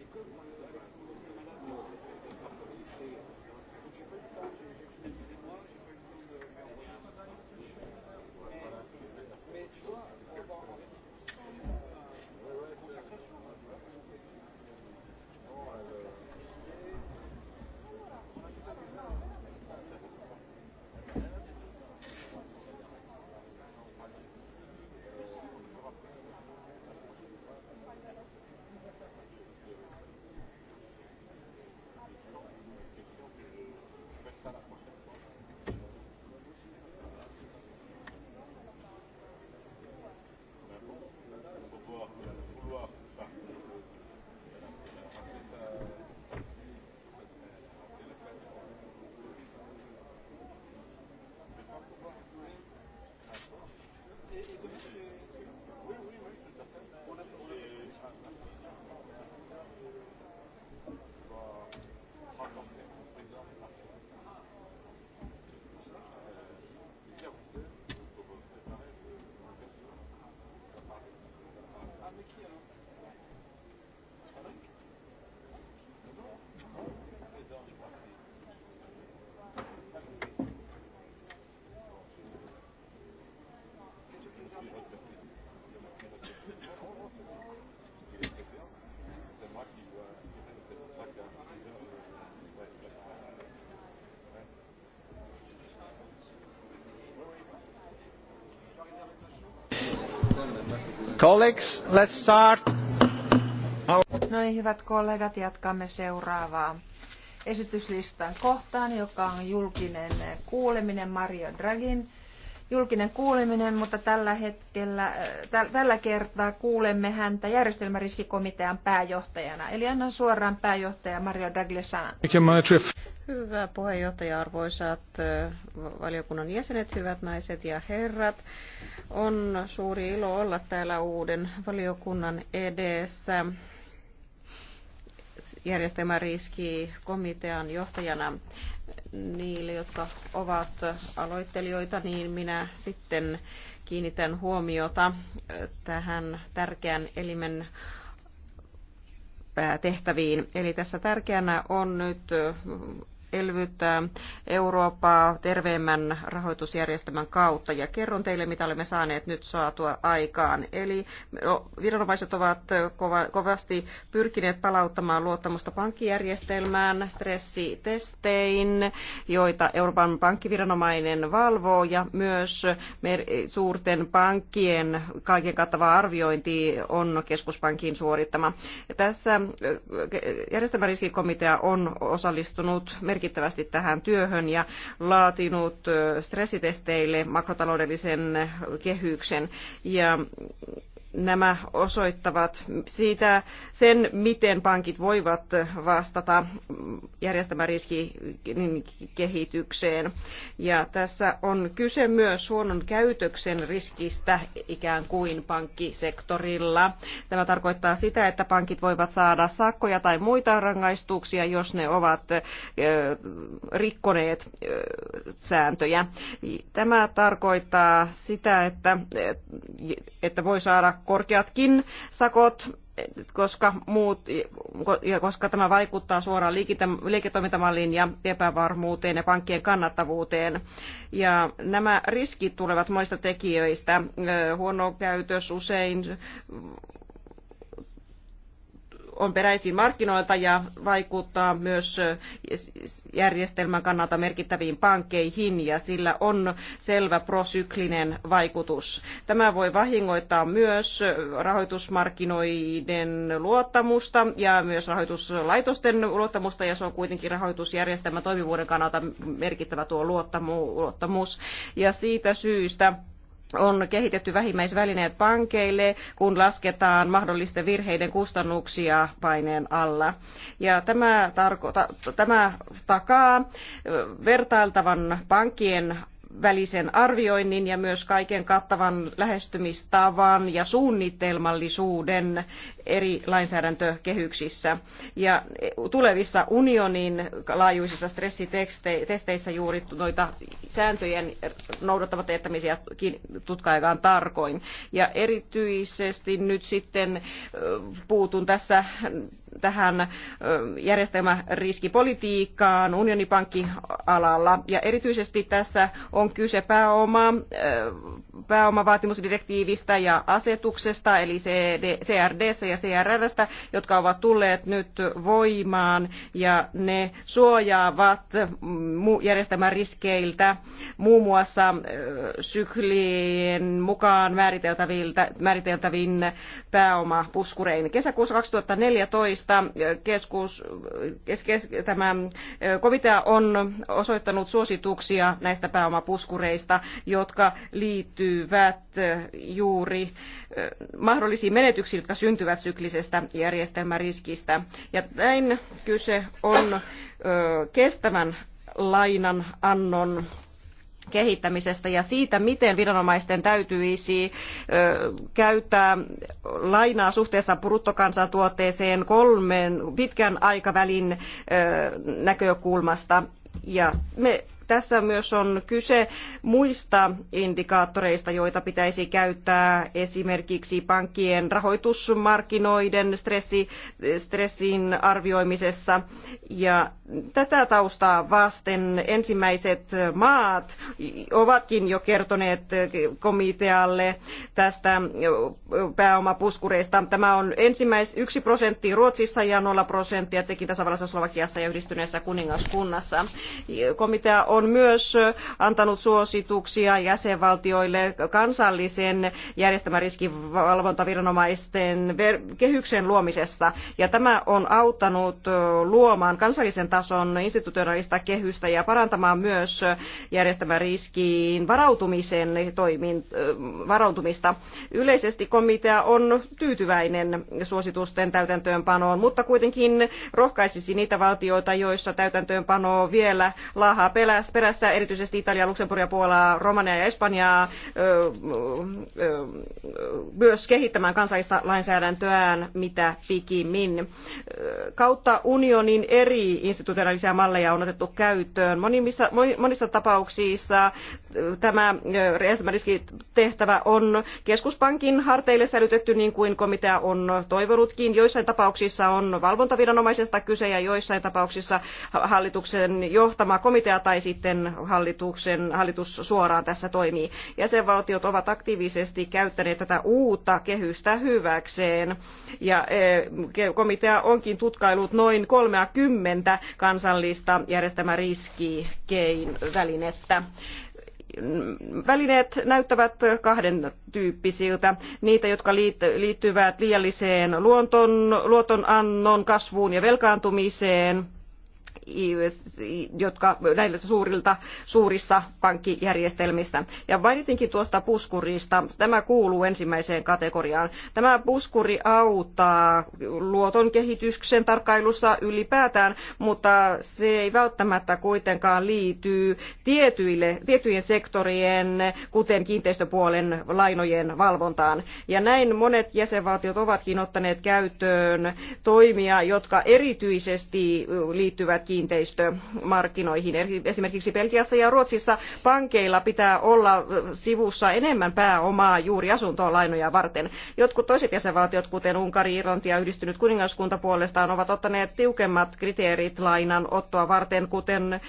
Et que moi, let's start. No niin, hyvät kollegat, jatkamme seuraavaa esityslistan kohtaan, joka on julkinen kuuleminen Mario Dragin. Julkinen kuuleminen, mutta tällä hetkellä, äh, tällä kertaa kuulemme häntä järjestelmäriskikomitean pääjohtajana. Eli annan suoraan pääjohtaja Mario Dragille sanan. Hyvä puheenjohtaja, arvoisat äh, valiokunnan jäsenet, hyvät naiset ja herrat. On suuri ilo olla täällä uuden valiokunnan edessä järjestelmäriskikomitean johtajana. Niille, jotka ovat aloittelijoita, niin minä sitten kiinnitän huomiota tähän tärkeän elimen päätehtäviin. Eli tässä tärkeänä on nyt elvyttää Eurooppaa terveemmän rahoitusjärjestelmän kautta. Ja kerron teille, mitä olemme saaneet nyt saatua aikaan. Eli no, viranomaiset ovat kovasti pyrkineet palauttamaan luottamusta pankkijärjestelmään stressitestein, joita Euroopan pankkiviranomainen valvoo ja myös suurten pankkien kaiken kattava arviointi on keskuspankin suorittama. Tässä järjestelmäriskikomitea on osallistunut merkittävästi merkittävästi tähän työhön ja laatinut stressitesteille makrotaloudellisen kehyksen. Ja nämä osoittavat siitä sen, miten pankit voivat vastata järjestelmäriskin kehitykseen. Ja tässä on kyse myös huonon käytöksen riskistä ikään kuin pankkisektorilla. Tämä tarkoittaa sitä, että pankit voivat saada sakkoja tai muita rangaistuksia, jos ne ovat rikkoneet sääntöjä. Tämä tarkoittaa sitä, että, että voi saada korkeatkin sakot, koska, muut, ja koska tämä vaikuttaa suoraan liiketoimintamalliin ja epävarmuuteen ja pankkien kannattavuuteen. Ja nämä riskit tulevat monista tekijöistä. Huono käytös usein on peräisin markkinoilta ja vaikuttaa myös järjestelmän kannalta merkittäviin pankkeihin ja sillä on selvä prosyklinen vaikutus. Tämä voi vahingoittaa myös rahoitusmarkkinoiden luottamusta ja myös rahoituslaitosten luottamusta ja se on kuitenkin rahoitusjärjestelmän toimivuuden kannalta merkittävä tuo luottamus ja siitä syystä on kehitetty vähimmäisvälineet pankeille, kun lasketaan mahdollisten virheiden kustannuksia paineen alla. Ja tämä, tarko- ta- tämä takaa vertailtavan pankkien välisen arvioinnin ja myös kaiken kattavan lähestymistavan ja suunnitelmallisuuden eri lainsäädäntökehyksissä. Ja tulevissa unionin laajuisissa stressitesteissä juuri noita sääntöjen noudattamatta jättämisiä tutkaillaan tarkoin. Ja erityisesti nyt sitten puutun tässä tähän järjestelmäriskipolitiikkaan unionipankkialalla. Ja erityisesti tässä on kyse pääoma, pääomavaatimusdirektiivistä ja asetuksesta, eli CD, CRD ja CRRstä, jotka ovat tulleet nyt voimaan ja ne suojaavat järjestelmän riskeiltä muun muassa syklien mukaan määriteltävin pääomapuskurein. Kesäkuussa 2014 Tuomisesta keskus, kes, kes, tämä komitea on osoittanut suosituksia näistä pääomapuskureista, jotka liittyvät juuri mahdollisiin menetyksiin, jotka syntyvät syklisestä järjestelmäriskistä. Ja näin kyse on kestävän lainan annon kehittämisestä ja siitä, miten viranomaisten täytyisi käyttää lainaa suhteessa bruttokansantuotteeseen kolmen pitkän aikavälin näkökulmasta. Ja me tässä myös on kyse muista indikaattoreista, joita pitäisi käyttää esimerkiksi pankkien rahoitusmarkkinoiden stressi, stressin arvioimisessa. Ja tätä taustaa vasten ensimmäiset maat ovatkin jo kertoneet komitealle tästä pääomapuskureista. Tämä on ensimmäis yksi prosentti Ruotsissa ja nolla prosenttia Tsekin tasavallassa, Slovakiassa ja yhdistyneessä kuningaskunnassa. Komitea on on myös antanut suosituksia jäsenvaltioille kansallisen järjestämän riskivalvontaviranomaisten kehyksen luomisesta. Ja tämä on auttanut luomaan kansallisen tason institutionaalista kehystä ja parantamaan myös järjestämän riskiin varautumisen varautumista. Yleisesti komitea on tyytyväinen suositusten täytäntöönpanoon, mutta kuitenkin rohkaisisi niitä valtioita, joissa täytäntöönpano vielä laahaa perässä, erityisesti Italia, Luxemburgia, Puolaa, Romania ja Espanjaa myös kehittämään kansallista lainsäädäntöään mitä pikimmin. Kautta unionin eri institutionaalisia malleja on otettu käyttöön. Monissa, monissa tapauksissa tämä tehtävä on keskuspankin harteille sälytetty niin kuin komitea on toivonutkin. Joissain tapauksissa on valvontaviranomaisesta kyse ja joissain tapauksissa hallituksen johtama komitea tai siis sitten hallituksen, hallitus suoraan tässä toimii. Jäsenvaltiot ovat aktiivisesti käyttäneet tätä uutta kehystä hyväkseen ja e, komitea onkin tutkailut noin 30 kansallista järjestelmäriskikein välinettä välineet näyttävät kahden tyyppisiltä. Niitä, jotka liittyvät liialliseen luoton, luotonannon, kasvuun ja velkaantumiseen – jotka näillä suurilta, suurissa pankkijärjestelmistä. Ja mainitsinkin tuosta puskurista. Tämä kuuluu ensimmäiseen kategoriaan. Tämä puskuri auttaa luoton kehityksen tarkkailussa ylipäätään, mutta se ei välttämättä kuitenkaan liity tietyille, tiettyjen sektorien, kuten kiinteistöpuolen lainojen valvontaan. Ja näin monet jäsenvaltiot ovatkin ottaneet käyttöön toimia, jotka erityisesti liittyvät kiinteistömarkkinoihin. Esimerkiksi Belgiassa ja Ruotsissa pankeilla pitää olla sivussa enemmän pääomaa juuri asuntolainoja varten. Jotkut toiset jäsenvaltiot, kuten Unkari, Irlanti ja yhdistynyt kuningaskunta puolestaan, ovat ottaneet tiukemmat kriteerit lainan ottoa varten, kuten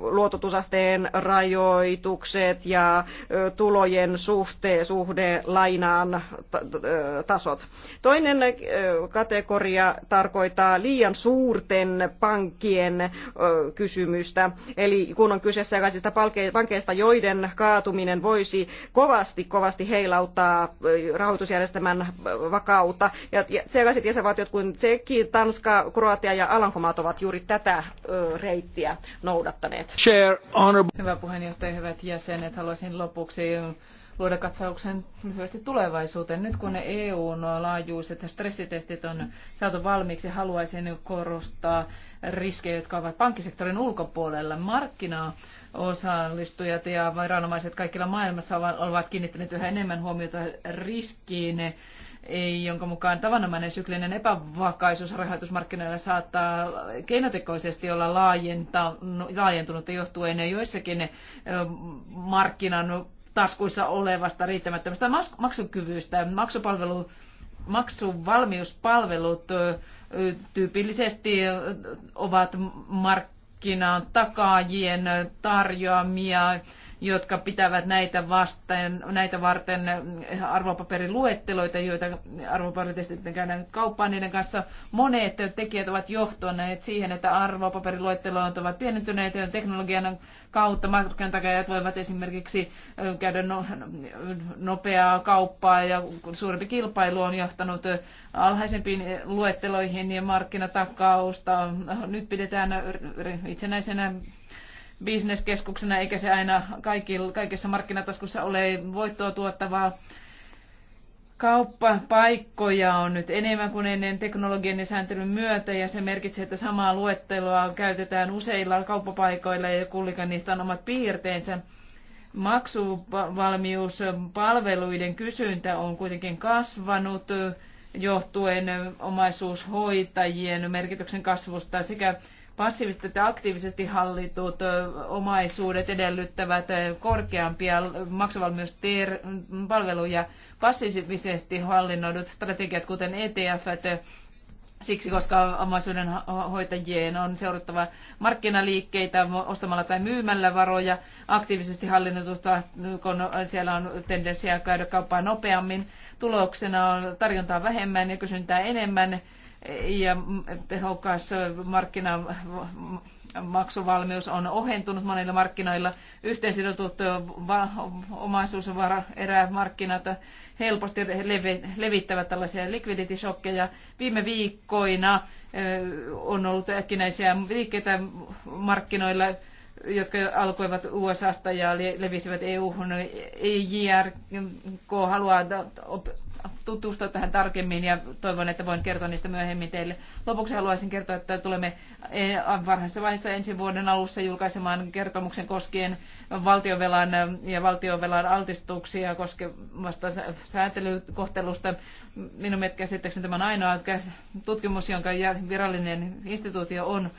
luototusasteen rajoitukset ja tulojen suhte, suhde lainaan tasot. Toinen kategoria tarkoittaa liian suurten pankkien pankkien kysymystä. Eli kun on kyseessä sellaisista pankeista, joiden kaatuminen voisi kovasti, kovasti heilauttaa rahoitusjärjestelmän vakautta. Ja sellaiset jäsenvaltiot kuin Tsekki, Tanska, Kroatia ja Alankomaat ovat juuri tätä reittiä noudattaneet. Chair, honorable... Hyvä puheenjohtaja, hyvät jäsenet. Haluaisin lopuksi luoda katsauksen lyhyesti tulevaisuuteen. Nyt kun ne EU-laajuiset stressitestit on saatu valmiiksi, haluaisin korostaa riskejä, jotka ovat pankkisektorin ulkopuolella. Markkinaosallistujat ja viranomaiset kaikilla maailmassa ovat kiinnittäneet yhä enemmän huomiota riskiin, jonka mukaan tavanomainen syklinen epävakaisuus rahoitusmarkkinoilla saattaa keinotekoisesti olla laajentunut johtuen joissakin markkinan taskuissa olevasta riittämättömästä maksukyvystä. Maksupalvelu, maksuvalmiuspalvelut tyypillisesti ovat markkinan takaajien tarjoamia jotka pitävät näitä, vasten, näitä varten arvopaperiluetteloita, joita arvopaperitestitään käydään kauppaan niiden kanssa. Monet tekijät ovat johtuneet siihen, että arvopaperiluettelot ovat pienentyneet ja teknologian kautta markkinatakajat voivat esimerkiksi käydä no, nopeaa kauppaa ja suurempi kilpailu on johtanut alhaisempiin luetteloihin ja markkinatakausta. Nyt pidetään itsenäisenä bisneskeskuksena, eikä se aina kaikilla, kaikessa markkinataskussa ole voittoa tuottavaa. Kauppapaikkoja on nyt enemmän kuin ennen teknologian ja sääntelyn myötä, ja se merkitsee, että samaa luettelua käytetään useilla kauppapaikoilla, ja kullikan niistä on omat piirteensä maksuvalmiuspalveluiden kysyntä on kuitenkin kasvanut johtuen omaisuushoitajien merkityksen kasvusta sekä passiiviset ja aktiivisesti hallitut omaisuudet edellyttävät korkeampia maksuvalmiuspalveluja. Passiivisesti hallinnoidut strategiat, kuten e ETF, Siksi, koska omaisuuden hoitajien on seurattava markkinaliikkeitä ostamalla tai myymällä varoja aktiivisesti hallinnetusta, kun siellä on tendenssiä käydä kauppaa nopeammin. Tuloksena on tarjontaa vähemmän ja kysyntää enemmän ja tehokas markkinamaksuvalmius on ohentunut monilla markkinoilla. Yhteensidotut omaisuuserät helposti levittävät tällaisia likviditishokkeja. Viime viikkoina on ollut äkkinäisiä liikkeitä markkinoilla jotka alkoivat USAsta ja levisivät EU-hun. EJRK haluaa tutustua tähän tarkemmin ja toivon, että voin kertoa niistä myöhemmin teille. Lopuksi haluaisin kertoa, että tulemme e, varhaisessa vaiheessa ensi vuoden alussa julkaisemaan kertomuksen koskien valtiovelan ja valtiovelan altistuksia koskevasta sääntelykohtelusta. Minun käsittääkseni tämä on ainoa tutkimus, jonka virallinen instituutio on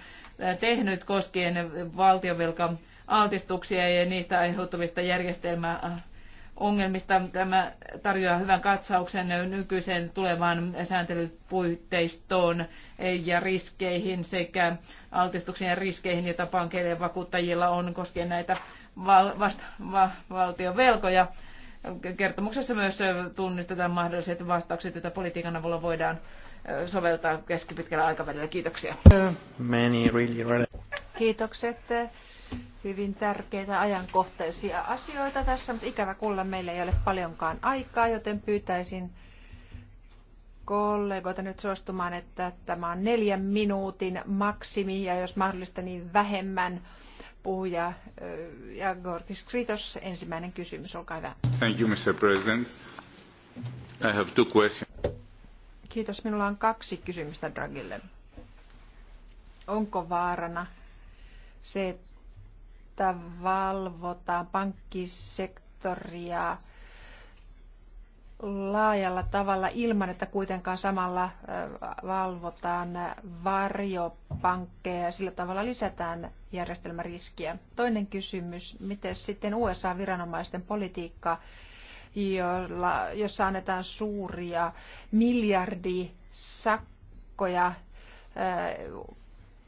tehnyt koskien valtiovelka altistuksia ja niistä aiheutuvista järjestelmää ongelmista. Tämä tarjoaa hyvän katsauksen nykyiseen tulevaan sääntelypuitteistoon ja riskeihin sekä altistuksien ja riskeihin, joita pankeille ja vakuuttajilla on koskien näitä val- vast- va- velkoja. Kertomuksessa myös tunnistetaan mahdolliset vastaukset, joita politiikan avulla voidaan soveltaa keskipitkällä aikavälillä. Kiitoksia. Kiitokset hyvin tärkeitä ajankohtaisia asioita tässä, mutta ikävä kuulla meillä ei ole paljonkaan aikaa, joten pyytäisin kollegoita nyt suostumaan, että tämä on neljän minuutin maksimi ja jos mahdollista niin vähemmän puhuja ja Gorkis Kritos, ensimmäinen kysymys, olkaa hyvä. Thank you, Mr. President. I have two questions. Kiitos. Minulla on kaksi kysymystä Dragille. Onko vaarana se, että että valvotaan pankkisektoria laajalla tavalla ilman, että kuitenkaan samalla valvotaan varjopankkeja ja sillä tavalla lisätään järjestelmäriskiä. Toinen kysymys, miten sitten USA-viranomaisten politiikka, jolla, jossa annetaan suuria miljardisakkoja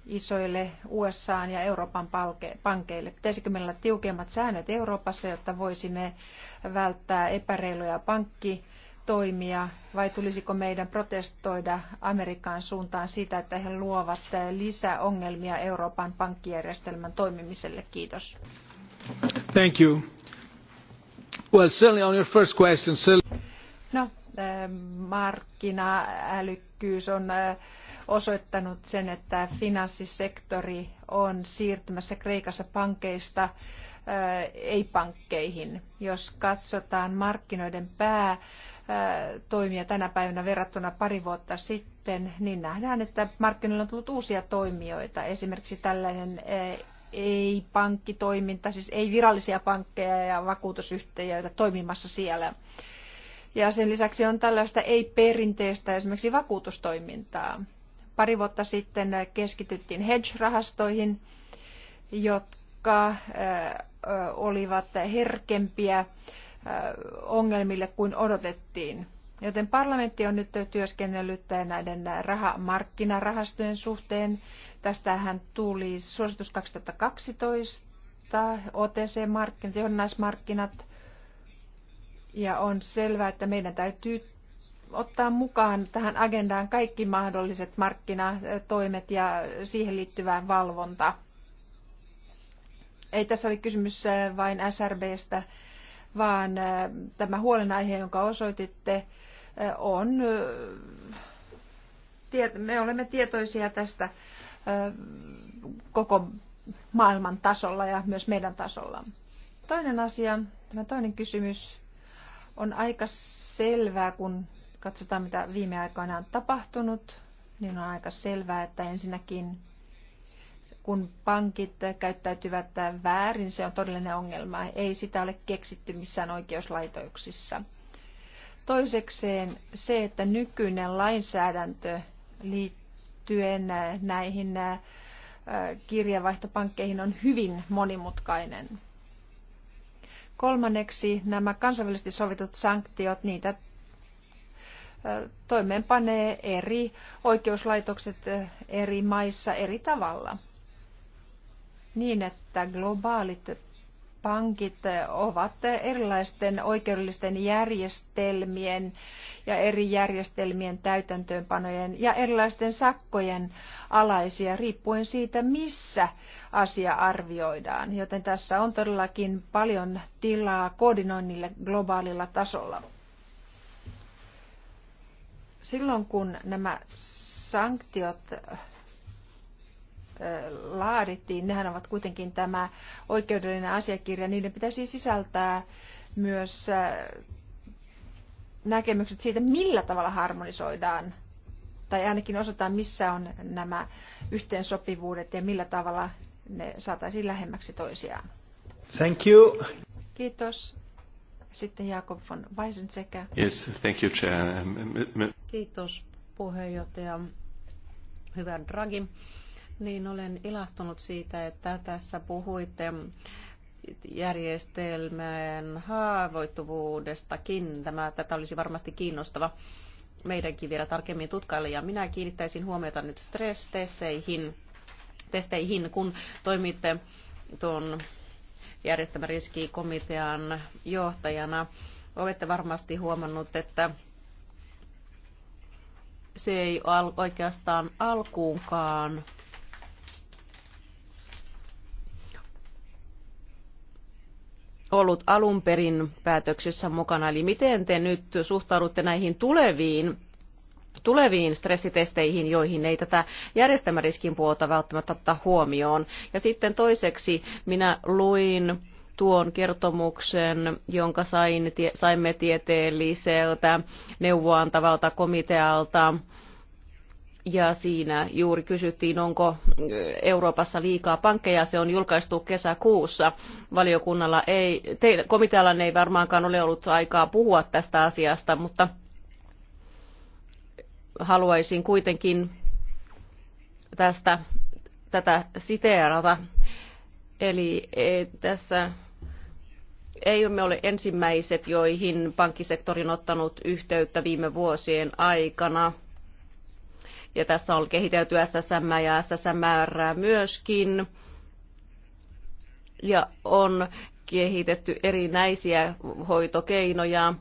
isoille USA ja Euroopan pankeille. Pitäisikö meillä olla tiukemmat säännöt Euroopassa, jotta voisimme välttää epäreiluja pankkitoimia, vai tulisiko meidän protestoida Amerikan suuntaan siitä, että he luovat lisää ongelmia Euroopan pankkijärjestelmän toimimiselle? Kiitos. Thank you. Well, certainly on your first question, certainly... No, eh, markkinaälykkyys on eh, osoittanut sen, että finanssisektori on siirtymässä Kreikassa pankeista äh, ei-pankkeihin. Jos katsotaan markkinoiden päätoimia tänä päivänä verrattuna pari vuotta sitten, niin nähdään, että markkinoilla on tullut uusia toimijoita. Esimerkiksi tällainen äh, ei-pankkitoiminta, siis ei-virallisia pankkeja ja vakuutusyhtiöitä toimimassa siellä. Ja sen lisäksi on tällaista ei-perinteistä esimerkiksi vakuutustoimintaa. Pari vuotta sitten keskityttiin hedge-rahastoihin, jotka olivat herkempiä ongelmille kuin odotettiin. Joten parlamentti on nyt työskennellyt näiden rahamarkkinarahastojen suhteen. Tästähän tuli suositus 2012, OTC-markkinat, johdannaismarkkinat. Ja on selvää, että meidän täytyy ottaa mukaan tähän agendaan kaikki mahdolliset markkinatoimet ja siihen liittyvää valvonta. Ei tässä ole kysymys äh, vain SRBstä, vaan äh, tämä huolenaihe, jonka osoititte, äh, on, me olemme tietoisia tästä koko maailman tasolla ja myös meidän tasolla. Toinen asia, tämä toinen kysymys on aika selvää, kun katsotaan, mitä viime aikoina on tapahtunut, niin on aika selvää, että ensinnäkin kun pankit käyttäytyvät väärin, se on todellinen ongelma. Ei sitä ole keksitty missään oikeuslaitoksissa. Toisekseen se, että nykyinen lainsäädäntö liittyen näihin kirjavaihtopankkeihin on hyvin monimutkainen. Kolmanneksi nämä kansainvälisesti sovitut sanktiot, niitä toimeenpanee eri oikeuslaitokset eri maissa eri tavalla. Niin, että globaalit pankit ovat erilaisten oikeudellisten järjestelmien ja eri järjestelmien täytäntöönpanojen ja erilaisten sakkojen alaisia riippuen siitä, missä asia arvioidaan. Joten tässä on todellakin paljon tilaa koordinoinnille globaalilla tasolla. Silloin kun nämä sanktiot laadittiin, nehän ovat kuitenkin tämä oikeudellinen asiakirja, niiden pitäisi sisältää myös näkemykset siitä, millä tavalla harmonisoidaan tai ainakin osataan, missä on nämä yhteensopivuudet ja millä tavalla ne saataisiin lähemmäksi toisiaan. Thank you. Kiitos. Sitten Jakob von Weisensek. Yes, thank you, Chair. Um, Kiitos puheenjohtaja. Hyvä Draghi. Niin olen ilahtunut siitä, että tässä puhuitte järjestelmän haavoittuvuudestakin. Tämä, tätä olisi varmasti kiinnostava meidänkin vielä tarkemmin tutkailla. Ja minä kiinnittäisin huomiota nyt stress testeihin, kun toimitte tuon järjestämä riskikomitean johtajana. Olette varmasti huomannut, että se ei al- oikeastaan alkuunkaan ollut alun perin päätöksessä mukana. Eli miten te nyt suhtaudutte näihin tuleviin tuleviin stressitesteihin, joihin ei tätä järjestelmäriskin puolta välttämättä ottaa huomioon. Ja sitten toiseksi minä luin tuon kertomuksen, jonka sain, tie, saimme tieteelliseltä neuvoantavalta komitealta ja siinä juuri kysyttiin, onko Euroopassa liikaa pankkeja. Se on julkaistu kesäkuussa. Valiokunnalla ei, te, komitealla ei varmaankaan ole ollut aikaa puhua tästä asiasta, mutta haluaisin kuitenkin tästä tätä siteerata. Eli e, tässä ei me ole ensimmäiset, joihin pankkisektori on ottanut yhteyttä viime vuosien aikana. Ja tässä on kehitelty SSM ja SSMR myöskin. Ja on kehitetty erinäisiä hoitokeinoja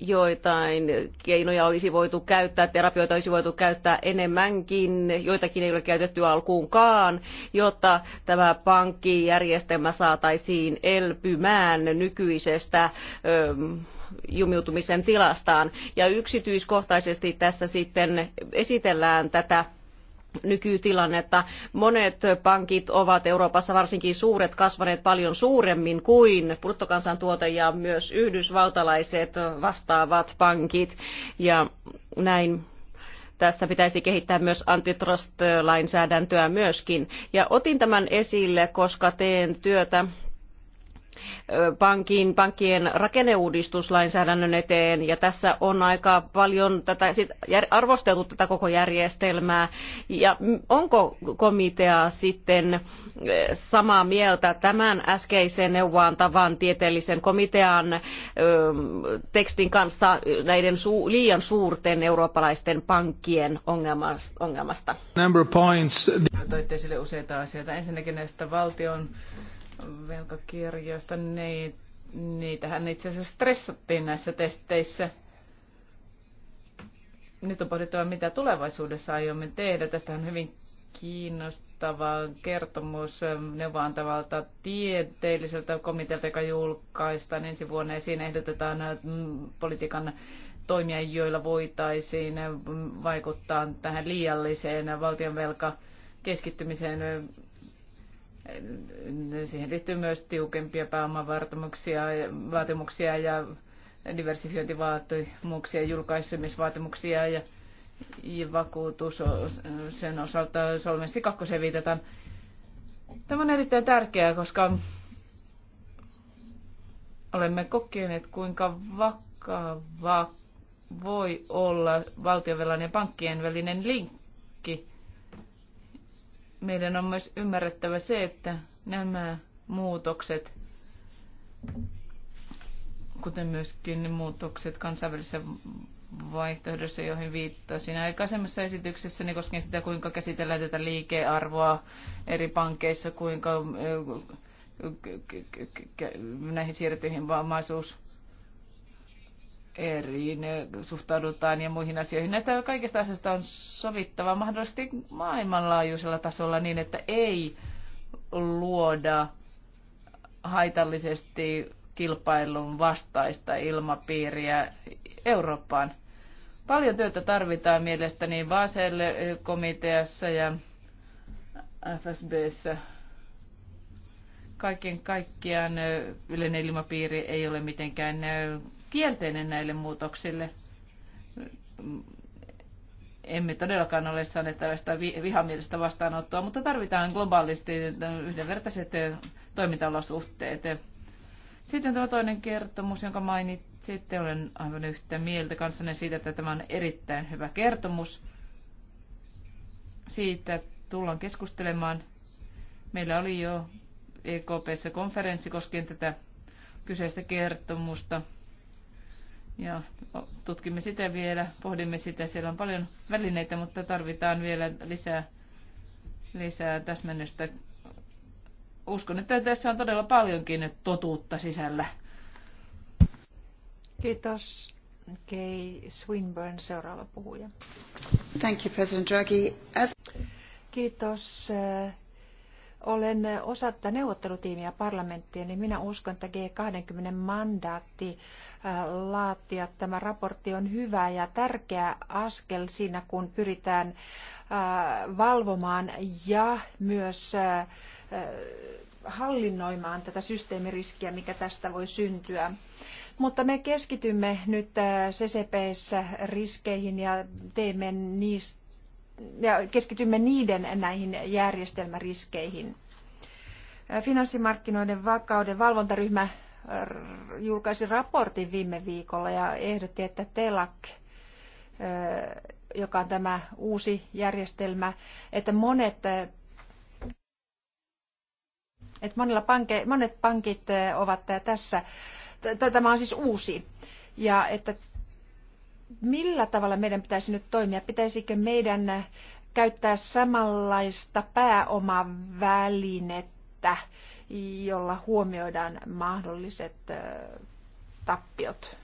joitain keinoja olisi voitu käyttää, terapioita olisi voitu käyttää enemmänkin, joitakin ei ole käytetty alkuunkaan, jotta tämä pankkijärjestelmä saataisiin elpymään nykyisestä ö, jumiutumisen tilastaan. Ja yksityiskohtaisesti tässä sitten esitellään tätä nykytilannetta. Monet pankit ovat Euroopassa varsinkin suuret kasvaneet paljon suuremmin kuin bruttokansantuote ja myös yhdysvaltalaiset vastaavat pankit ja näin tässä pitäisi kehittää myös antitrust-lainsäädäntöä myöskin. Ja otin tämän esille, koska teen työtä pankin, pankkien rakenneuudistuslainsäädännön eteen ja tässä on aika paljon tätä, sit arvosteltu tätä koko järjestelmää ja onko komitea sitten samaa mieltä tämän äskeisen neuvoantavan tieteellisen komitean ö, tekstin kanssa näiden su, liian suurten eurooppalaisten pankkien ongelmasta? Number points. Toitte esille useita asioita. Ensinnäkin näistä valtion velkakirjoista, niin niitähän itse asiassa stressattiin näissä testeissä. Nyt on pohdittava, mitä tulevaisuudessa aiomme tehdä. Tästä on hyvin kiinnostava kertomus neuvoantavalta tieteelliseltä komitealta, joka julkaistaan ensi vuonna. Ja siinä ehdotetaan äh, mm, politiikan toimia, joilla voitaisiin vaikuttaa tähän liialliseen valtionvelka keskittymiseen Siihen liittyy myös tiukempia pääomavaatimuksia vaatimuksia ja diversifiointivaatimuksia, julkaisemisvaatimuksia ja, ja vakuutus sen osalta Solvenssi 2 viitataan. Tämä on erittäin tärkeää, koska olemme kokeneet, kuinka vakava voi olla valtiovelan ja pankkien välinen linkki meidän on myös ymmärrettävä se, että nämä muutokset, kuten myöskin muutokset kansainvälisessä vaihtoehdossa, joihin viittasin aikaisemmassa esityksessä, niin koskien sitä, kuinka käsitellään tätä liikearvoa eri pankeissa, kuinka näihin siirrettyihin vammaisuus eriin suhtaudutaan ja muihin asioihin. Näistä kaikista asioista on sovittava mahdollisesti maailmanlaajuisella tasolla niin, että ei luoda haitallisesti kilpailun vastaista ilmapiiriä Eurooppaan. Paljon työtä tarvitaan mielestäni Basel-komiteassa ja FSBssä kaiken kaikkiaan yleinen ilmapiiri ei ole mitenkään kielteinen näille muutoksille. Emme todellakaan ole saaneet tällaista vihamielistä vastaanottoa, mutta tarvitaan globaalisti yhdenvertaiset toimintaolosuhteet. Sitten tuo toinen kertomus, jonka mainitsitte, olen aivan yhtä mieltä kanssanne siitä, että tämä on erittäin hyvä kertomus. Siitä tullaan keskustelemaan. Meillä oli jo EKPssä konferenssi koskien tätä kyseistä kertomusta. Ja tutkimme sitä vielä, pohdimme sitä. Siellä on paljon välineitä, mutta tarvitaan vielä lisää, lisää täsmennystä. Uskon, että tässä on todella paljonkin totuutta sisällä. Kiitos. Kay Swinburne, seuraava puhuja. Thank you, President Draghi. As... Kiitos olen osa tätä neuvottelutiimiä parlamenttia, niin minä uskon, että G20 mandaatti laatia tämä raportti on hyvä ja tärkeä askel siinä, kun pyritään valvomaan ja myös hallinnoimaan tätä systeemiriskiä, mikä tästä voi syntyä. Mutta me keskitymme nyt CCPssä riskeihin ja teemme niistä ja keskitymme niiden näihin järjestelmäriskeihin. Finanssimarkkinoiden vakauden valvontaryhmä julkaisi raportin viime viikolla ja ehdotti, että TELAC, joka on tämä uusi järjestelmä, että monet että monilla panke, monet pankit ovat tässä, tämä on siis uusi, ja että millä tavalla meidän pitäisi nyt toimia? Pitäisikö meidän käyttää samanlaista pääomavälinettä, jolla huomioidaan mahdolliset tappiot?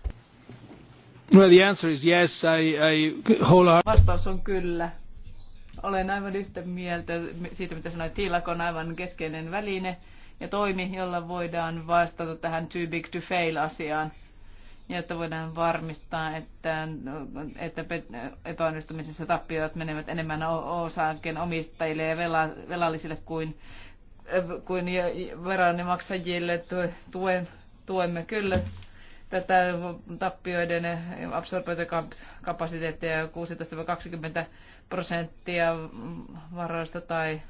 Well, the answer is yes. I, I Vastaus on kyllä. Olen aivan yhtä mieltä siitä, mitä sanoit. Tiilak on aivan keskeinen väline ja toimi, jolla voidaan vastata tähän too big to fail asiaan jotta voidaan varmistaa, että, että epäonnistumisessa tappiot menevät enemmän osakkeen omistajille ja velallisille kuin, kuin veronimaksajille. Tuen, tuemme kyllä tätä tappioiden absorbointikapasiteettia 16-20 prosenttia varoista tai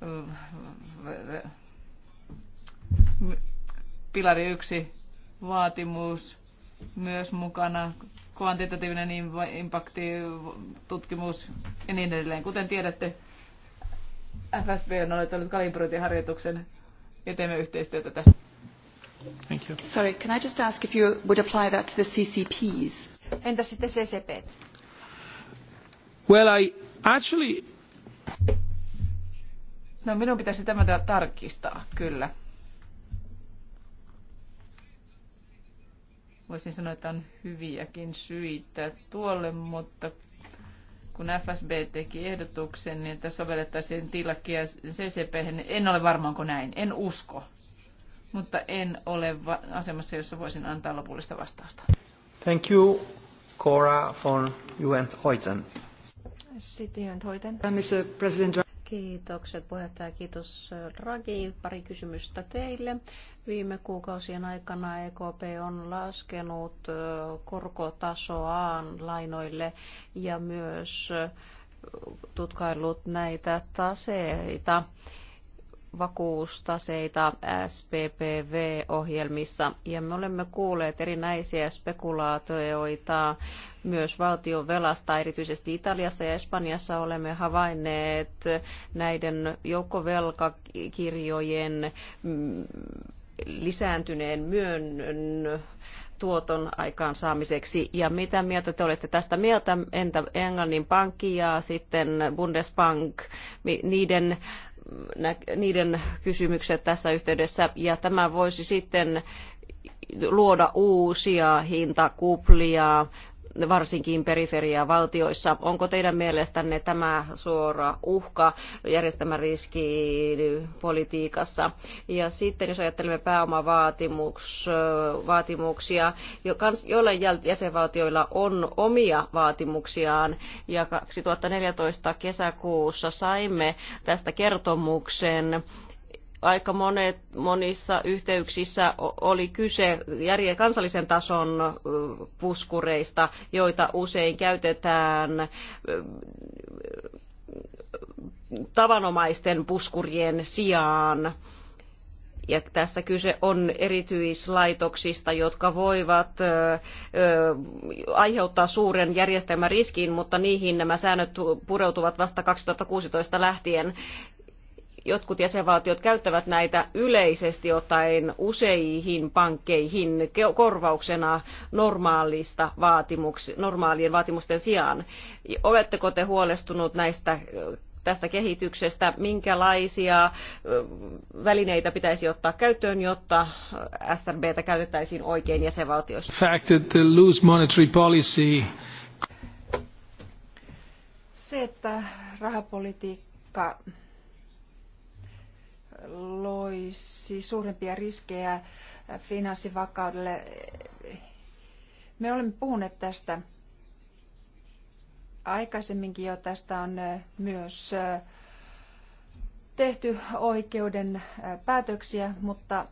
mm, pilari yksi vaatimus myös mukana, kvantitatiivinen impakti, tutkimus ja niin edelleen. Kuten tiedätte, FSB on aloittanut kalibrointiharjoituksen ja teemme yhteistyötä tässä. Thank you. Sorry, can I just ask if you would apply that to the CCPs? Entä sitten CCP? Well, I actually... No minun pitäisi tämä tarkistaa, kyllä. Voisin sanoa, että on hyviäkin syitä tuolle, mutta kun FSB teki ehdotuksen, niin että sovellettaisiin tilakia CCP, en ole varma, onko näin. En usko. Mutta en ole asemassa, jossa voisin antaa lopullista vastausta. Thank you, Cora von Juenthoiten. Sitten uh, Kiitokset puheenjohtaja, kiitos Ragi. Pari kysymystä teille. Viime kuukausien aikana EKP on laskenut korkotasoaan lainoille ja myös tutkaillut näitä taseita vakuustaseita SPPV-ohjelmissa. Ja me olemme kuulleet erinäisiä spekulaatioita myös valtion velasta, erityisesti Italiassa ja Espanjassa olemme havainneet näiden joukkovelkakirjojen mm, lisääntyneen myönnön tuoton aikaansaamiseksi. Ja mitä mieltä te olette tästä mieltä? Entä Englannin pankki ja sitten Bundesbank, niiden, niiden kysymykset tässä yhteydessä. Ja tämä voisi sitten luoda uusia hintakuplia varsinkin periferiavaltioissa. Onko teidän mielestänne tämä suora uhka politiikassa? Ja sitten jos ajattelemme pääomavaatimuksia, joille jäsenvaltioilla on omia vaatimuksiaan, ja 2014 kesäkuussa saimme tästä kertomuksen aika monet, monissa yhteyksissä oli kyse järjen kansallisen tason puskureista, joita usein käytetään tavanomaisten puskurien sijaan. Ja tässä kyse on erityislaitoksista, jotka voivat ö, ö, aiheuttaa suuren järjestelmäriskin, mutta niihin nämä säännöt pureutuvat vasta 2016 lähtien jotkut jäsenvaltiot käyttävät näitä yleisesti ottaen useihin pankkeihin korvauksena normaalista vaatimuks- normaalien vaatimusten sijaan. Oletteko te huolestunut näistä tästä kehityksestä, minkälaisia välineitä pitäisi ottaa käyttöön, jotta SRBtä käytettäisiin oikein jäsenvaltioissa? Fact that the loose monetary policy... Se, että rahapolitiikka loisi suurempia riskejä finanssivakaudelle. Me olemme puhuneet tästä aikaisemminkin jo. Tästä on myös tehty oikeuden päätöksiä, mutta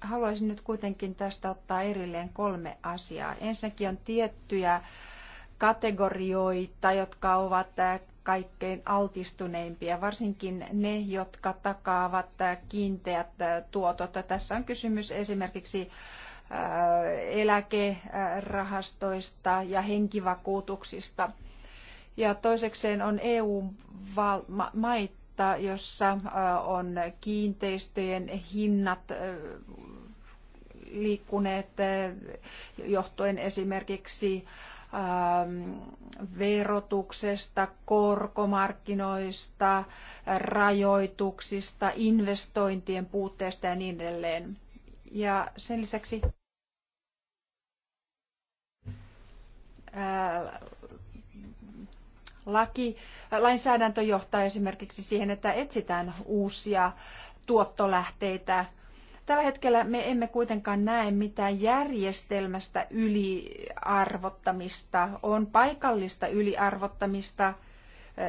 haluaisin nyt kuitenkin tästä ottaa erilleen kolme asiaa. Ensinnäkin on tiettyjä kategorioita, jotka ovat kaikkein altistuneimpia, varsinkin ne, jotka takaavat äh, kiinteät äh, tuotot. Tässä on kysymys esimerkiksi äh, eläkerahastoista ja henkivakuutuksista. Ja toisekseen on EU-maita, jossa on kiinteistöjen hinnat liikkuneet johtuen esimerkiksi Ähm, verotuksesta, korkomarkkinoista, rajoituksista, investointien puutteesta ja niin edelleen. Ja sen lisäksi äh, laki, äh, lainsäädäntö johtaa esimerkiksi siihen, että etsitään uusia tuottolähteitä Tällä hetkellä me emme kuitenkaan näe mitään järjestelmästä yliarvottamista. On paikallista yliarvottamista eh,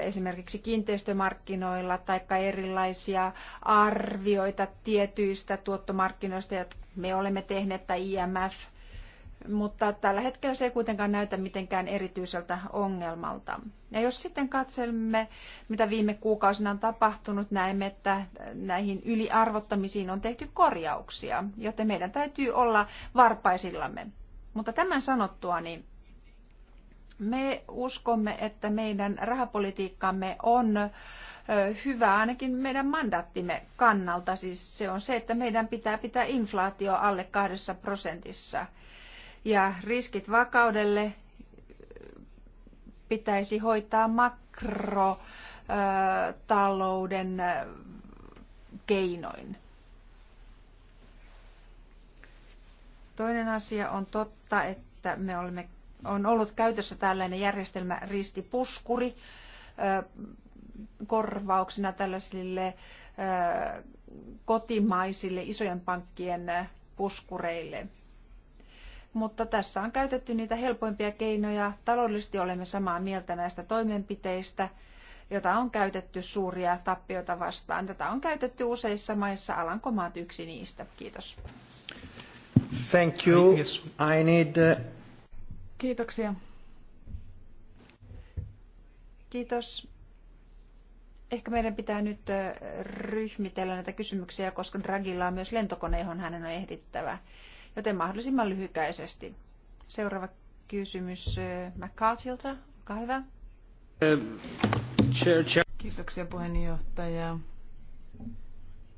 esimerkiksi kiinteistömarkkinoilla tai erilaisia arvioita tietyistä tuottomarkkinoista, jotka me olemme tehneet tai IMF – mutta tällä hetkellä se ei kuitenkaan näytä mitenkään erityiseltä ongelmalta. Ja jos sitten katselemme, mitä viime kuukausina on tapahtunut, näemme, että näihin yliarvottamisiin on tehty korjauksia, joten meidän täytyy olla varpaisillamme. Mutta tämän sanottua, niin me uskomme, että meidän rahapolitiikkamme on hyvä ainakin meidän mandaattimme kannalta. Siis se on se, että meidän pitää pitää inflaatio alle kahdessa prosentissa ja riskit vakaudelle pitäisi hoitaa makrotalouden keinoin. Toinen asia on totta, että me olemme, on ollut käytössä tällainen järjestelmä ristipuskuri korvauksena tällaisille kotimaisille isojen pankkien puskureille mutta tässä on käytetty niitä helpoimpia keinoja. Taloudellisesti olemme samaa mieltä näistä toimenpiteistä, jota on käytetty suuria tappioita vastaan. Tätä on käytetty useissa maissa, Alankomaat yksi niistä. Kiitos. Thank you. I need... Uh, Kiitoksia. Kiitos. Ehkä meidän pitää nyt uh, ryhmitellä näitä kysymyksiä, koska Dragilla on myös lentokone, johon hänen on ehdittävä joten mahdollisimman lyhykäisesti. Seuraava kysymys eh, McCartilta, olkaa hyvä. Eh, Kiitoksia puheenjohtaja.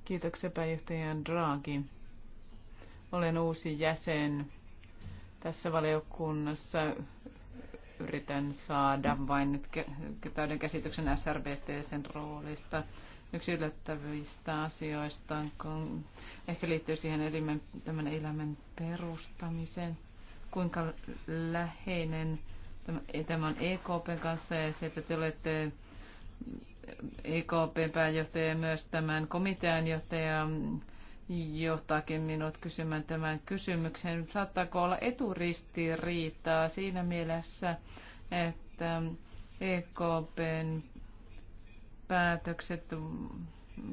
Kiitoksia pääjohtaja Draghi. Olen uusi jäsen tässä valiokunnassa. Yritän saada vain nyt täyden käsityksen SRBstä ja sen roolista yksi yllättävistä asioista, kun ehkä liittyy siihen elimen, tämän elämän perustamiseen, kuinka läheinen tämä on EKPn kanssa ja se, että te olette EKPn pääjohtaja ja myös tämän komitean johtaja johtaakin minut kysymään tämän kysymyksen. Saattaako olla eturistiriitaa siinä mielessä, että EKPn päätökset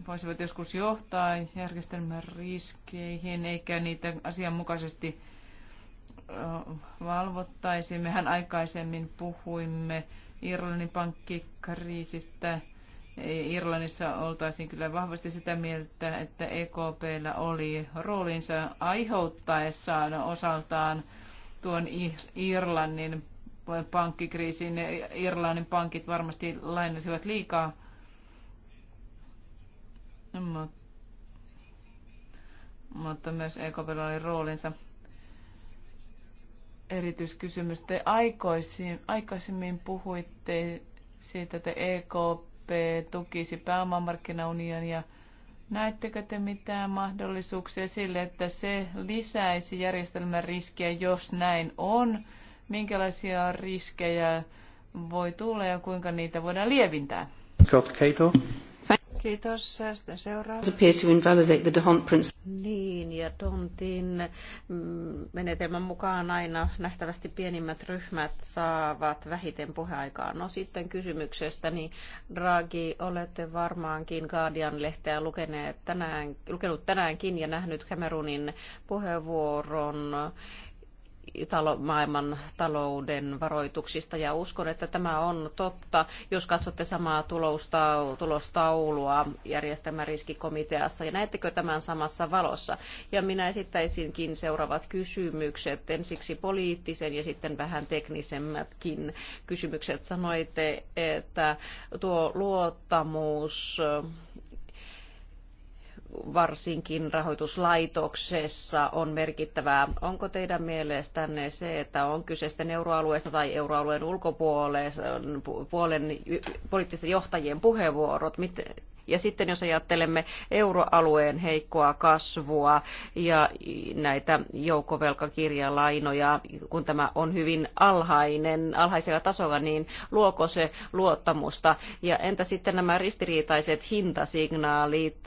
voisivat joskus johtaa järjestelmän riskeihin, eikä niitä asianmukaisesti valvottaisi. Mehän aikaisemmin puhuimme Irlannin pankkikriisistä. Irlannissa oltaisiin kyllä vahvasti sitä mieltä, että EKPllä oli roolinsa aiheuttaessaan osaltaan tuon Irlannin pankkikriisin. Irlannin pankit varmasti lainasivat liikaa mutta myös EKPlla oli roolinsa erityiskysymys. Te aikoisin, aikaisemmin puhuitte siitä, että EKP tukisi pääomamarkkinaunionia. Näettekö te mitään mahdollisuuksia sille, että se lisäisi järjestelmän riskejä, jos näin on? Minkälaisia riskejä voi tulla ja kuinka niitä voidaan lievintää? Scott Cato. Kiitos. Sitten seuraava. Niin, ja tontin, mm, menetelmän mukaan aina nähtävästi pienimmät ryhmät saavat vähiten puheaikaa. No sitten kysymyksestä, niin Draghi, olette varmaankin Guardian-lehteä lukeneet tänään, lukenut tänäänkin ja nähnyt Cameronin puheenvuoron talo, maailman talouden varoituksista ja uskon, että tämä on totta, jos katsotte samaa tulostaulua järjestelmäriskikomiteassa ja näettekö tämän samassa valossa. Ja minä esittäisinkin seuraavat kysymykset, ensiksi poliittisen ja sitten vähän teknisemmätkin kysymykset. Sanoitte, että tuo luottamus varsinkin rahoituslaitoksessa on merkittävää. Onko teidän mielestänne se, että on kyse sitten euroalueesta tai euroalueen ulkopuolen puolen, poliittisten johtajien puheenvuorot, miten? Ja sitten jos ajattelemme euroalueen heikkoa kasvua ja näitä joukkovelkakirjalainoja, kun tämä on hyvin alhainen, alhaisella tasolla, niin luoko se luottamusta? Ja entä sitten nämä ristiriitaiset hintasignaalit?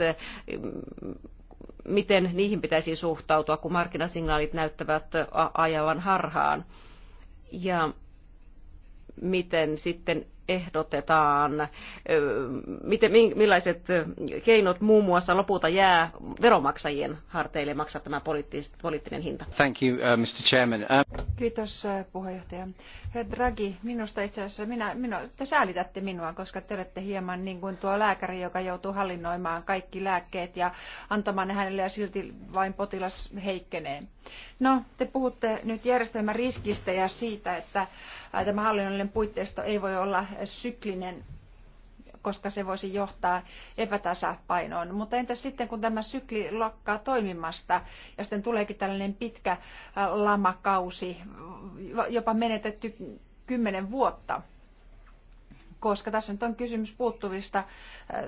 Miten niihin pitäisi suhtautua, kun markkinasignaalit näyttävät ajavan harhaan? Ja miten sitten ehdotetaan, miten, millaiset keinot muun muassa lopulta jää veromaksajien harteille maksaa tämä poliittinen hinta. Thank you, uh, Mr. Chairman. Uh, Kiitos uh, puheenjohtaja. Herra Draghi, minusta itse asiassa minä, minu, te säälitätte minua, koska te olette hieman niin kuin tuo lääkäri, joka joutuu hallinnoimaan kaikki lääkkeet ja antamaan ne hänelle ja silti vain potilas heikkenee. No, te puhutte nyt järjestelmän riskistä ja siitä, että tämä hallinnollinen puitteisto ei voi olla syklinen koska se voisi johtaa epätasapainoon. Mutta entäs sitten, kun tämä sykli lakkaa toimimasta ja sitten tuleekin tällainen pitkä äh, lamakausi, jopa menetetty kymmenen vuotta, koska tässä nyt on kysymys puuttuvista äh,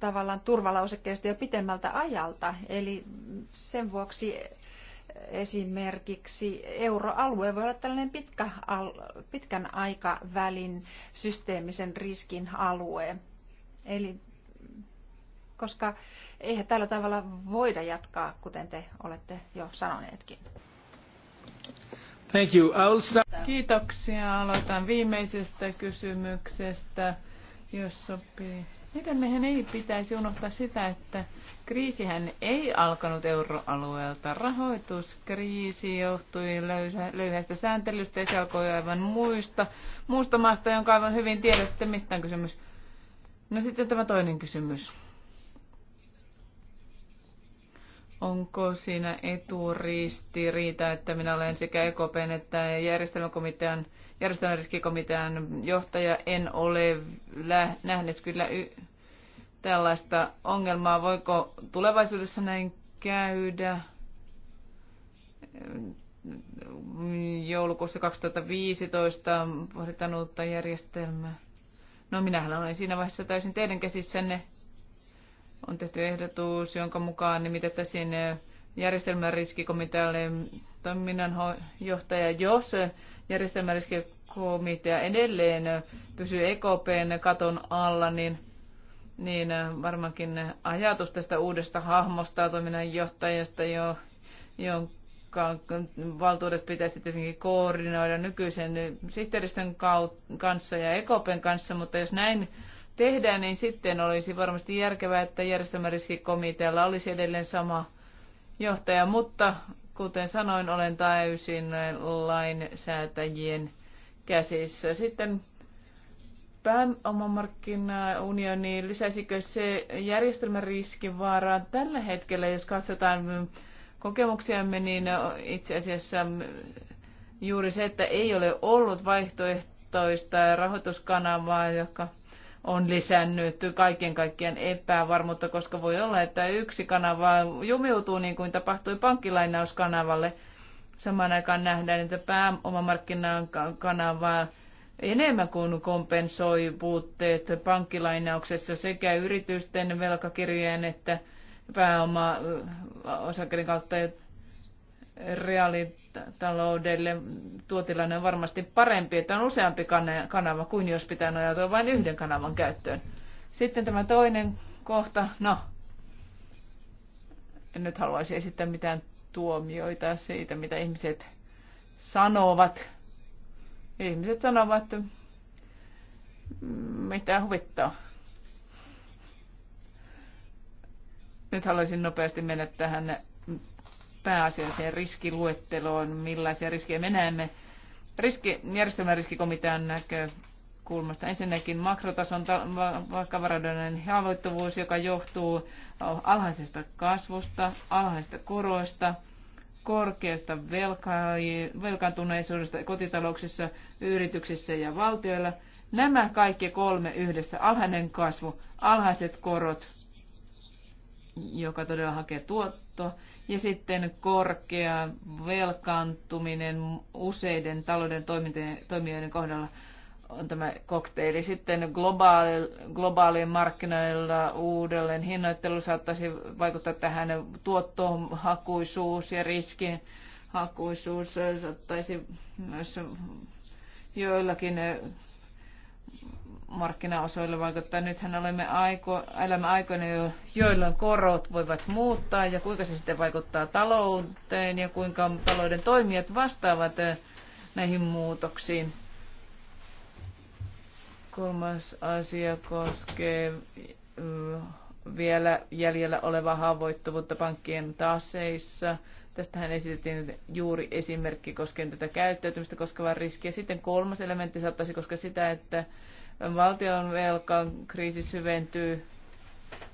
tavallaan turvalausekkeista jo pitemmältä ajalta. Eli sen vuoksi esimerkiksi euroalue voi olla tällainen pitkä, pitkän aikavälin systeemisen riskin alue. Eli koska eihän tällä tavalla voida jatkaa, kuten te olette jo sanoneetkin. Thank you. I'll start... Kiitoksia. Aloitan viimeisestä kysymyksestä, jos sopii. Meidän ei pitäisi unohtaa sitä, että Kriisihän ei alkanut euroalueelta. Rahoituskriisi johtui löysä, löyhästä sääntelystä ja se alkoi aivan muista, muusta maasta, jonka aivan hyvin tiedätte, mistä on kysymys. No sitten tämä toinen kysymys. Onko siinä riitä, että minä olen sekä EKPn että järjestelmäkomitean, järjestelmäriskikomitean johtaja, en ole nähnyt kyllä y- tällaista ongelmaa. Voiko tulevaisuudessa näin käydä? Joulukuussa 2015 pohditaan uutta järjestelmää. No minähän olen siinä vaiheessa täysin teidän käsissänne. On tehty ehdotus, jonka mukaan nimitettäisiin järjestelmän riskikomitealle toiminnanjohtaja, jos järjestelmän riskikomitea edelleen pysyy EKPn katon alla, niin niin äh, varmaankin ajatus tästä uudesta hahmosta, toiminnanjohtajasta, jo, jonka valtuudet pitäisi tietenkin koordinoida nykyisen sihteeristön kanssa ja ekopen kanssa, mutta jos näin tehdään, niin sitten olisi varmasti järkevää, että järjestelmäriskikomitealla olisi edelleen sama johtaja, mutta kuten sanoin, olen täysin lainsäätäjien käsissä. Sitten omamarkkinaunioni, lisäisikö se järjestelmän vaaraa tällä hetkellä, jos katsotaan kokemuksiamme, niin itse asiassa juuri se, että ei ole ollut vaihtoehtoista rahoituskanavaa, joka on lisännyt kaiken kaikkien epävarmuutta, koska voi olla, että yksi kanava jumiutuu niin kuin tapahtui pankkilainauskanavalle. Samaan aikaan nähdään, että pääomamarkkinan kanavaa enemmän kuin kompensoi puutteet pankkilainauksessa sekä yritysten velkakirjojen että pääoma osakkeiden kautta reaalitaloudelle tuotilanne on varmasti parempi, että on useampi kanava kuin jos pitää nojautua vain yhden kanavan käyttöön. Sitten tämä toinen kohta, no, en nyt haluaisi esittää mitään tuomioita siitä, mitä ihmiset sanovat Ihmiset sanovat, mitä huvittaa. Nyt haluaisin nopeasti mennä tähän pääasialliseen riskiluetteloon, millaisia riskejä me näemme. Riski, riskikomitean näkökulmasta ensinnäkin makrotason vakavarainen haavoittuvuus, joka johtuu alhaisesta kasvusta, alhaisista koroista – korkeasta velkaantuneisuudesta kotitalouksissa, yrityksissä ja valtioilla. Nämä kaikki kolme yhdessä, alhainen kasvu, alhaiset korot, joka todella hakee tuottoa, ja sitten korkea velkaantuminen useiden talouden toimijoiden kohdalla – on tämä kokteili. Sitten globaali, globaalien markkinoilla uudelleen hinnoittelu saattaisi vaikuttaa tähän tuottohakuisuus ja riskihakuisuus saattaisi myös joillakin markkinaosoilla vaikuttaa. Nythän olemme aiko, elämme aikoina, joilla korot voivat muuttaa ja kuinka se sitten vaikuttaa talouteen ja kuinka talouden toimijat vastaavat näihin muutoksiin. Kolmas asia koskee vielä jäljellä olevaa haavoittuvuutta pankkien taseissa. Tästähän esitettiin juuri esimerkki koskien tätä käyttäytymistä koskevaa riskiä. Sitten kolmas elementti saattaisi koskea sitä, että valtion velkan kriisi syventyy.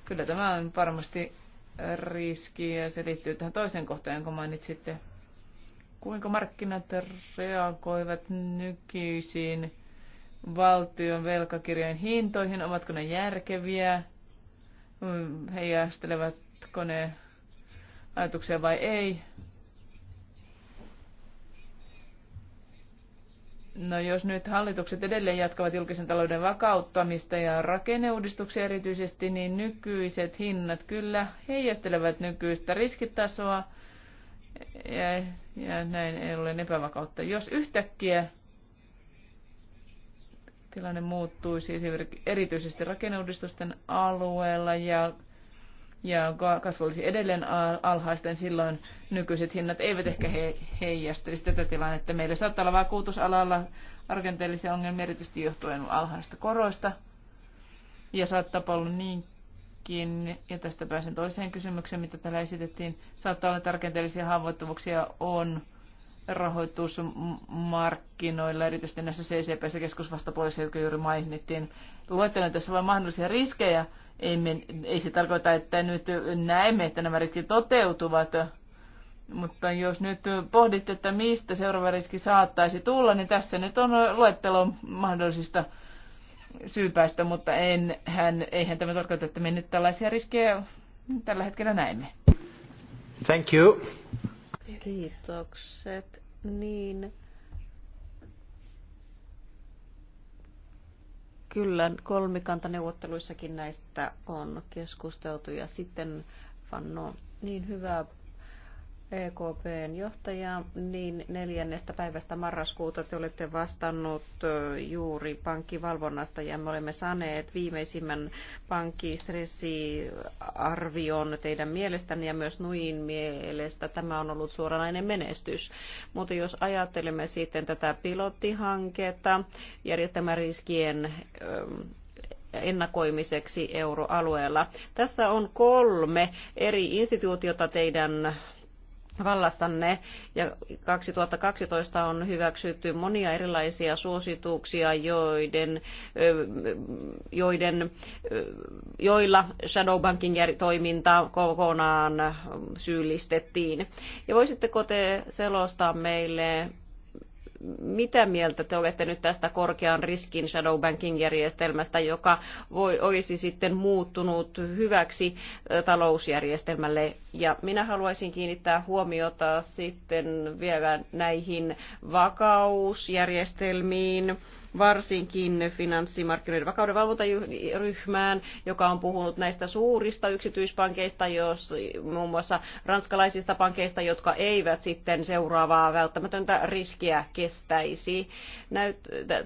Kyllä tämä on varmasti riski ja se liittyy tähän toiseen kohtaan, jonka mainitsitte. Kuinka markkinat reagoivat nykyisiin valtion velkakirjojen hintoihin, ovatko ne järkeviä, heijastelevatko ne ajatuksia vai ei. No jos nyt hallitukset edelleen jatkavat julkisen talouden vakauttamista ja rakenneuudistuksia erityisesti, niin nykyiset hinnat kyllä heijastelevat nykyistä riskitasoa ja, ja näin ei ole epävakautta. Jos yhtäkkiä tilanne muuttuisi siis erityisesti rakenneuudistusten alueella ja ja kasvu olisi edelleen alhaista, niin silloin nykyiset hinnat eivät ehkä he, heijastelisi tätä tilannetta. Meillä saattaa olla vakuutusalalla rakenteellisia ongelmia erityisesti johtuen alhaista koroista. Ja saattaa olla niinkin, ja tästä pääsen toiseen kysymykseen, mitä täällä esitettiin, saattaa olla, että rakenteellisia haavoittuvuuksia on rahoitusmarkkinoilla, erityisesti näissä CCPssä keskusvastapuolissa, jotka juuri mainittiin. Luettelen tässä vain mahdollisia riskejä. Ei, me, ei se tarkoita, että nyt näemme, että nämä riskit toteutuvat, mutta jos nyt pohdit, että mistä seuraava riski saattaisi tulla, niin tässä nyt on luettelo mahdollisista syypäistä, mutta en, hän, eihän tämä tarkoita, että me nyt tällaisia riskejä tällä hetkellä näemme. Thank you. Kiitokset. Niin. Kyllä, kolmikantaneuvotteluissakin näistä on keskusteltu ja sitten Fanno, niin hyvää EKPn johtaja, niin neljännestä päivästä marraskuuta te olette vastannut juuri pankkivalvonnasta ja me olemme saaneet viimeisimmän pankkistressiarvion teidän mielestänne ja myös Nuin mielestä. Tämä on ollut suoranainen menestys. Mutta jos ajattelemme sitten tätä pilottihanketta järjestelmäriskien ennakoimiseksi euroalueella. Tässä on kolme eri instituutiota teidän vallassanne ja 2012 on hyväksytty monia erilaisia suosituksia, joiden, joiden, joilla shadowbankin toiminta kokonaan syyllistettiin. Ja voisitteko te selostaa meille mitä mieltä te olette nyt tästä korkean riskin shadowbanking-järjestelmästä, joka voi, olisi sitten muuttunut hyväksi talousjärjestelmälle? Ja minä haluaisin kiinnittää huomiota sitten vielä näihin vakausjärjestelmiin varsinkin finanssimarkkinoiden vakauden valvontaryhmään, joka on puhunut näistä suurista yksityispankeista, jos, muun muassa ranskalaisista pankeista, jotka eivät sitten seuraavaa välttämätöntä riskiä kestäisi.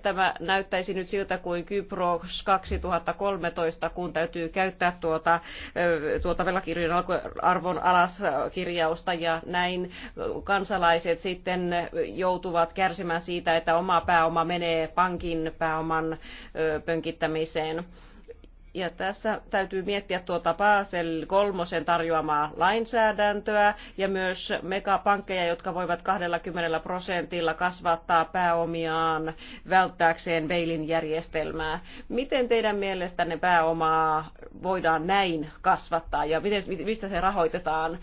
tämä näyttäisi nyt siltä kuin Kypros 2013, kun täytyy käyttää tuota, tuota velakirjojen arvon alaskirjausta ja näin kansalaiset sitten joutuvat kärsimään siitä, että oma pääoma menee pankkeihin pankin pääoman pönkittämiseen. Ja tässä täytyy miettiä tuota Basel kolmosen tarjoamaa lainsäädäntöä ja myös megapankkeja, jotka voivat 20 prosentilla kasvattaa pääomiaan välttääkseen Beilin järjestelmää. Miten teidän mielestänne pääomaa voidaan näin kasvattaa ja miten, mistä se rahoitetaan?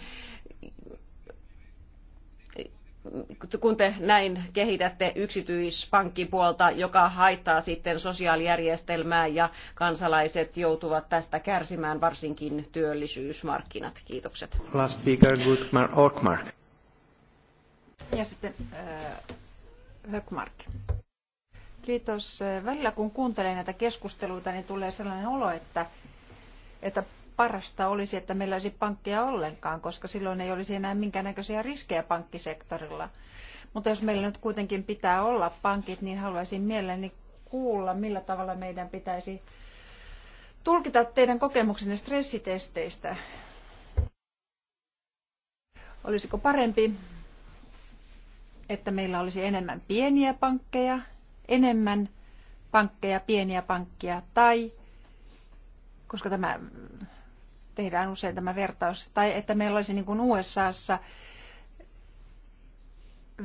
kun te näin kehitätte yksityispankkipuolta, joka haittaa sitten sosiaalijärjestelmää ja kansalaiset joutuvat tästä kärsimään varsinkin työllisyysmarkkinat. Kiitokset. Last speaker, Gutmar Ja sitten äh, Hökmark. Kiitos. Välillä kun kuuntelee näitä keskusteluita, niin tulee sellainen olo, että, että parasta olisi, että meillä olisi pankkeja ollenkaan, koska silloin ei olisi enää minkäännäköisiä riskejä pankkisektorilla. Mutta jos meillä nyt kuitenkin pitää olla pankit, niin haluaisin mielelläni kuulla, millä tavalla meidän pitäisi tulkita teidän kokemuksenne stressitesteistä. Olisiko parempi, että meillä olisi enemmän pieniä pankkeja, enemmän pankkeja, pieniä pankkia tai koska tämä tehdään usein tämä vertaus, tai että meillä olisi niin kuin USAssa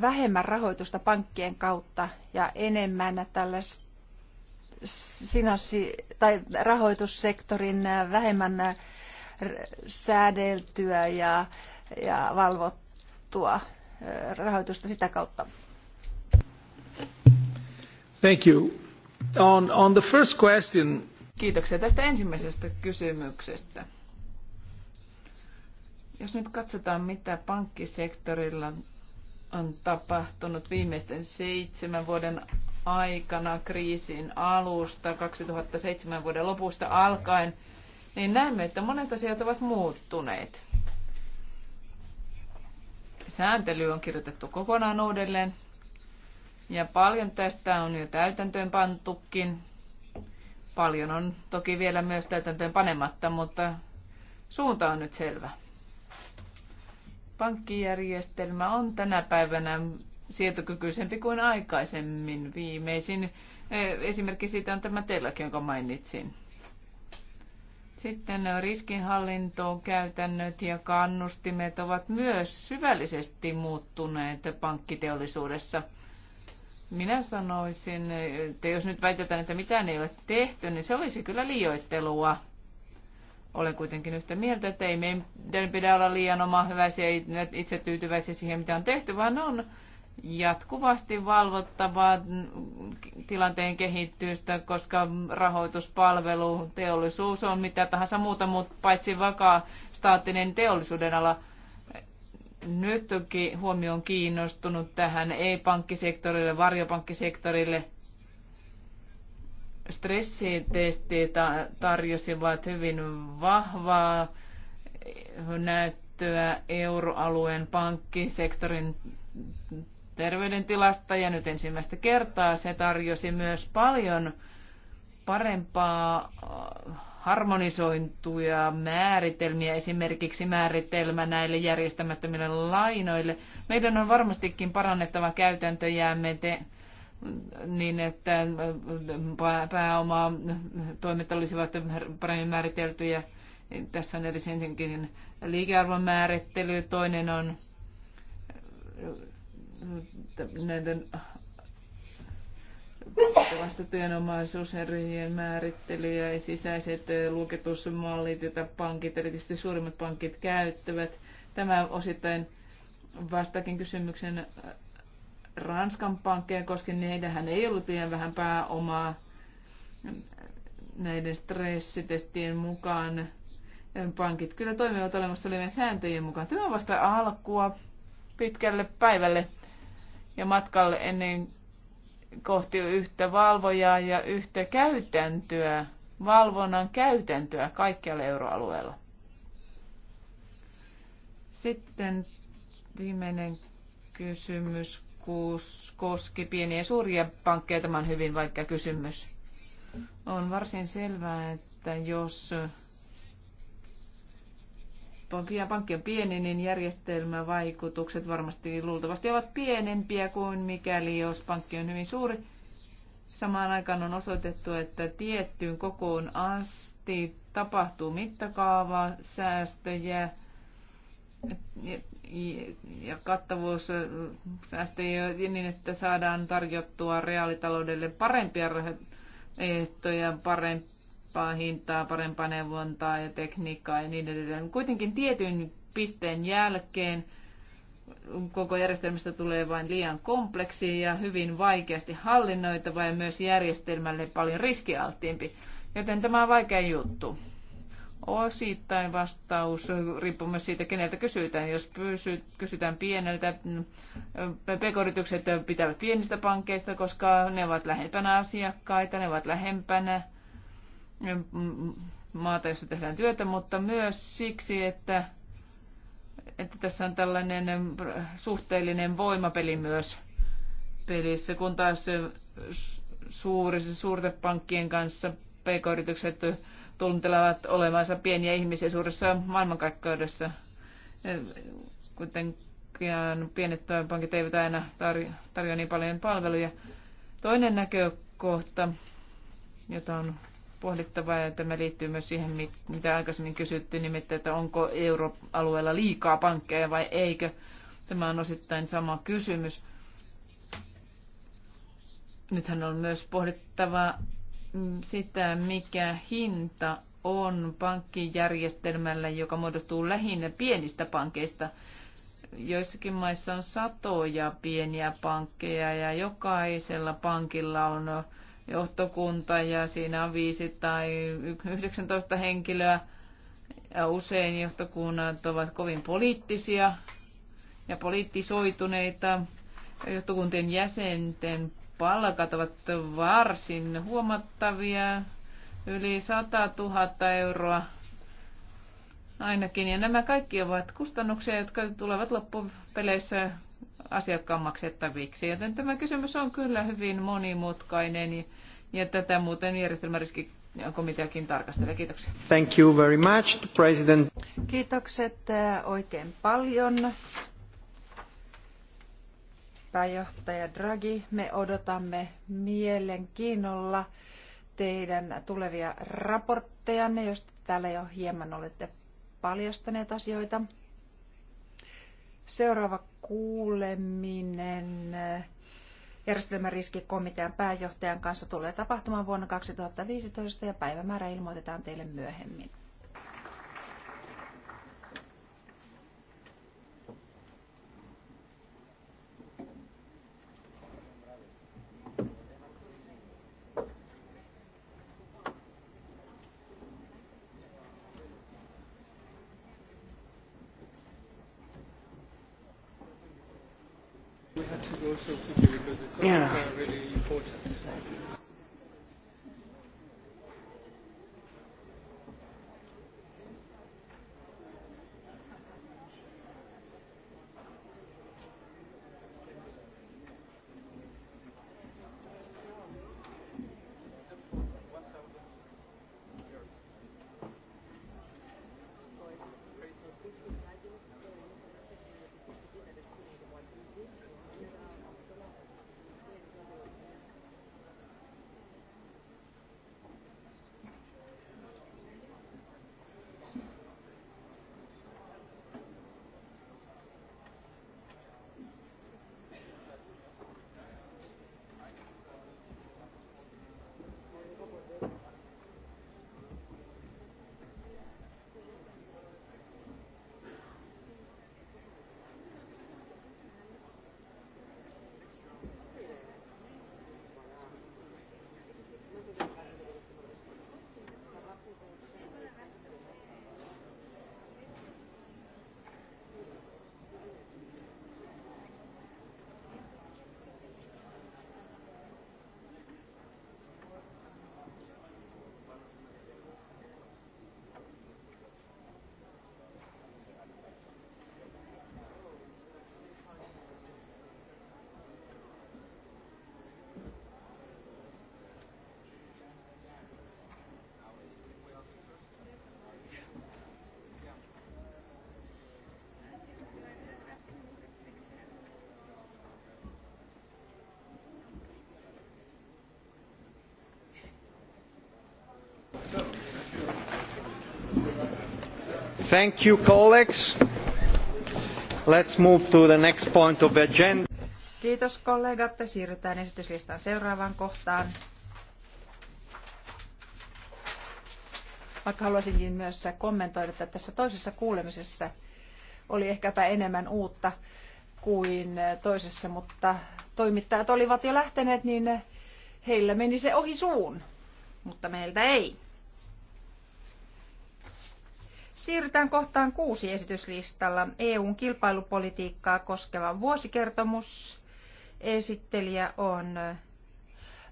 vähemmän rahoitusta pankkien kautta ja enemmän finanssi- tai rahoitussektorin vähemmän säädeltyä ja, ja valvottua rahoitusta sitä kautta. Thank you. On, on the first question. Kiitoksia tästä ensimmäisestä kysymyksestä. Jos nyt katsotaan, mitä pankkisektorilla on tapahtunut viimeisten seitsemän vuoden aikana kriisin alusta, 2007 vuoden lopusta alkaen, niin näemme, että monet asiat ovat muuttuneet. Sääntely on kirjoitettu kokonaan uudelleen, ja paljon tästä on jo täytäntöön pantukin. Paljon on toki vielä myös täytäntöön panematta, mutta suunta on nyt selvä. Pankkijärjestelmä on tänä päivänä sietokykyisempi kuin aikaisemmin. Viimeisin eh, esimerkki siitä on tämä teilläkin, jonka mainitsin. Sitten riskinhallintoon käytännöt ja kannustimet ovat myös syvällisesti muuttuneet pankkiteollisuudessa. Minä sanoisin, että jos nyt väitetään, että mitään ei ole tehty, niin se olisi kyllä liioittelua. Olen kuitenkin yhtä mieltä, että ei meidän pidä olla liian hyväisiä ja itse tyytyväisiä siihen, mitä on tehty, vaan on jatkuvasti valvottavaa tilanteen kehittystä, koska rahoituspalvelu, teollisuus on mitä tahansa muuta, mutta paitsi vakaa staattinen teollisuuden ala. Nyt toki huomio on kiinnostunut tähän ei-pankkisektorille, varjopankkisektorille – stressitestit tarjosivat hyvin vahvaa näyttöä euroalueen pankkisektorin terveydentilasta ja nyt ensimmäistä kertaa se tarjosi myös paljon parempaa äh, harmonisointuja määritelmiä, esimerkiksi määritelmä näille järjestämättömille lainoille. Meidän on varmastikin parannettava käytäntöjäämme te- niin, että äh, pääoma toimet olisivat paremmin määriteltyjä. Tässä on ensinnäkin liikearvon määrittely, toinen on äh, näiden vastattujen omaisuuserien määrittely ja sisäiset äh, luokitusmallit, joita pankit, erityisesti suurimmat pankit käyttävät. Tämä osittain vastaakin kysymyksen Ranskan pankkeja, koska niidenhän ei ollut liian vähän pääomaa näiden stressitestien mukaan. Pankit kyllä toimivat olemassa olevien sääntöjen mukaan. Tämä on vasta alkua pitkälle päivälle ja matkalle ennen kohti yhtä valvojaa ja yhtä käytäntöä, valvonnan käytäntöä kaikkialla euroalueella. Sitten viimeinen kysymys tehokkuus koski pieniä ja suuria pankkeja. Tämä on hyvin vaikka kysymys. On varsin selvää, että jos pankki on pieni, niin järjestelmävaikutukset varmasti luultavasti ovat pienempiä kuin mikäli, jos pankki on hyvin suuri. Samaan aikaan on osoitettu, että tiettyyn kokoon asti tapahtuu mittakaava säästöjä, ja kattavuus säästöjä niin, että saadaan tarjottua reaalitaloudelle parempia ehtoja, parempaa hintaa, parempaa neuvontaa ja tekniikkaa ja niin edelleen. Kuitenkin tietyn pisteen jälkeen koko järjestelmästä tulee vain liian kompleksi ja hyvin vaikeasti hallinnoitava ja myös järjestelmälle paljon riskialttiimpi. Joten tämä on vaikea juttu osittain vastaus riippuu myös siitä, keneltä kysytään. Jos kysytään pieneltä, pekoritykset pitävät pienistä pankeista, koska ne ovat lähempänä asiakkaita, ne ovat lähempänä maata, jossa tehdään työtä, mutta myös siksi, että, että tässä on tällainen suhteellinen voimapeli myös pelissä, kun taas suuri, suurten pankkien kanssa pk-yritykset tuntelevat olevansa pieniä ihmisiä suuressa maailmankaikkeudessa. Kuitenkin pienet pankit eivät aina tarjoa niin paljon palveluja. Toinen näkökohta, jota on pohdittava, ja tämä liittyy myös siihen, mitä aikaisemmin kysyttiin, nimittäin, että onko euroalueella liikaa pankkeja vai eikö. Tämä on osittain sama kysymys. Nythän on myös pohdittava sitä, mikä hinta on pankkijärjestelmällä, joka muodostuu lähinnä pienistä pankeista. Joissakin maissa on satoja pieniä pankkeja ja jokaisella pankilla on johtokunta ja siinä on viisi tai 19 henkilöä. Ja usein johtokunnat ovat kovin poliittisia ja poliittisoituneita. Johtokuntien jäsenten palkat ovat varsin huomattavia, yli 100 000 euroa ainakin. Ja nämä kaikki ovat kustannuksia, jotka tulevat loppupeleissä asiakkaan maksettaviksi. Joten tämä kysymys on kyllä hyvin monimutkainen ja tätä muuten järjestelmäriski komiteakin tarkastelee. Kiitoksia. Thank you very much, President. Kiitokset äh, oikein paljon pääjohtaja Draghi, me odotamme mielenkiinnolla teidän tulevia raporttejanne, jos täällä jo hieman olette paljastaneet asioita. Seuraava kuuleminen järjestelmäriskikomitean pääjohtajan kanssa tulee tapahtumaan vuonna 2015 ja päivämäärä ilmoitetaan teille myöhemmin. Thank you, colleagues. Let's move to the next point of agenda. Kiitos kollegat. Siirrytään esityslistan seuraavaan kohtaan. Vaikka haluaisinkin myös kommentoida, että tässä toisessa kuulemisessa oli ehkäpä enemmän uutta kuin toisessa, mutta toimittajat olivat jo lähteneet, niin heillä meni se ohi suun, mutta meiltä ei. Siirrytään kohtaan kuusi esityslistalla. EUn kilpailupolitiikkaa koskeva vuosikertomus. Esittelijä on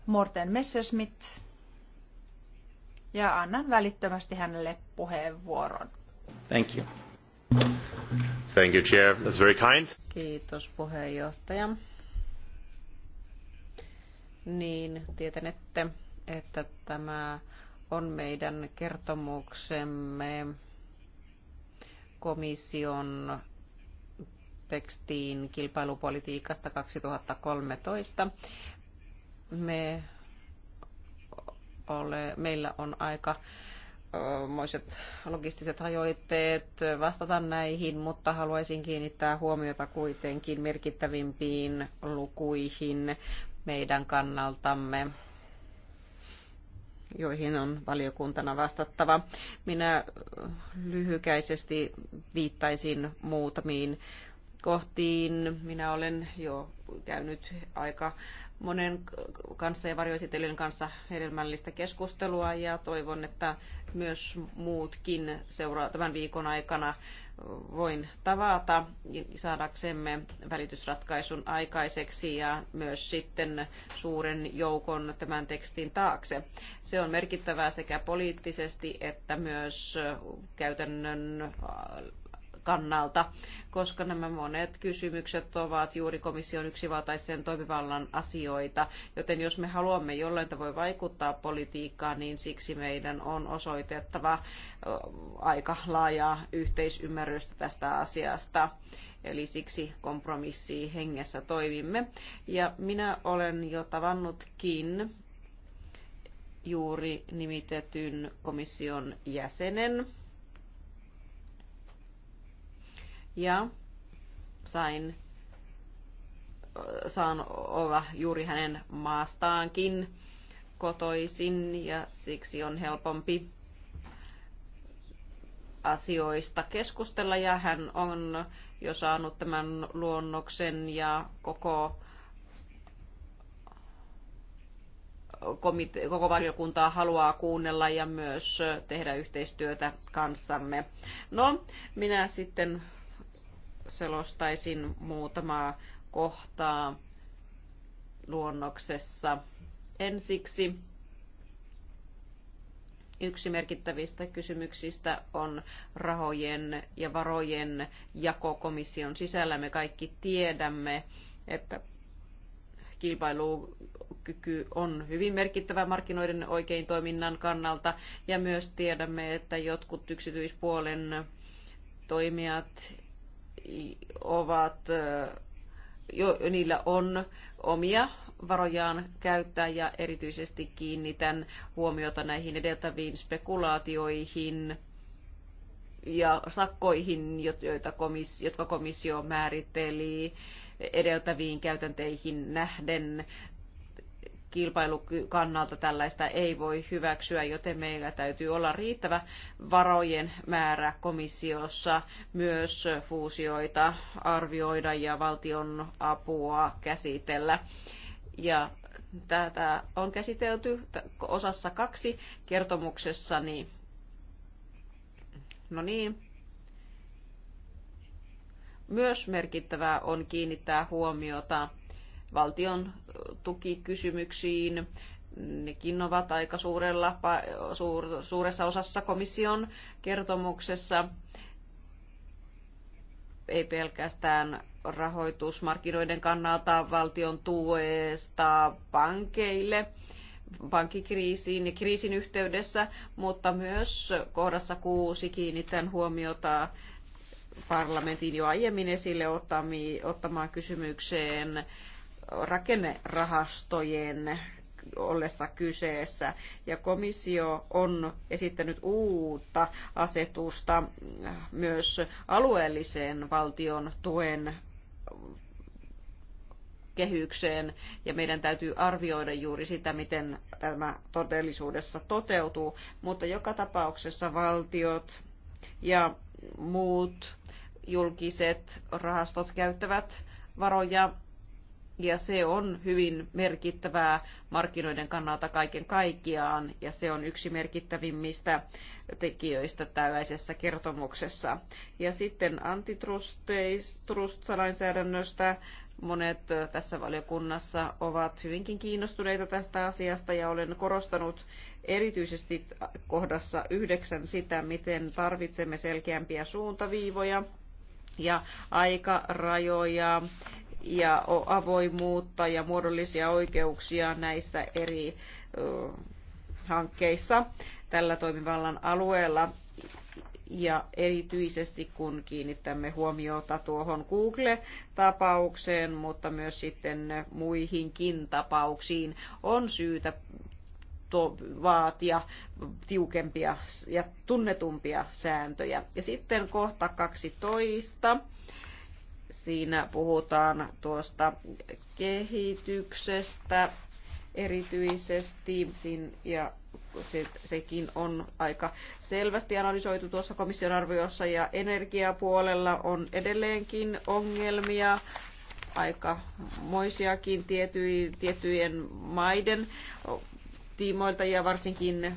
Morten Messerschmidt. Ja annan välittömästi hänelle puheenvuoron. Thank you. Thank you, Chair. That's very kind. Kiitos puheenjohtaja. Niin, tietenette, että tämä on meidän kertomuksemme komission tekstiin kilpailupolitiikasta 2013. Me ole, meillä on aika moiset logistiset rajoitteet vastata näihin, mutta haluaisin kiinnittää huomiota kuitenkin merkittävimpiin lukuihin meidän kannaltamme joihin on valiokuntana vastattava. Minä lyhykäisesti viittaisin muutamiin kohtiin. Minä olen jo käynyt aika monen kanssa ja varjoesittelyn kanssa hedelmällistä keskustelua ja toivon, että myös muutkin seuraa tämän viikon aikana voin tavata saadaksemme välitysratkaisun aikaiseksi ja myös sitten suuren joukon tämän tekstin taakse. Se on merkittävää sekä poliittisesti että myös käytännön kannalta, koska nämä monet kysymykset ovat juuri komission yksivaltaisen toimivallan asioita. Joten jos me haluamme jollain tavoin vaikuttaa politiikkaan, niin siksi meidän on osoitettava aika laajaa yhteisymmärrystä tästä asiasta eli siksi kompromissi hengessä toimimme. Ja minä olen jo tavannutkin juuri nimitetyn komission jäsenen ja sain saan olla juuri hänen maastaankin kotoisin ja siksi on helpompi asioista keskustella ja hän on jo saanut tämän luonnoksen ja koko komite- koko valiokuntaa haluaa kuunnella ja myös tehdä yhteistyötä kanssamme. No, minä sitten selostaisin muutamaa kohtaa luonnoksessa. Ensiksi yksi merkittävistä kysymyksistä on rahojen ja varojen jakokomission sisällä. Me kaikki tiedämme, että kilpailukyky on hyvin merkittävä markkinoiden oikein toiminnan kannalta ja myös tiedämme, että jotkut yksityispuolen toimijat ovat, jo, niillä on omia varojaan käyttää ja erityisesti kiinnitän huomiota näihin edeltäviin spekulaatioihin ja sakkoihin, joita komissio, jotka komissio määritteli edeltäviin käytänteihin nähden kilpailukannalta tällaista ei voi hyväksyä, joten meillä täytyy olla riittävä varojen määrä komissiossa myös fuusioita arvioida ja valtion apua käsitellä. Ja tätä on käsitelty osassa kaksi kertomuksessani. No niin. Myös merkittävää on kiinnittää huomiota valtion tukikysymyksiin. Nekin ovat aika suurella, suur, suuressa osassa komission kertomuksessa. Ei pelkästään rahoitusmarkkinoiden kannalta valtion tuesta pankeille pankkikriisiin ja kriisin yhteydessä, mutta myös kohdassa kuusi kiinnitän huomiota parlamentin jo aiemmin esille ottamaan kysymykseen rakennerahastojen ollessa kyseessä. Ja komissio on esittänyt uutta asetusta myös alueellisen valtion tuen kehykseen ja meidän täytyy arvioida juuri sitä, miten tämä todellisuudessa toteutuu, mutta joka tapauksessa valtiot ja muut julkiset rahastot käyttävät varoja ja se on hyvin merkittävää markkinoiden kannalta kaiken kaikkiaan, ja se on yksi merkittävimmistä tekijöistä tällaisessa kertomuksessa. Ja sitten antitrust-lainsäädännöstä monet tässä valiokunnassa ovat hyvinkin kiinnostuneita tästä asiasta ja olen korostanut erityisesti kohdassa yhdeksän sitä, miten tarvitsemme selkeämpiä suuntaviivoja ja aikarajoja ja avoimuutta ja muodollisia oikeuksia näissä eri hankkeissa tällä toimivallan alueella ja erityisesti kun kiinnittämme huomiota tuohon Google-tapaukseen, mutta myös sitten muihinkin tapauksiin, on syytä vaatia tiukempia ja tunnetumpia sääntöjä. Ja sitten kohta 12 Siinä puhutaan tuosta kehityksestä erityisesti, ja se, sekin on aika selvästi analysoitu tuossa komission arviossa, ja energiapuolella on edelleenkin ongelmia, aika moisiakin tiettyjen maiden tiimoilta ja varsinkin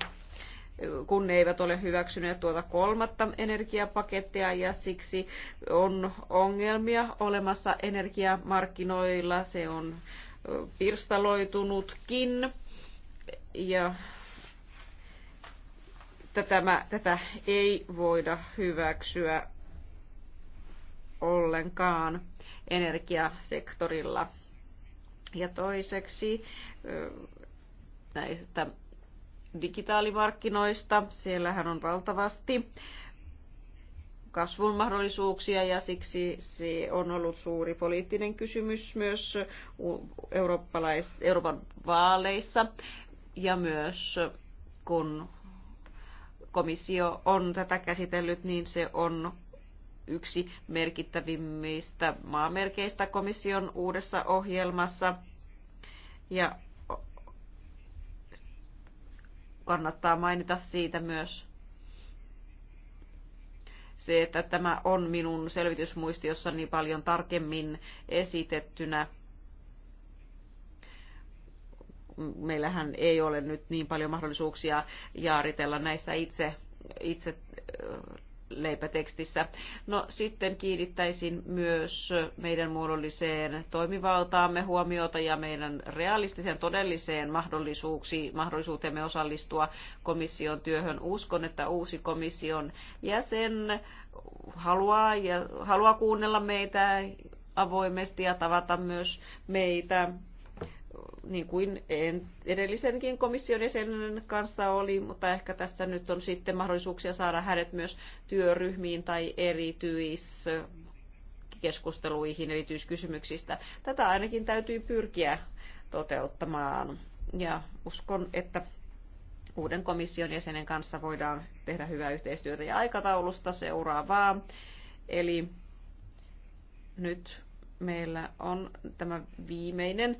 kun ne eivät ole hyväksyneet tuota kolmatta energiapakettia ja siksi on ongelmia olemassa energiamarkkinoilla. Se on pirstaloitunutkin ja tätä, tätä ei voida hyväksyä ollenkaan energiasektorilla. Ja toiseksi näistä digitaalimarkkinoista. Siellähän on valtavasti kasvun mahdollisuuksia ja siksi se on ollut suuri poliittinen kysymys myös Euroopan vaaleissa ja myös kun komissio on tätä käsitellyt, niin se on yksi merkittävimmistä maamerkeistä komission uudessa ohjelmassa. Ja kannattaa mainita siitä myös se, että tämä on minun selvitysmuistiossani niin paljon tarkemmin esitettynä. Meillähän ei ole nyt niin paljon mahdollisuuksia jaaritella näissä itse, itse leipätekstissä. No sitten kiinnittäisin myös meidän muodolliseen toimivaltaamme huomiota ja meidän realistiseen todelliseen mahdollisuuteemme osallistua komission työhön. Uskon, että uusi komission jäsen haluaa, ja, haluaa kuunnella meitä avoimesti ja tavata myös meitä niin kuin edellisenkin komission jäsenen kanssa oli, mutta ehkä tässä nyt on sitten mahdollisuuksia saada hänet myös työryhmiin tai erityiskeskusteluihin, erityiskysymyksistä. Tätä ainakin täytyy pyrkiä toteuttamaan ja uskon, että uuden komission jäsenen kanssa voidaan tehdä hyvää yhteistyötä ja aikataulusta seuraavaa. Eli nyt meillä on tämä viimeinen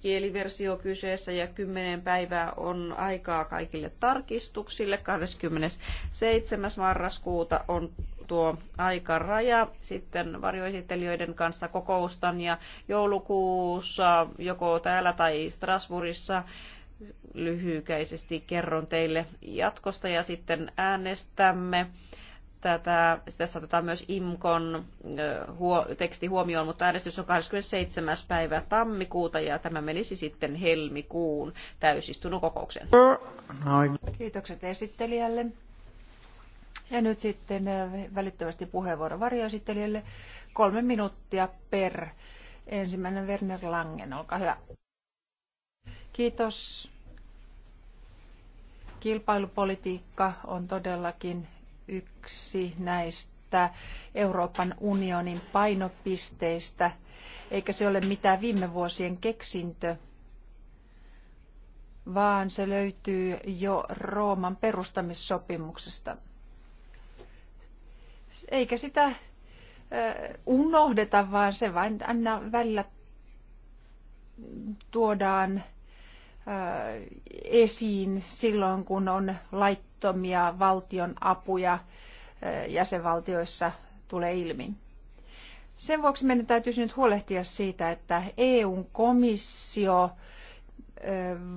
kieliversio kyseessä ja 10 päivää on aikaa kaikille tarkistuksille. 27. marraskuuta on tuo aikaraja. Sitten varjoesittelijöiden kanssa kokoustan ja joulukuussa joko täällä tai Strasbourgissa lyhykäisesti kerron teille jatkosta ja sitten äänestämme tätä, tässä otetaan myös IMKON huo, teksti huomioon, mutta äänestys on 27. päivä tammikuuta ja tämä menisi sitten helmikuun täysistunnon kokoukseen. Kiitokset esittelijälle. Ja nyt sitten välittömästi puheenvuoro varjoesittelijälle. Kolme minuuttia per. Ensimmäinen Werner Langen, olkaa hyvä. Kiitos kilpailupolitiikka on todellakin yksi näistä Euroopan unionin painopisteistä, eikä se ole mitään viime vuosien keksintö, vaan se löytyy jo Rooman perustamissopimuksesta. Eikä sitä unohdeta, vaan se vain aina välillä tuodaan esiin silloin, kun on laittomia valtion apuja jäsenvaltioissa tulee ilmi. Sen vuoksi meidän täytyisi nyt huolehtia siitä, että EUn komissio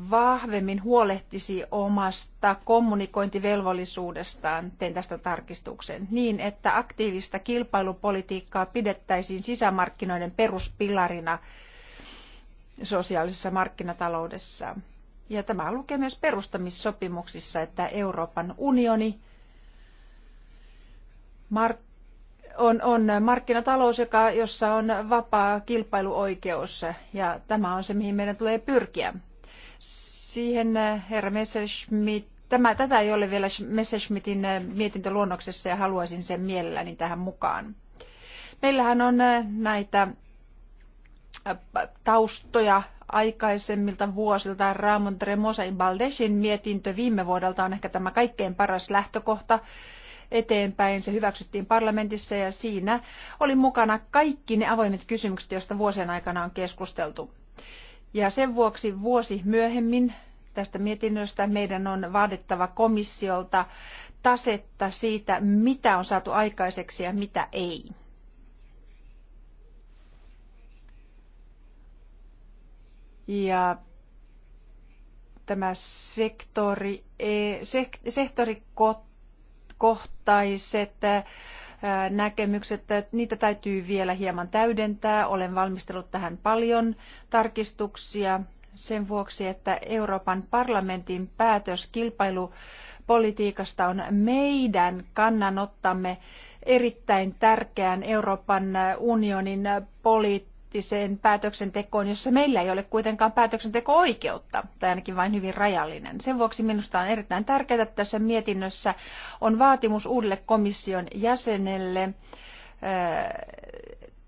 vahvemmin huolehtisi omasta kommunikointivelvollisuudestaan, teen tästä tarkistuksen, niin että aktiivista kilpailupolitiikkaa pidettäisiin sisämarkkinoiden peruspilarina – sosiaalisessa markkinataloudessa. Ja tämä lukee myös perustamissopimuksissa, että Euroopan unioni on, on markkinatalous, joka, jossa on vapaa kilpailuoikeus. Ja tämä on se, mihin meidän tulee pyrkiä. Siihen eh, herra Messerschmidt, tämä, tätä ei ole vielä Messerschmittin eh, mietintöluonnoksessa ja haluaisin sen mielelläni tähän mukaan. Meillähän on eh, näitä taustoja aikaisemmilta vuosilta. Ramon Tremosa ja Baldesin mietintö viime vuodelta on ehkä tämä kaikkein paras lähtökohta eteenpäin. Se hyväksyttiin parlamentissa ja siinä oli mukana kaikki ne avoimet kysymykset, joista vuosien aikana on keskusteltu. Ja sen vuoksi vuosi myöhemmin tästä mietinnöstä meidän on vaadittava komissiolta tasetta siitä, mitä on saatu aikaiseksi ja mitä ei. Ja tämä sektori, e, sektorikohtaiset näkemykset, niitä täytyy vielä hieman täydentää. Olen valmistellut tähän paljon tarkistuksia sen vuoksi, että Euroopan parlamentin päätös kilpailupolitiikasta on meidän kannanottamme erittäin tärkeän Euroopan unionin poliittisen poliittiseen päätöksentekoon, jossa meillä ei ole kuitenkaan päätöksenteko-oikeutta, tai ainakin vain hyvin rajallinen. Sen vuoksi minusta on erittäin tärkeää, että tässä mietinnössä on vaatimus uudelle komission jäsenelle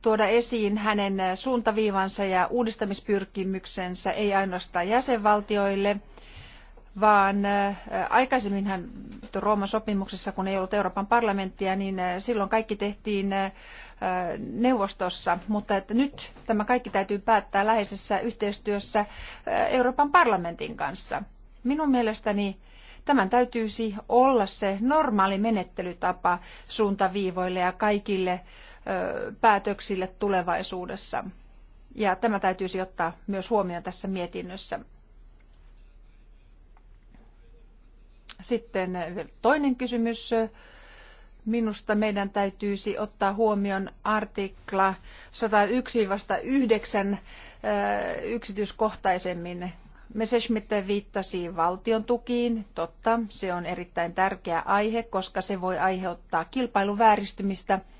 tuoda esiin hänen suuntaviivansa ja uudistamispyrkimyksensä ei ainoastaan jäsenvaltioille, vaan aikaisemminhan Rooman sopimuksessa, kun ei ollut Euroopan parlamenttia, niin silloin kaikki tehtiin neuvostossa, mutta että nyt tämä kaikki täytyy päättää läheisessä yhteistyössä Euroopan parlamentin kanssa. Minun mielestäni tämän täytyisi olla se normaali menettelytapa suuntaviivoille ja kaikille päätöksille tulevaisuudessa. Ja tämä täytyisi ottaa myös huomioon tässä mietinnössä. Sitten toinen kysymys Minusta meidän täytyisi ottaa huomioon artikla 101-9 yksityiskohtaisemmin. Messerschmitt viittasi valtion tukiin. Totta, se on erittäin tärkeä aihe, koska se voi aiheuttaa kilpailuvääristymistä vääristymistä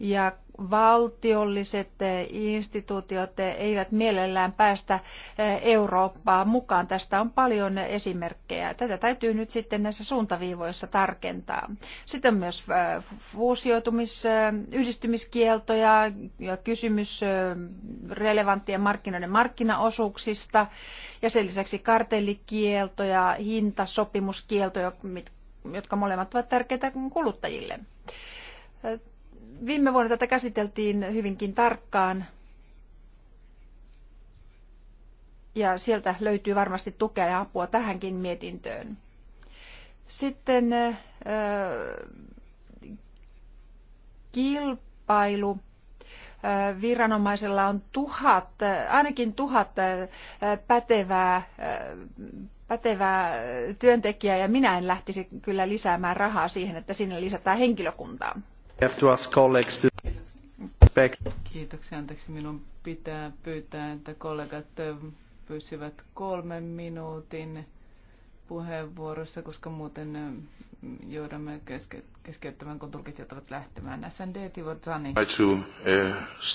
ja valtiolliset eh, instituutiot eh, eivät mielellään päästä eh, Eurooppaa mukaan. Tästä on paljon esimerkkejä. Tätä täytyy nyt sitten näissä suuntaviivoissa tarkentaa. Sitten on myös fuusioitumis, yhdistymiskieltoja ja kysymys relevanttien markkinoiden markkinaosuuksista ja sen lisäksi kartellikielto ja hintasopimuskielto, jotka molemmat ovat tärkeitä kuluttajille Viime vuonna tätä käsiteltiin hyvinkin tarkkaan ja sieltä löytyy varmasti tukea ja apua tähänkin mietintöön. Sitten äh, kilpailu. Viranomaisella on tuhat, ainakin tuhat pätevää, pätevää työntekijää ja minä en lähtisi kyllä lisäämään rahaa siihen, että sinne lisätään henkilökuntaa. Kiitoksia. Anteeksi, minun pitää pyytää, että kollegat pysyvät kolmen minuutin puheenvuorossa, koska muuten joudumme keske- keskeyttämään, kun tulkit joutuvat lähtemään. SND Tivotsani. Uh,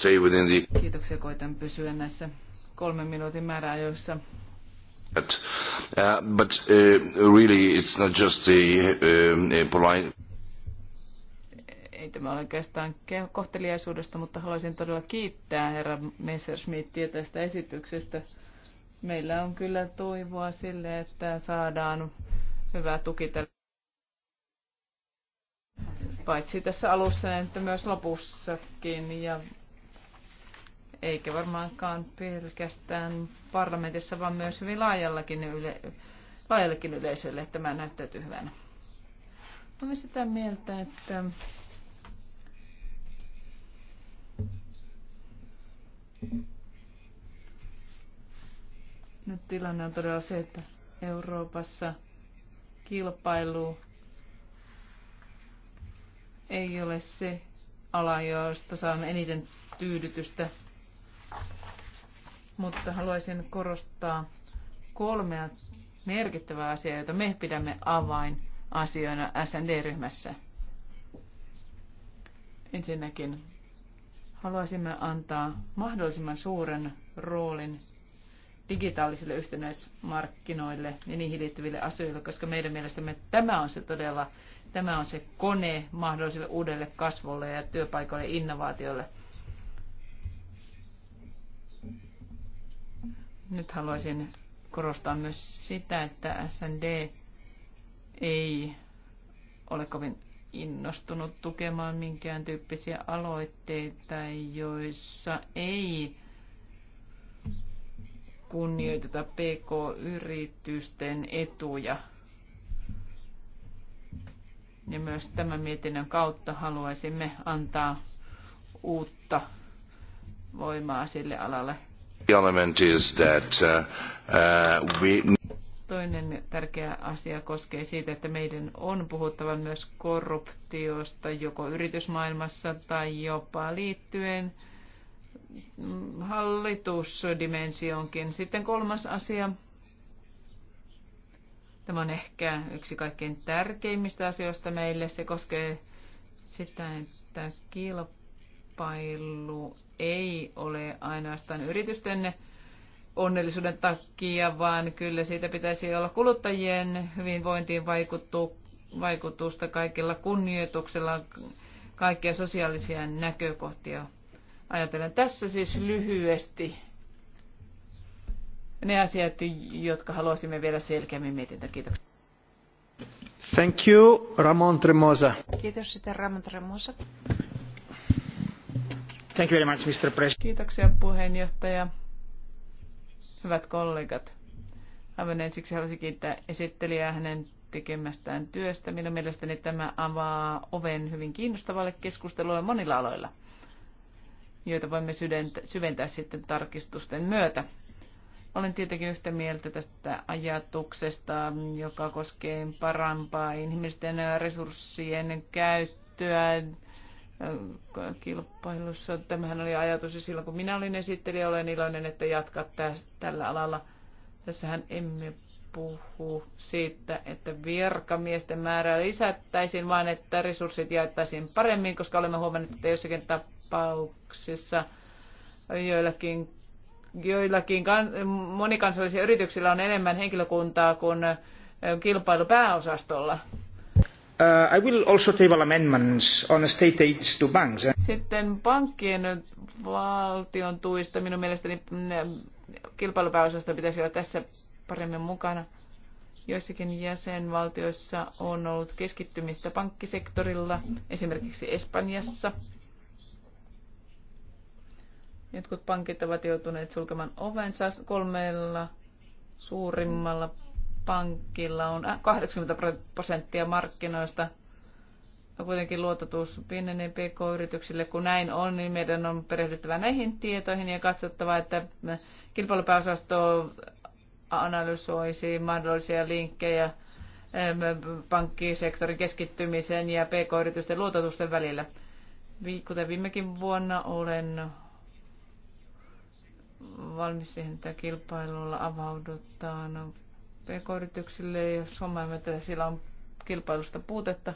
the... Kiitoksia, koitan pysyä näissä kolmen minuutin määräajoissa. But, uh, but uh, really it's not just a, uh, a uh, polite ei tämä ole oikeastaan kohteliaisuudesta, mutta haluaisin todella kiittää herra Messerschmittiä tästä esityksestä. Meillä on kyllä toivoa sille, että saadaan hyvää tuki tälle paitsi tässä alussa, niin että myös lopussakin. Ja eikä varmaankaan pelkästään parlamentissa, vaan myös hyvin laajallakin yle, laajallekin yleisölle tämä näyttäytyy hyvänä. Olen sitä mieltä, että Nyt tilanne on todella se, että Euroopassa kilpailu ei ole se ala, josta saamme eniten tyydytystä, mutta haluaisin korostaa kolmea merkittävää asiaa, joita me pidämme avainasioina SND-ryhmässä. Ensinnäkin haluaisimme antaa mahdollisimman suuren roolin digitaalisille yhtenäismarkkinoille ja niihin liittyville asioille, koska meidän mielestämme tämä on se todella, tämä on se kone mahdolliselle uudelle kasvulle ja työpaikoille innovaatiolle. innovaatioille. Nyt haluaisin korostaa myös sitä, että SND ei ole kovin innostunut tukemaan minkään tyyppisiä aloitteita, joissa ei kunnioiteta PK-yritysten etuja. Ja myös tämän mietinnön kautta haluaisimme antaa uutta voimaa sille alalle. The element is that, uh, uh, we... Toinen tärkeä asia koskee siitä, että meidän on puhuttava myös korruptiosta joko yritysmaailmassa tai jopa liittyen hallitusdimensioonkin. Sitten kolmas asia. Tämä on ehkä yksi kaikkein tärkeimmistä asioista meille. Se koskee sitä, että kilpailu ei ole ainoastaan yritysten onnellisuuden takia, vaan kyllä siitä pitäisi olla kuluttajien hyvinvointiin vaikuttu, vaikutusta kaikilla kunnioituksella, kaikkia sosiaalisia näkökohtia. Ajatellen tässä siis lyhyesti ne asiat, jotka haluaisimme vielä selkeämmin mietintä. Kiitoksia. Thank you, Ramon Tremosa. Kiitos sitten Ramon Tremosa. Thank you very much, Mr. President. Kiitoksia puheenjohtaja. Hyvät kollegat, aivan ensiksi haluaisin kiittää esittelijää hänen tekemästään työstä. Minun mielestäni tämä avaa oven hyvin kiinnostavalle keskustelulle monilla aloilla, joita voimme syventää sitten tarkistusten myötä. Olen tietenkin yhtä mieltä tästä ajatuksesta, joka koskee parampaa ihmisten resurssien käyttöä, kilpailussa. Tämähän oli ajatus ja silloin kun minä olin esittelijä, olen iloinen, että jatkat täs, tällä alalla. Tässähän emme puhu siitä, että virkamiesten määrää lisättäisiin, vaan että resurssit jaettaisiin paremmin, koska olemme huomanneet, että jossakin tapauksissa joillakin, joillakin monikansallisilla yrityksillä on enemmän henkilökuntaa kuin kilpailupääosastolla. Uh, I will also table amendments on state aids to banks. Sitten pankkien valtion tuista minun mielestäni mm, kilpailupääosasta pitäisi olla tässä paremmin mukana. Joissakin jäsenvaltioissa on ollut keskittymistä pankkisektorilla, esimerkiksi Espanjassa. Jotkut pankit ovat joutuneet sulkemaan ovensa kolmella suurimmalla pankilla on 80 äh, prosenttia markkinoista. Ja no kuitenkin luototus pienenee pk-yrityksille. Kun näin on, niin meidän on perehdyttävä näihin tietoihin ja katsottava, että äh, kilpailupääosasto analysoisi mahdollisia linkkejä ähm, pankkisektorin keskittymisen ja pk-yritysten luototusten välillä. Kuten viimekin vuonna olen valmis siihen, että kilpailulla avaudutaan pk-yrityksille, ja huomaamme, että sillä on kilpailusta puutetta.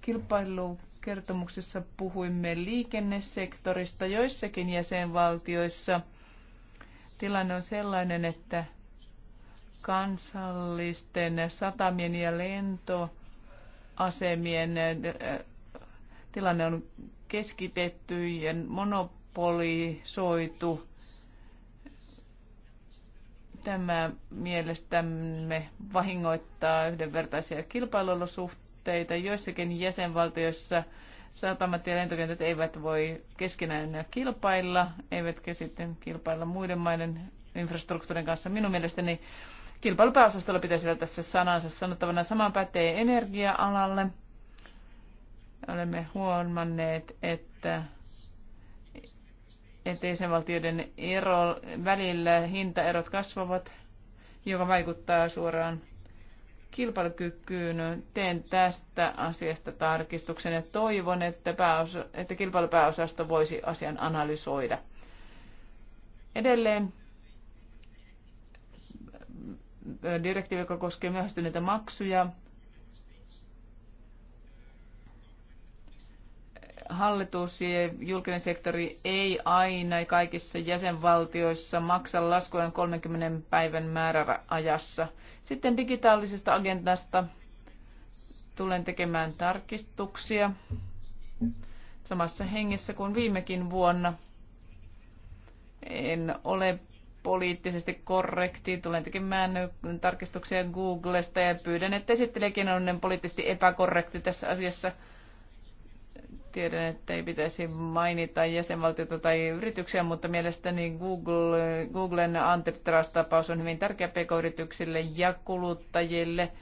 Kilpailukertomuksessa puhuimme liikennesektorista joissakin jäsenvaltioissa. Tilanne on sellainen, että kansallisten satamien ja lentoasemien äh, tilanne on keskitetty ja monopolisoitu Tämä mielestämme vahingoittaa yhdenvertaisia kilpailuolosuhteita. Joissakin jäsenvaltioissa satamat ja lentokentät eivät voi keskenään enää kilpailla, eivätkä sitten kilpailla muiden maiden infrastruktuurin kanssa. Minun mielestäni kilpailupääosastolla pitäisi olla tässä sanansa sanottavana. Sama pätee energia-alalle. Olemme huomanneet, että että jäsenvaltioiden ero välillä hintaerot kasvavat, joka vaikuttaa suoraan kilpailukykyyn. Teen tästä asiasta tarkistuksen ja toivon, että, pääosa, että kilpailupääosasto voisi asian analysoida. Edelleen direktiivi, joka koskee myöhästyneitä maksuja, Hallitus ja julkinen sektori ei aina kaikissa jäsenvaltioissa maksa laskujen 30 päivän määräajassa. Sitten digitaalisesta agendasta tulen tekemään tarkistuksia samassa hengessä kuin viimekin vuonna. En ole poliittisesti korrekti, tulen tekemään tarkistuksia Googlesta ja pyydän, että esittelijäkin on poliittisesti epäkorrekti tässä asiassa. Tiedän, että ei pitäisi mainita jäsenvaltiota tai yrityksiä, mutta mielestäni Google, Googlen antitrust-tapaus on hyvin tärkeä pk-yrityksille ja kuluttajille,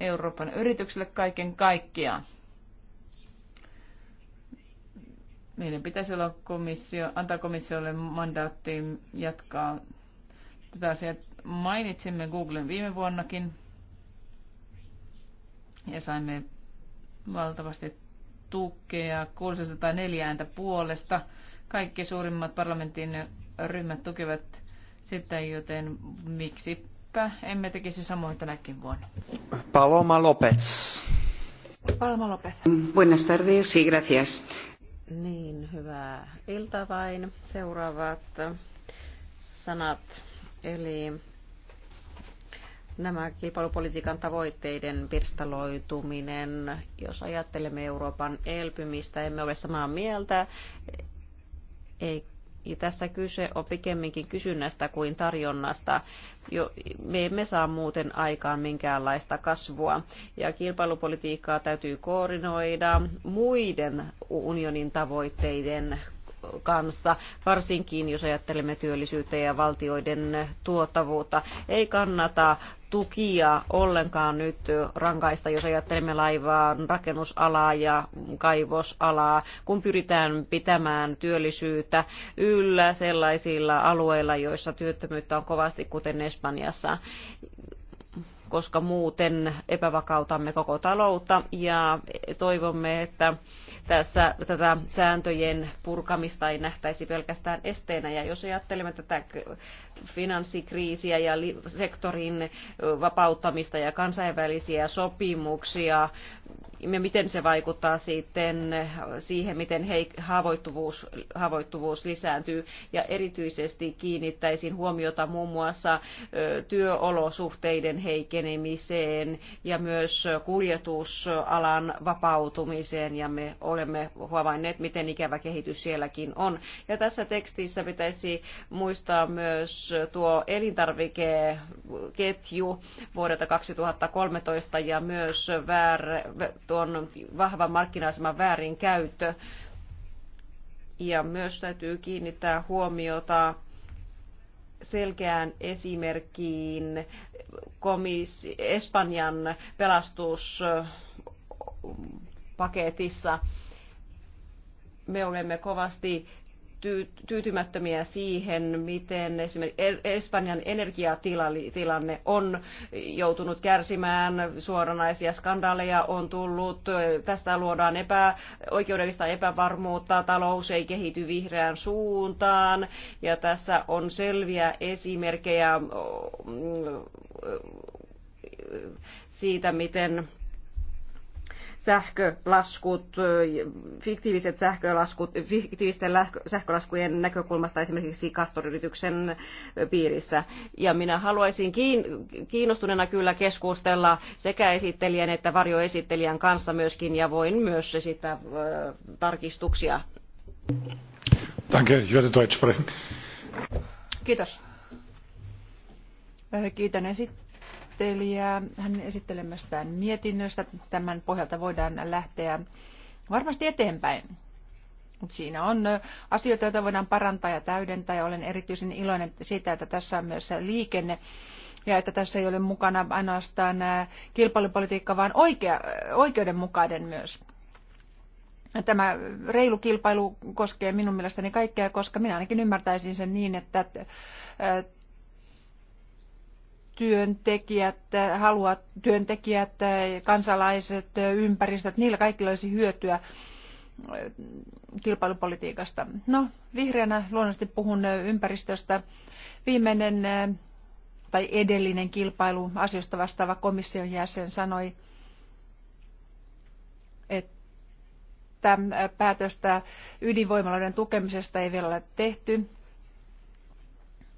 Euroopan yrityksille kaiken kaikkiaan. Meidän pitäisi olla komissio, antaa komissiolle mandaatti jatkaa tätä asiaa. Mainitsimme Googlen viime vuonnakin ja saimme valtavasti tukea, 604 ääntä puolesta. Kaikki suurimmat parlamentin ryhmät tukevat sitä, joten miksipä emme tekisi samoin tänäkin vuonna. Paloma Lopez. Paloma Lopez. Buenas tardes y gracias. Niin, hyvää iltaa vain. Seuraavat sanat. Eli nämä kilpailupolitiikan tavoitteiden pirstaloituminen, jos ajattelemme Euroopan elpymistä, emme ole samaa mieltä. Ei, ja tässä kyse on pikemminkin kysynnästä kuin tarjonnasta. Jo, me emme saa muuten aikaan minkäänlaista kasvua. Ja kilpailupolitiikkaa täytyy koordinoida muiden unionin tavoitteiden kanssa, varsinkin jos ajattelemme työllisyyttä ja valtioiden tuottavuutta. Ei kannata tukia ollenkaan nyt rankaista, jos ajattelemme laivaa, rakennusalaa ja kaivosalaa, kun pyritään pitämään työllisyyttä yllä sellaisilla alueilla, joissa työttömyyttä on kovasti, kuten Espanjassa koska muuten epävakautamme koko taloutta ja toivomme, että tässä tätä sääntöjen purkamista ei nähtäisi pelkästään esteenä. Ja jos ajattelemme tätä finanssikriisiä ja sektorin vapauttamista ja kansainvälisiä sopimuksia ja miten se vaikuttaa sitten siihen, miten heik- haavoittuvuus, haavoittuvuus lisääntyy. Ja erityisesti kiinnittäisin huomiota muun muassa työolosuhteiden heikenemiseen ja myös kuljetusalan vapautumiseen. Ja me olemme huomanneet, miten ikävä kehitys sielläkin on. Ja tässä tekstissä pitäisi muistaa myös tuo elintarvikeketju vuodelta 2013 ja myös väär, tuon vahvan markkina-aseman väärinkäyttö. Ja myös täytyy kiinnittää huomiota selkeään esimerkkiin komis, Espanjan pelastuspaketissa. Me olemme kovasti tyytymättömiä siihen, miten esimerkiksi Espanjan energiatilanne on joutunut kärsimään. Suoranaisia skandaaleja on tullut. Tästä luodaan epä, oikeudellista epävarmuutta. Talous ei kehity vihreään suuntaan. Ja tässä on selviä esimerkkejä mm, siitä, miten sähkölaskut, fiktiiviset sähkölaskut, fiktiivisten sähkölaskujen näkökulmasta esimerkiksi kastoryrityksen piirissä. Ja minä haluaisin kiinnostuneena kyllä keskustella sekä esittelijän että varjoesittelijän kanssa myöskin ja voin myös esittää tarkistuksia. Danke, ich Deutsch Kiitos. Kiitän esittelijää esittelijää hänen esittelemästään mietinnöstä. Tämän pohjalta voidaan lähteä varmasti eteenpäin. Siinä on asioita, joita voidaan parantaa ja täydentää ja olen erityisen iloinen siitä, että tässä on myös liikenne ja että tässä ei ole mukana ainoastaan kilpailupolitiikka, vaan oikea, oikeudenmukainen myös. Tämä reilu kilpailu koskee minun mielestäni kaikkea, koska minä ainakin ymmärtäisin sen niin, että työntekijät, haluat työntekijät, kansalaiset, ympäristöt, niillä kaikilla olisi hyötyä äh, kilpailupolitiikasta. No, vihreänä luonnollisesti puhun äh, ympäristöstä. Viimeinen äh, tai edellinen kilpailu asioista vastaava komission jäsen sanoi, että päätöstä ydinvoimaloiden tukemisesta ei vielä ole tehty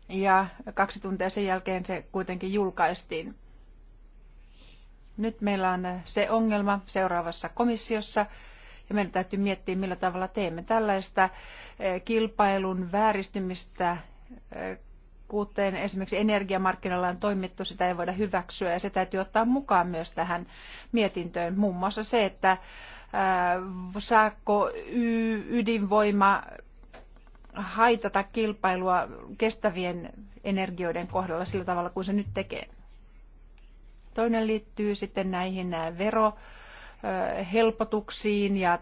ja kaksi tuntia sen jälkeen se kuitenkin julkaistiin. Nyt meillä on se ongelma seuraavassa komissiossa, ja meidän täytyy miettiä, millä tavalla teemme tällaista eh, kilpailun vääristymistä, eh, kuten esimerkiksi energiamarkkinoilla on toimittu, sitä ei voida hyväksyä, ja se täytyy ottaa mukaan myös tähän mietintöön. Muun muassa se, että eh, saako ydinvoima haitata kilpailua kestävien energioiden kohdalla sillä tavalla kuin se nyt tekee. Toinen liittyy sitten näihin äh, verohelpotuksiin ja äh,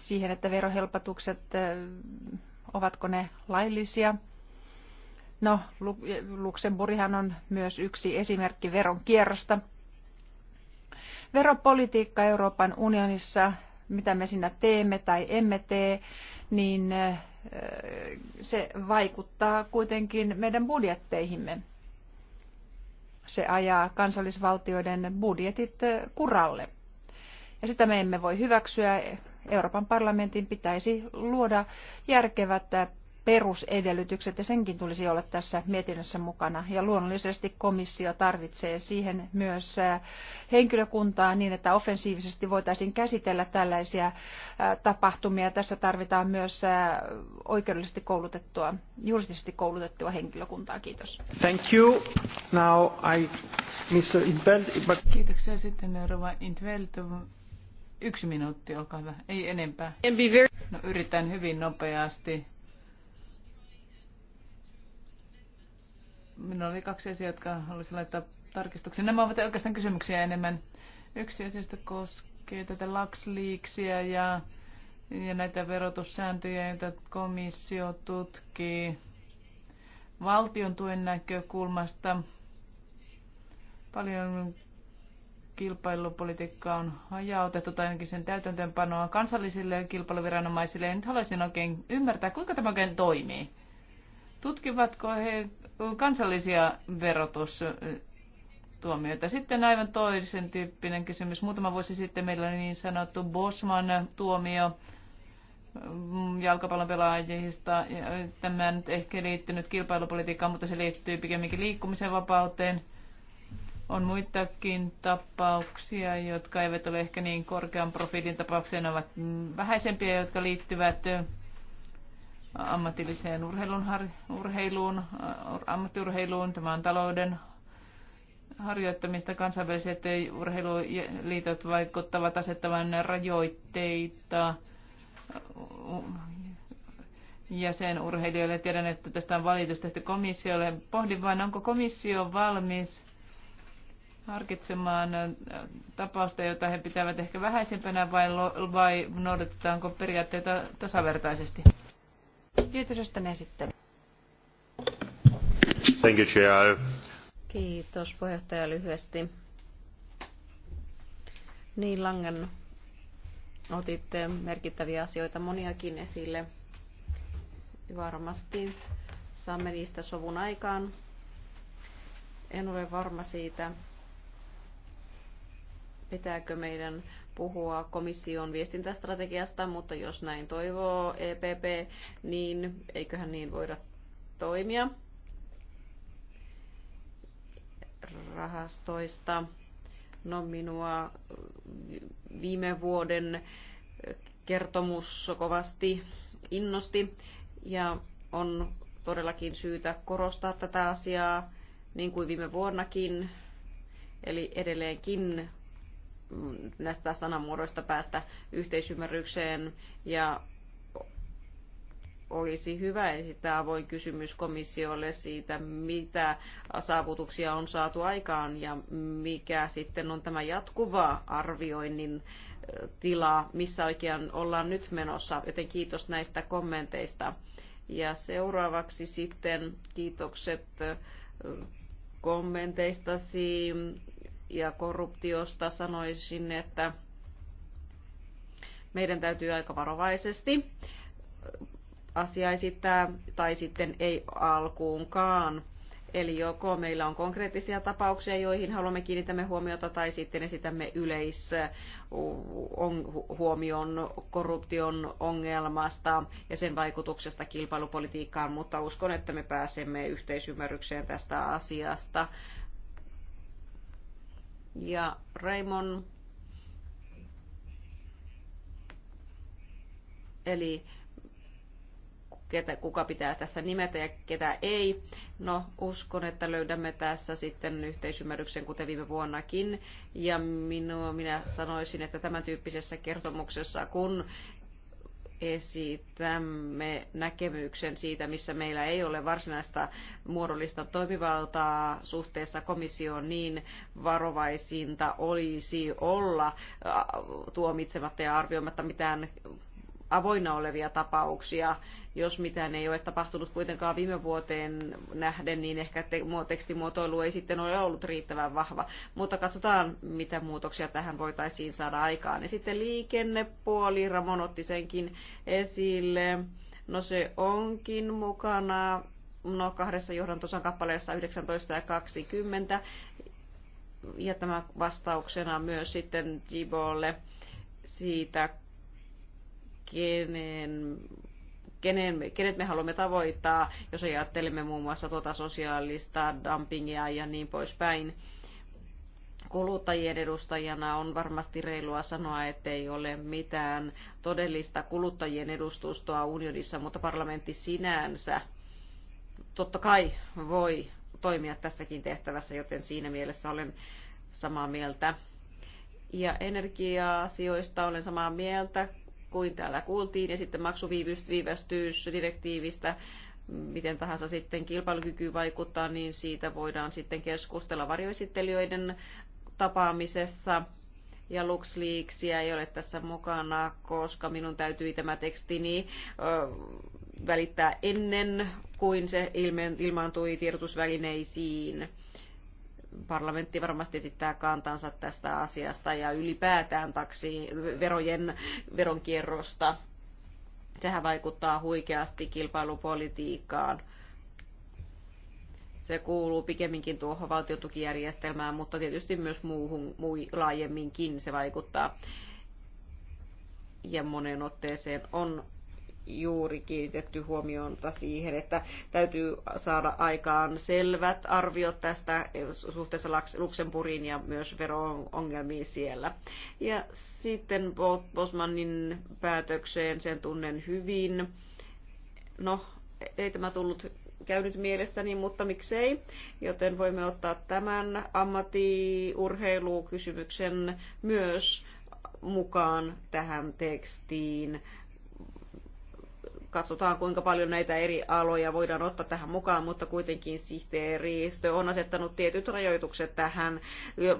siihen, että verohelpotukset, äh, ovatko ne laillisia. No, Luxemburghan on myös yksi esimerkki veron kierrosta. Veropolitiikka Euroopan unionissa mitä me siinä teemme tai emme tee, niin se vaikuttaa kuitenkin meidän budjetteihimme. Se ajaa kansallisvaltioiden budjetit kuralle. Ja sitä me emme voi hyväksyä. Euroopan parlamentin pitäisi luoda järkevät perusedellytykset ja senkin tulisi olla tässä mietinnössä mukana. Ja luonnollisesti komissio tarvitsee siihen myös henkilökuntaa niin, että offensiivisesti voitaisiin käsitellä tällaisia tapahtumia. Tässä tarvitaan myös oikeudellisesti koulutettua, juristisesti koulutettua henkilökuntaa. Kiitos. Thank you. Now I, Mr. Intveld, but... Kiitoksia sitten Rova Intveld. Yksi minuutti, olkaa hyvä. Ei enempää. No, yritän hyvin nopeasti Minulla oli kaksi asiaa, jotka haluaisin laittaa tarkistuksen. Nämä ovat oikeastaan kysymyksiä enemmän. Yksi asiasta koskee tätä laksliiksiä ja, ja näitä verotussääntöjä, joita komissio tutkii valtion tuen näkökulmasta. Paljon kilpailupolitiikka on hajautettu tai ainakin sen täytäntöönpanoa kansallisille kilpailuviranomaisille. Ja nyt haluaisin oikein ymmärtää, kuinka tämä oikein toimii. Tutkivatko he kansallisia verotustuomioita. Sitten aivan toisen tyyppinen kysymys. Muutama vuosi sitten meillä oli niin sanottu Bosman-tuomio jalkapallon pelaajista. Tämä nyt ehkä liittynyt kilpailupolitiikkaan, mutta se liittyy pikemminkin liikkumisen vapauteen. On muitakin tapauksia, jotka eivät ole ehkä niin korkean profiilin tapauksia, ne ovat vähäisempiä, jotka liittyvät ammatilliseen urheilun, urheiluun, äh, ammattiurheiluun. Tämä on talouden harjoittamista. Kansainväliset urheiluliitot vaikuttavat asettavan rajoitteita jäsenurheilijoille. Tiedän, että tästä on valitus tehty komissiolle. Pohdin vain, onko komissio valmis harkitsemaan äh, tapausta, jota he pitävät ehkä vähäisempänä vai, vai noudatetaanko periaatteita tasavertaisesti? Viitosesten esittely. Thank you, Chair. Kiitos puheenjohtaja lyhyesti. Niin Langen otitte merkittäviä asioita moniakin esille. Varmasti saamme niistä sovun aikaan. En ole varma siitä, pitääkö meidän puhua komission viestintästrategiasta, mutta jos näin toivoo EPP, niin eiköhän niin voida toimia rahastoista. No minua viime vuoden kertomus kovasti innosti ja on todellakin syytä korostaa tätä asiaa niin kuin viime vuonnakin. Eli edelleenkin näistä sanamuodoista päästä yhteisymmärrykseen ja olisi hyvä esittää avoin kysymys komissiolle siitä, mitä saavutuksia on saatu aikaan ja mikä sitten on tämä jatkuva arvioinnin tila, missä oikein ollaan nyt menossa. Joten kiitos näistä kommenteista. Ja seuraavaksi sitten kiitokset kommenteistasi ja korruptiosta sanoisin, että meidän täytyy aika varovaisesti asia esittää tai sitten ei alkuunkaan. Eli joko meillä on konkreettisia tapauksia, joihin haluamme kiinnitämme huomiota, tai sitten esitämme yleis huomion korruption ongelmasta ja sen vaikutuksesta kilpailupolitiikkaan, mutta uskon, että me pääsemme yhteisymmärrykseen tästä asiasta ja Raymond. Eli ketä, kuka pitää tässä nimetä ja ketä ei. No, uskon, että löydämme tässä sitten yhteisymmärryksen, kuten viime vuonnakin. Ja minua, minä sanoisin, että tämän tyyppisessä kertomuksessa, kun esitämme näkemyksen siitä, missä meillä ei ole varsinaista muodollista toimivaltaa suhteessa komissioon, niin varovaisinta olisi olla äh, tuomitsematta ja arvioimatta mitään avoinna olevia tapauksia. Jos mitään ei ole tapahtunut kuitenkaan viime vuoteen nähden, niin ehkä te- tekstimuotoilu ei sitten ole ollut riittävän vahva. Mutta katsotaan, mitä muutoksia tähän voitaisiin saada aikaan. Ja sitten liikennepuoli, Ramon otti senkin esille. No se onkin mukana no, kahdessa johdantosan kappaleessa 19 ja 20. Ja tämä vastauksena myös sitten Jibolle siitä, kenen kenen, kenet me haluamme tavoittaa, jos ajattelemme muun muassa tuota sosiaalista dumpingia ja niin poispäin. Kuluttajien edustajana on varmasti reilua sanoa, ettei ole mitään todellista kuluttajien edustustoa unionissa, mutta parlamentti sinänsä totta kai voi toimia tässäkin tehtävässä, joten siinä mielessä olen samaa mieltä. Ja energia-asioista olen samaa mieltä kuin täällä kuultiin, ja sitten maksuviivästyysdirektiivistä, miten tahansa sitten kilpailukyky vaikuttaa, niin siitä voidaan sitten keskustella varjoesittelijöiden tapaamisessa. Ja LuxLeaksia ei ole tässä mukana, koska minun täytyy tämä tekstini välittää ennen kuin se ilmaantui tiedotusvälineisiin parlamentti varmasti esittää kantansa tästä asiasta ja ylipäätään taksi verojen veronkierrosta. Sehän vaikuttaa huikeasti kilpailupolitiikkaan se kuuluu pikemminkin tuohon valtiotukijärjestelmään, mutta tietysti myös muuhun muu, laajemminkin se vaikuttaa. Ja monen otteeseen on juuri kiinnitetty huomiota siihen, että täytyy saada aikaan selvät arviot tästä suhteessa Luxemburgiin ja myös vero-ongelmiin siellä. Ja sitten Bosmanin päätökseen sen tunnen hyvin. No, ei tämä tullut käynyt mielessäni, mutta miksei. Joten voimme ottaa tämän ammattiurheilukysymyksen myös mukaan tähän tekstiin katsotaan kuinka paljon näitä eri aloja voidaan ottaa tähän mukaan, mutta kuitenkin sihteeristö on asettanut tietyt rajoitukset tähän,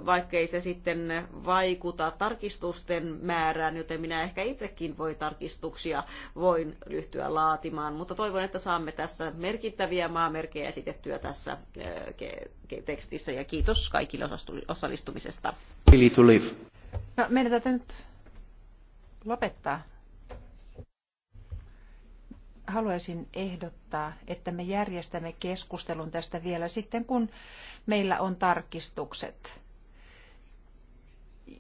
vaikkei se sitten vaikuta tarkistusten määrään, joten minä ehkä itsekin voi tarkistuksia voin ryhtyä laatimaan, mutta toivon, että saamme tässä merkittäviä maamerkejä esitettyä tässä eh, tekstissä ja kiitos kaikille osallistumisesta. No, meidän täytyy nyt lopettaa haluaisin ehdottaa, että me järjestämme keskustelun tästä vielä sitten, kun meillä on tarkistukset.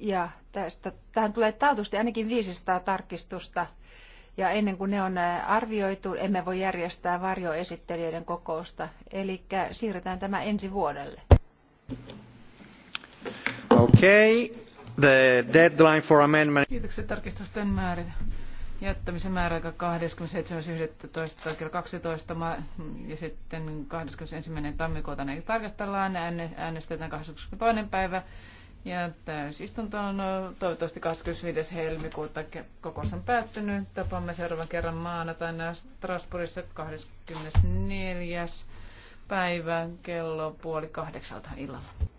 Ja tästä, tähän tulee taatusti ainakin 500 tarkistusta. Ja ennen kuin ne on arvioitu, emme voi järjestää varjoesittelijöiden kokousta. Eli siirretään tämä ensi vuodelle. Okay. The deadline for amendment. Kiitoksia tarkistusten määrä jättämisen määräaika 27.11. kello 12 ja sitten 21. tammikuuta ne tarkastellaan, äänestetään 22. päivä ja täysistunto on toivottavasti 25. helmikuuta kokous on päättynyt. Tapaamme seuraavan kerran maanantaina Strasbourgissa 24. päivä kello puoli kahdeksalta illalla.